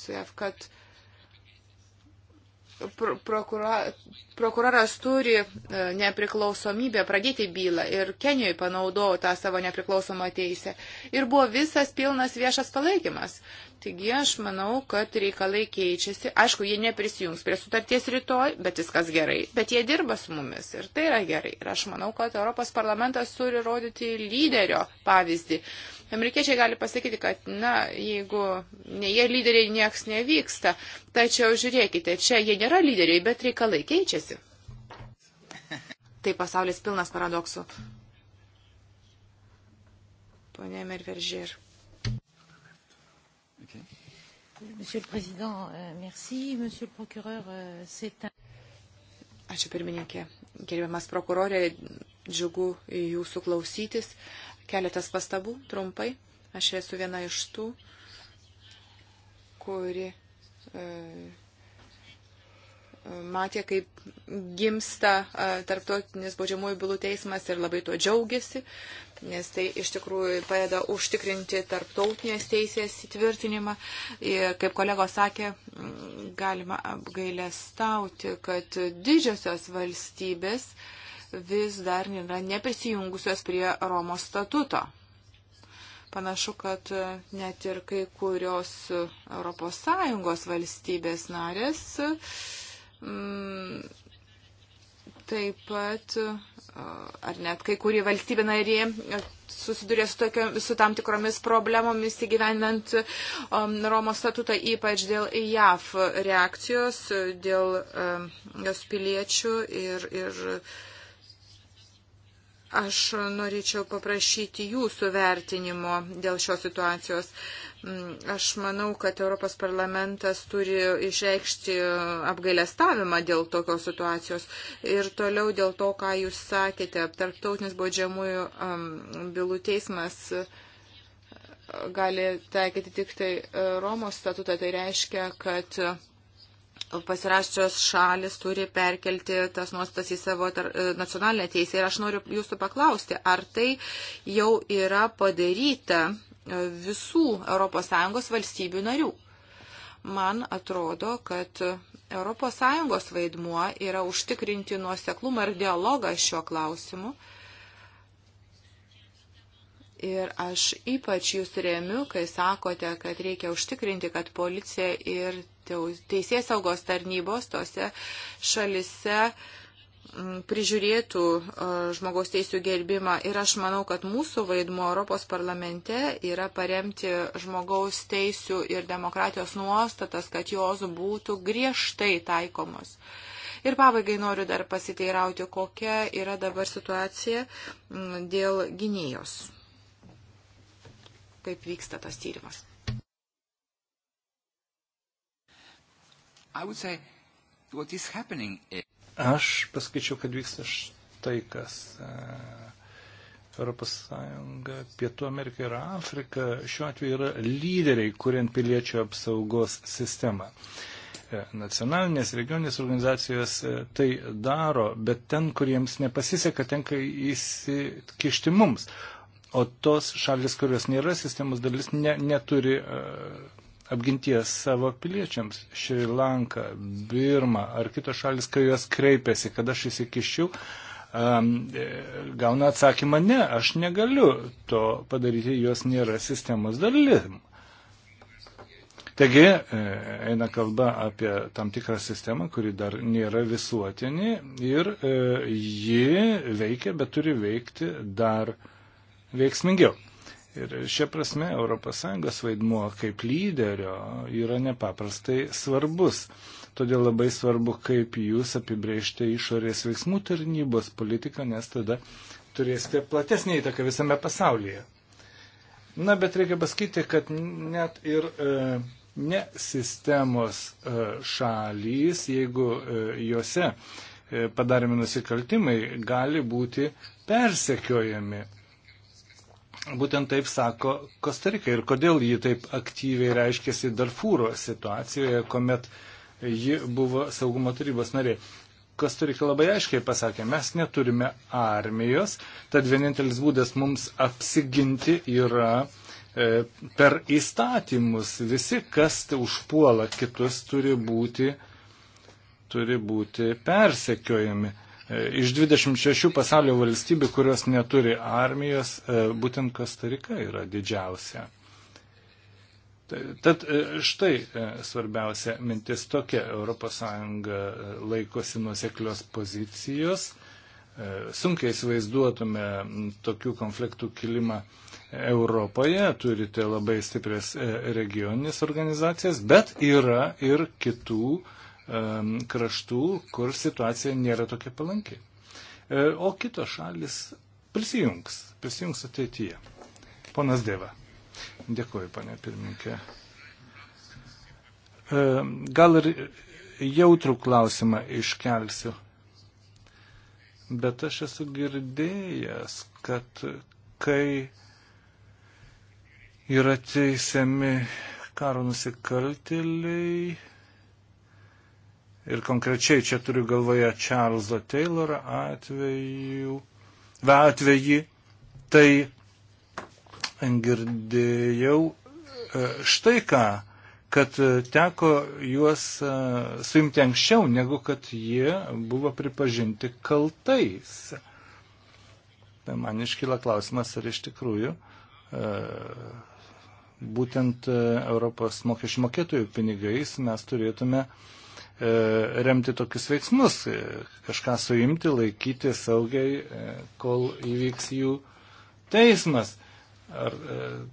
su JAV, kad prokura, prokuroras turi e, nepriklausomybę pradėti bylą ir Kenijoje panaudojo tą savo nepriklausomą teisę. Ir buvo visas pilnas viešas palaikymas. Taigi aš manau, kad reikalai keičiasi. Aišku, jie neprisijungs prie sutarties rytoj, bet viskas gerai. Bet jie dirba su mumis ir tai yra gerai. Ir aš manau, kad Europos parlamentas turi rodyti lyderio pavyzdį. Amerikiečiai gali pasakyti, kad, na, jeigu ne jie lyderiai, nieks nevyksta. Tačiau žiūrėkite, čia jie nėra lyderiai, bet reikalai keičiasi. Tai pasaulis pilnas paradoksų. Pone Merveržir. Okay. Monsieur le Président, euh, merci. Monsieur le Procureur, euh, c'est un. Ačiū pirmininkė. Gerbiamas prokurorė, džiugu jūsų klausytis. Keletas pastabų, trumpai. Aš esu viena iš tų, kuri e, matė, kaip gimsta e, tarptautinis baudžiamųjų bylų teismas ir labai tuo džiaugiasi, nes tai iš tikrųjų padeda užtikrinti tarptautinės teisės įtvirtinimą. Ir kaip kolegos sakė, galima apgailestauti, kad didžiosios valstybės uh, vis dar nėra neprisijungusios prie Romos statuto. Panašu, kad e, net ir kai kurios ES valstybės narės mm, taip pat, e, ar net kai kurie valstybė narė e, susidurė su, tokio, su tam tikromis problemomis įgyvendant um, Romos statutą, ypač dėl JAF reakcijos, dėl um, jos piliečių ir, ir uh, Aš norėčiau paprašyti jūsų vertinimo dėl šios situacijos. Mm, aš manau, kad Europos parlamentas turi išreikšti apgailestavimą dėl tokios situacijos. Ir toliau dėl to, ką jūs sakėte, tarptautinis baudžiamųjų bylų teismas e, gali taikyti tik tai e, Romos statutą. Tai reiškia, kad pasiraščios šalis turi perkelti tas nuostas į savo tar, e, nacionalinę teisę. Ir aš noriu jūsų paklausti, ar tai jau yra padaryta e, visų ES valstybių narių. Man atrodo, kad ES vaidmuo yra užtikrinti nuoseklumą ir dialogą šiuo klausimu. Ir aš ypač jūs remiu, kai sakote, kad reikia užtikrinti, kad policija ir teisės saugos tarnybos tose šalise mm, prižiūrėtų e, žmogaus teisų gerbimą. Ir aš manau, kad mūsų vaidmuo Europos parlamente yra paremti žmogaus teisų ir demokratijos nuostatas, kad jos būtų griežtai taikomos. Ir pabaigai noriu dar pasiteirauti, kokia yra dabar situacija mm, dėl gynėjos. Kaip vyksta tas tyrimas? Aš paskaičiau, kad vyksta štai kas. E, Europos Sąjunga, Pietų Amerika ir Afrika šiuo atveju yra lyderiai, kuriant piliečio apsaugos sistemą. E, nacionalinės regioninės organizacijos e, tai daro, bet ten, kuriems nepasiseka, tenka įsikišti mums. O tos šalis, kurios nėra sistemos dalis, ne, neturi uh, apginties savo piliečiams. Šri Lanka, Birma ar kitos šalis, kai juos kreipiasi, kad aš įsikišiu, e, gauna atsakymą, ne, aš negaliu to padaryti, jos nėra sistemos dalim. Taigi e, eina kalba apie tam tikrą sistemą, kuri dar nėra visuotinė ir e, ji veikia, bet turi veikti dar veiksmingiau. Ir šia prasme ES vaidmuo kaip lyderio yra nepaprastai svarbus. Todėl labai svarbu, kaip jūs apibrėžte išorės veiksmų tarnybos politiką, nes tada turėsite platesnį įtaką visame pasaulyje. Na, bet reikia pasakyti, kad net ir e, ne sistemos e, šalys, jeigu e, juose e, padarėme nusikaltimai, gali būti persekiojami Būtent taip sako Kostarika ir kodėl ji taip aktyviai reiškėsi Darfūro situacijoje, kuomet ji buvo saugumo tarybos narė. Kostarika labai aiškiai pasakė, mes neturime armijos, tad vienintelis būdas mums apsiginti yra e, per įstatymus. Visi, kas užpuola kitus, turi būti, turi būti persekiojami. Iš 26 pasaulio valstybių, kurios neturi armijos, e, būtent Kostarika yra didžiausia. Tad e, štai e, svarbiausia mintis tokia, ES laikosi nuseklios pozicijos. Sunkiai įsivaizduotume tokių konfliktų kilimą Europoje, turite tai labai stiprias regioninės organizacijas, bet yra ir kitų uh, kraštų, kur situacija nėra tokia palanki. E, o kitos šalis prisijungs, prisijungs ateityje. Ponas Deva. Dėkuoju, panė pirmininkė. E, gal ir jautrų klausimą iškelsiu, bet aš esu girdėjęs, kad kai yra teisiami karo nusikaltėliai, ir konkrečiai čia turiu galvoje Čarlzo Taylorą atveju, atvejį, tai girdėjau e, štai ką, kad teko juos e, suimti anksčiau, negu kad jie buvo pripažinti kaltais. Tai man iškyla klausimas, ar iš tikrųjų e, būtent Europos mokesčių mokėtojų pinigais mes turėtume uh, E, remti tokius veiksmus, e, kažką suimti, laikyti saugiai, e, kol įvyks jų teismas. Ar,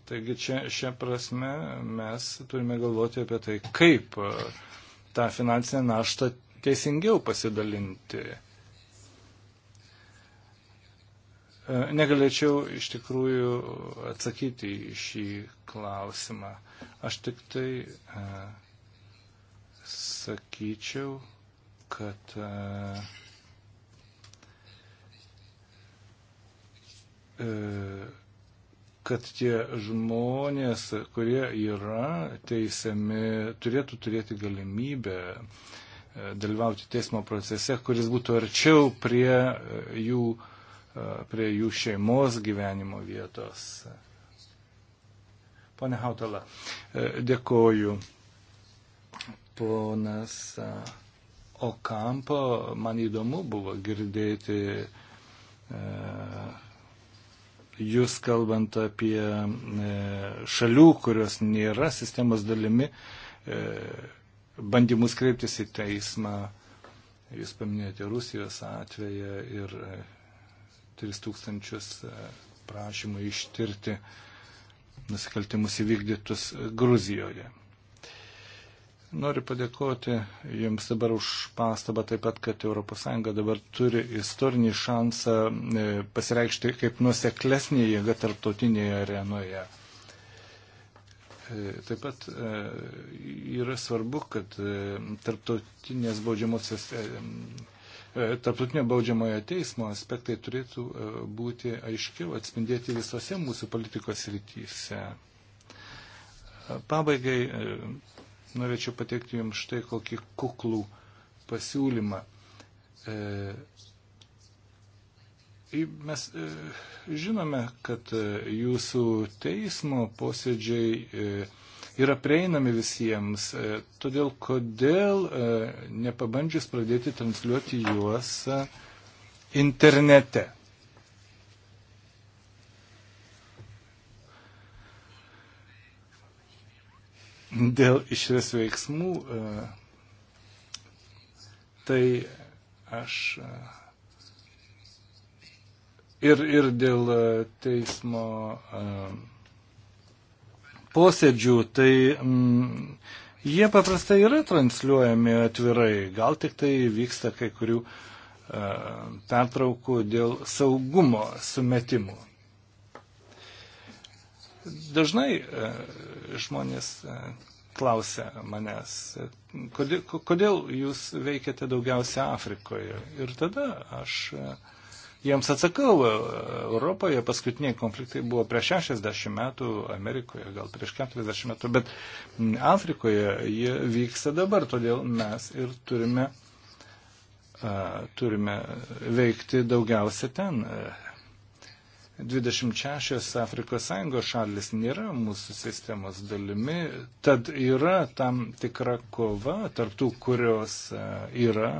taigi čia, šia prasme mes turime galvoti apie tai, kaip tą finansinę naštą teisingiau pasidalinti. Negalėčiau iš tikrųjų atsakyti į šį klausimą. Aš tik tai uh, sakyčiau, kad e, e, kad tie žmonės, kurie yra teisiami, turėtų turėti galimybę e, dalyvauti teismo procese, kuris būtų arčiau prie jų, prie jų šeimos gyvenimo vietos. Pone Hautala, dėkoju ponas Okampo, man įdomu buvo girdėti jūs kalbant apie e, šalių, kurios nėra sistemos dalimi, e, bandymus kreiptis į teismą. Jūs paminėjote Rusijos atveją ir 3000 e, prašymų ištirti nusikaltimus įvykdytus Gruzijoje. Noriu padėkoti Jums dabar už pastabą taip pat, kad ES dabar turi istorinį šansą e, pasireikšti kaip nuseklesnė jėga tarptautinėje arenoje. E, taip pat e, yra svarbu, kad tarptautinės baudžiamosios Tarptautinio baudžiamojo teismo aspektai turėtų būti aiškiau atspindėti visose mūsų politikos rytyse. Pabaigai norėčiau pateikti jums štai kokį kuklų pasiūlymą. E, mes e, žinome, kad e, jūsų teismo posėdžiai yra prieinami visiems, todėl kodėl nepabandžius pradėti transliuoti juos internete. Dėl išvės veiksmų, e, tai aš e, ir, ir dėl e, teismo posėdžių, tai mm, jie paprastai yra transliuojami atvirai, gal tik tai vyksta kai kurių pertraukų dėl saugumo sumetimų. Dažnai e, žmonės e, klausia manęs, kodėl, kodėl jūs veikiate daugiausia Afrikoje. Ir tada aš e, jiems atsakau, Europoje paskutiniai konfliktai buvo prieš 60 metų, Amerikoje gal prieš 40 metų, bet Afrikoje jie vyksta dabar, todėl mes ir turime, turime veikti daugiausia ten. 26 Afrikos Sąjungos šalis nėra mūsų sistemos dalimi, tad yra tam tikra kova tarptų, kurios e, yra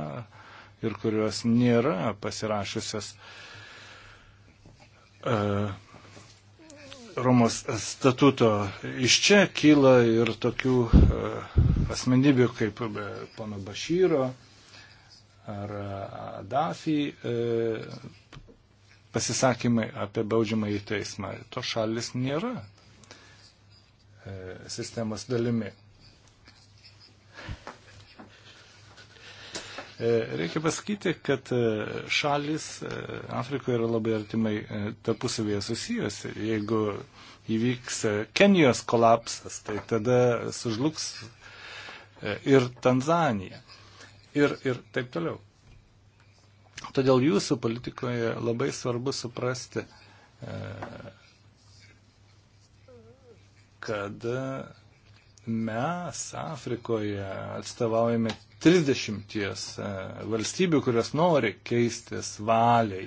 ir kurios nėra pasirašusios e, Romos statuto. Iš čia kyla ir tokių e, asmenybių kaip pono Bašyro ar Dafi pasisakymai apie baudžiamą į teismą. To šalis nėra e, sistemos dalimi. E, reikia pasakyti, kad e, šalis e, Afrikoje yra labai artimai tarpusavėje susijusi. Jeigu įvyks Kenijos kolapsas, tai tada sužlugs ir Tanzanija. Ir, ir taip toliau. Todėl jūsų politikoje labai svarbu suprasti, e, kad mes Afrikoje atstovaujame 30 e, valstybių, kurios nori keistis valiai.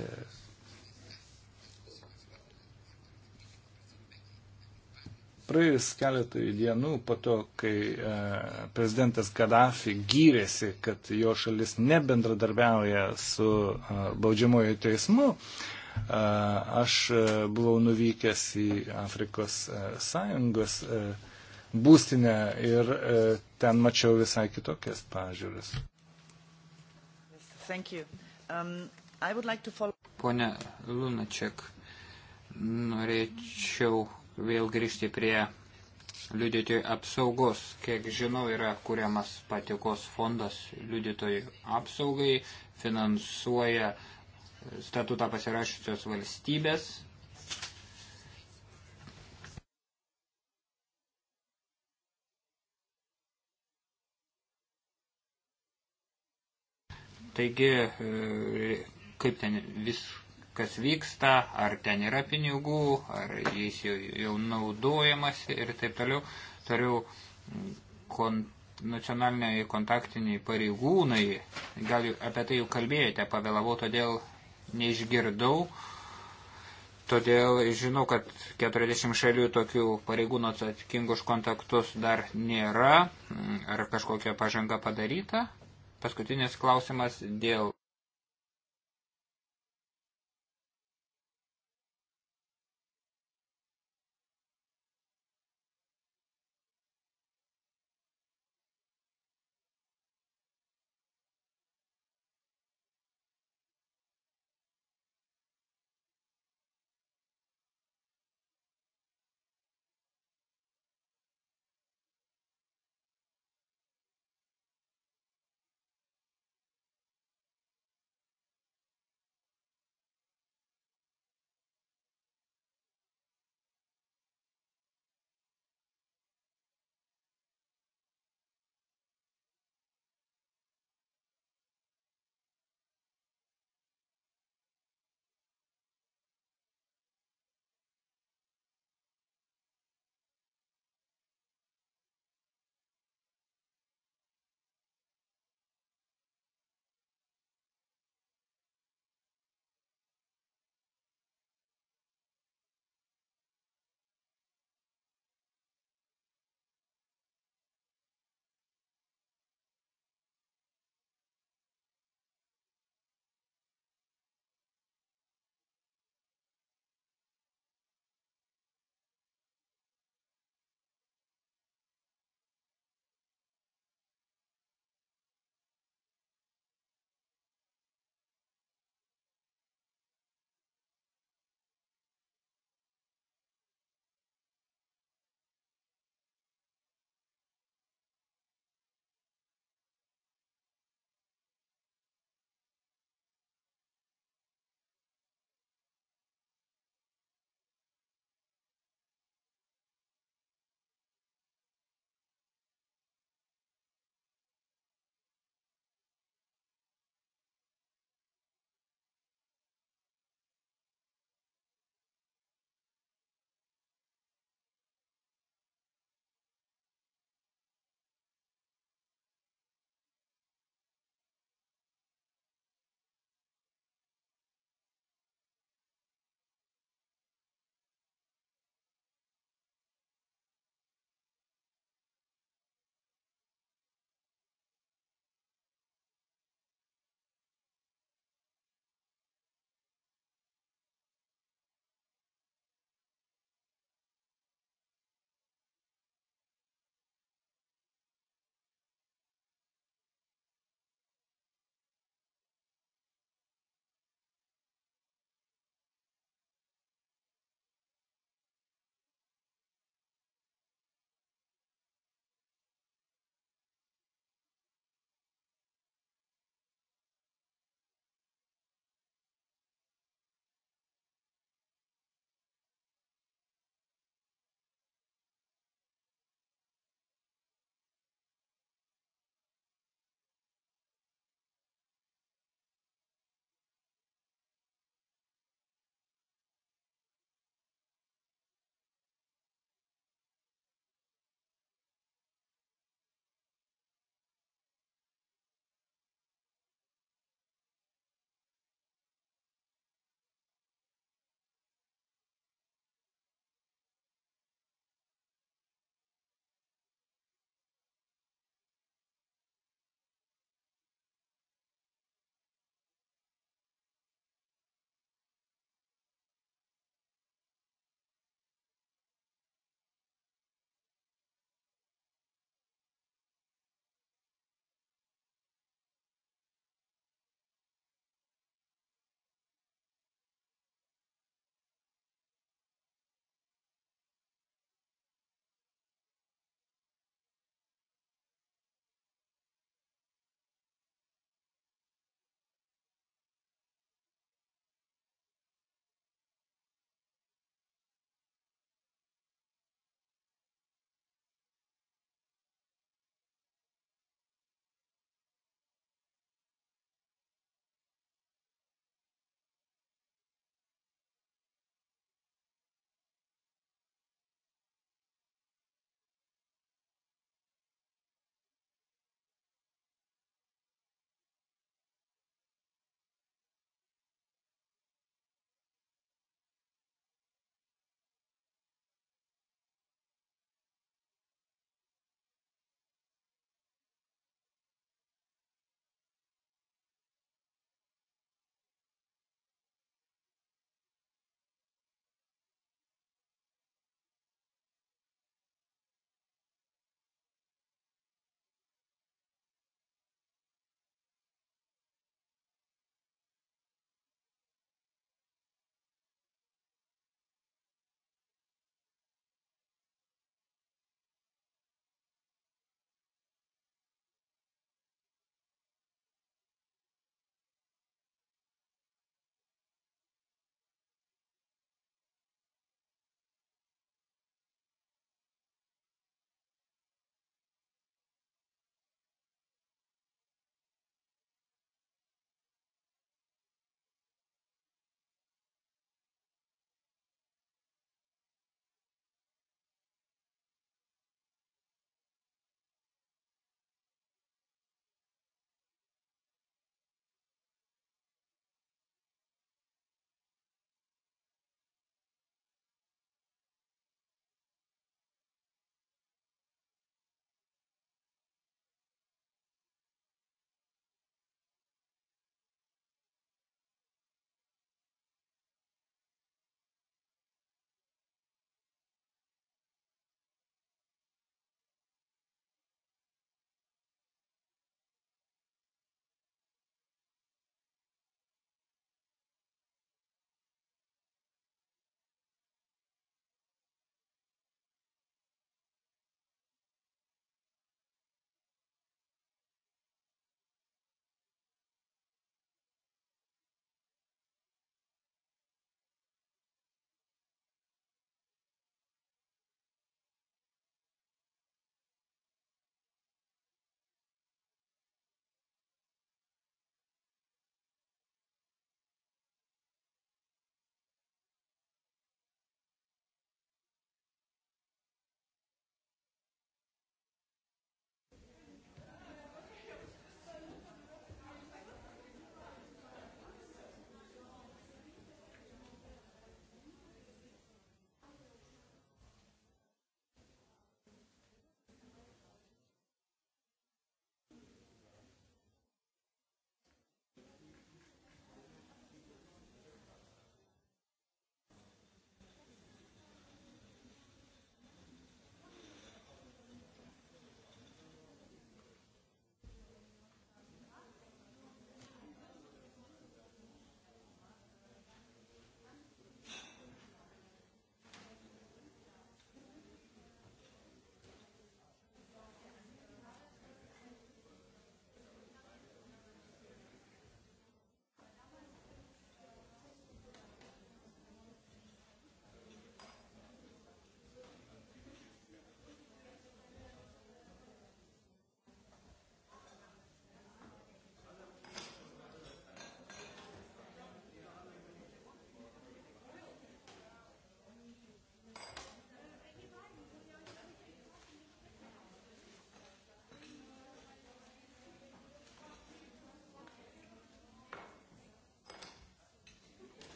E, Praėjus keletai dienų po to, kai e, prezidentas Gaddafi gyrėsi, kad jo šalis nebendradarbiauja su e, baudžiamojo teismu, e, aš e, buvau nuvykęs į Afrikos e, sąjungos e, būstinę ir e, ten mačiau visai kitokias pažiūras. Um, like follow... Pone Lunačiak, norėčiau vėl grįžti prie liudytojų apsaugos. Kiek žinau, yra kuriamas patikos fondas liudytojų apsaugai, finansuoja statutą pasirašusios valstybės. Taigi, e, kaip ten vis kas vyksta, ar ten yra pinigų, ar jais jau, jau naudojamas ir taip toliau. Toliau mm, kon, nacionaliniai kontaktiniai pareigūnai, gal apie tai jau kalbėjote, pavėlavau, todėl neišgirdau. Todėl žinau, kad 40 šalių tokių pareigūnų atsakingų už kontaktus dar nėra. Mm, ar kažkokia pažanga padaryta? Paskutinis klausimas dėl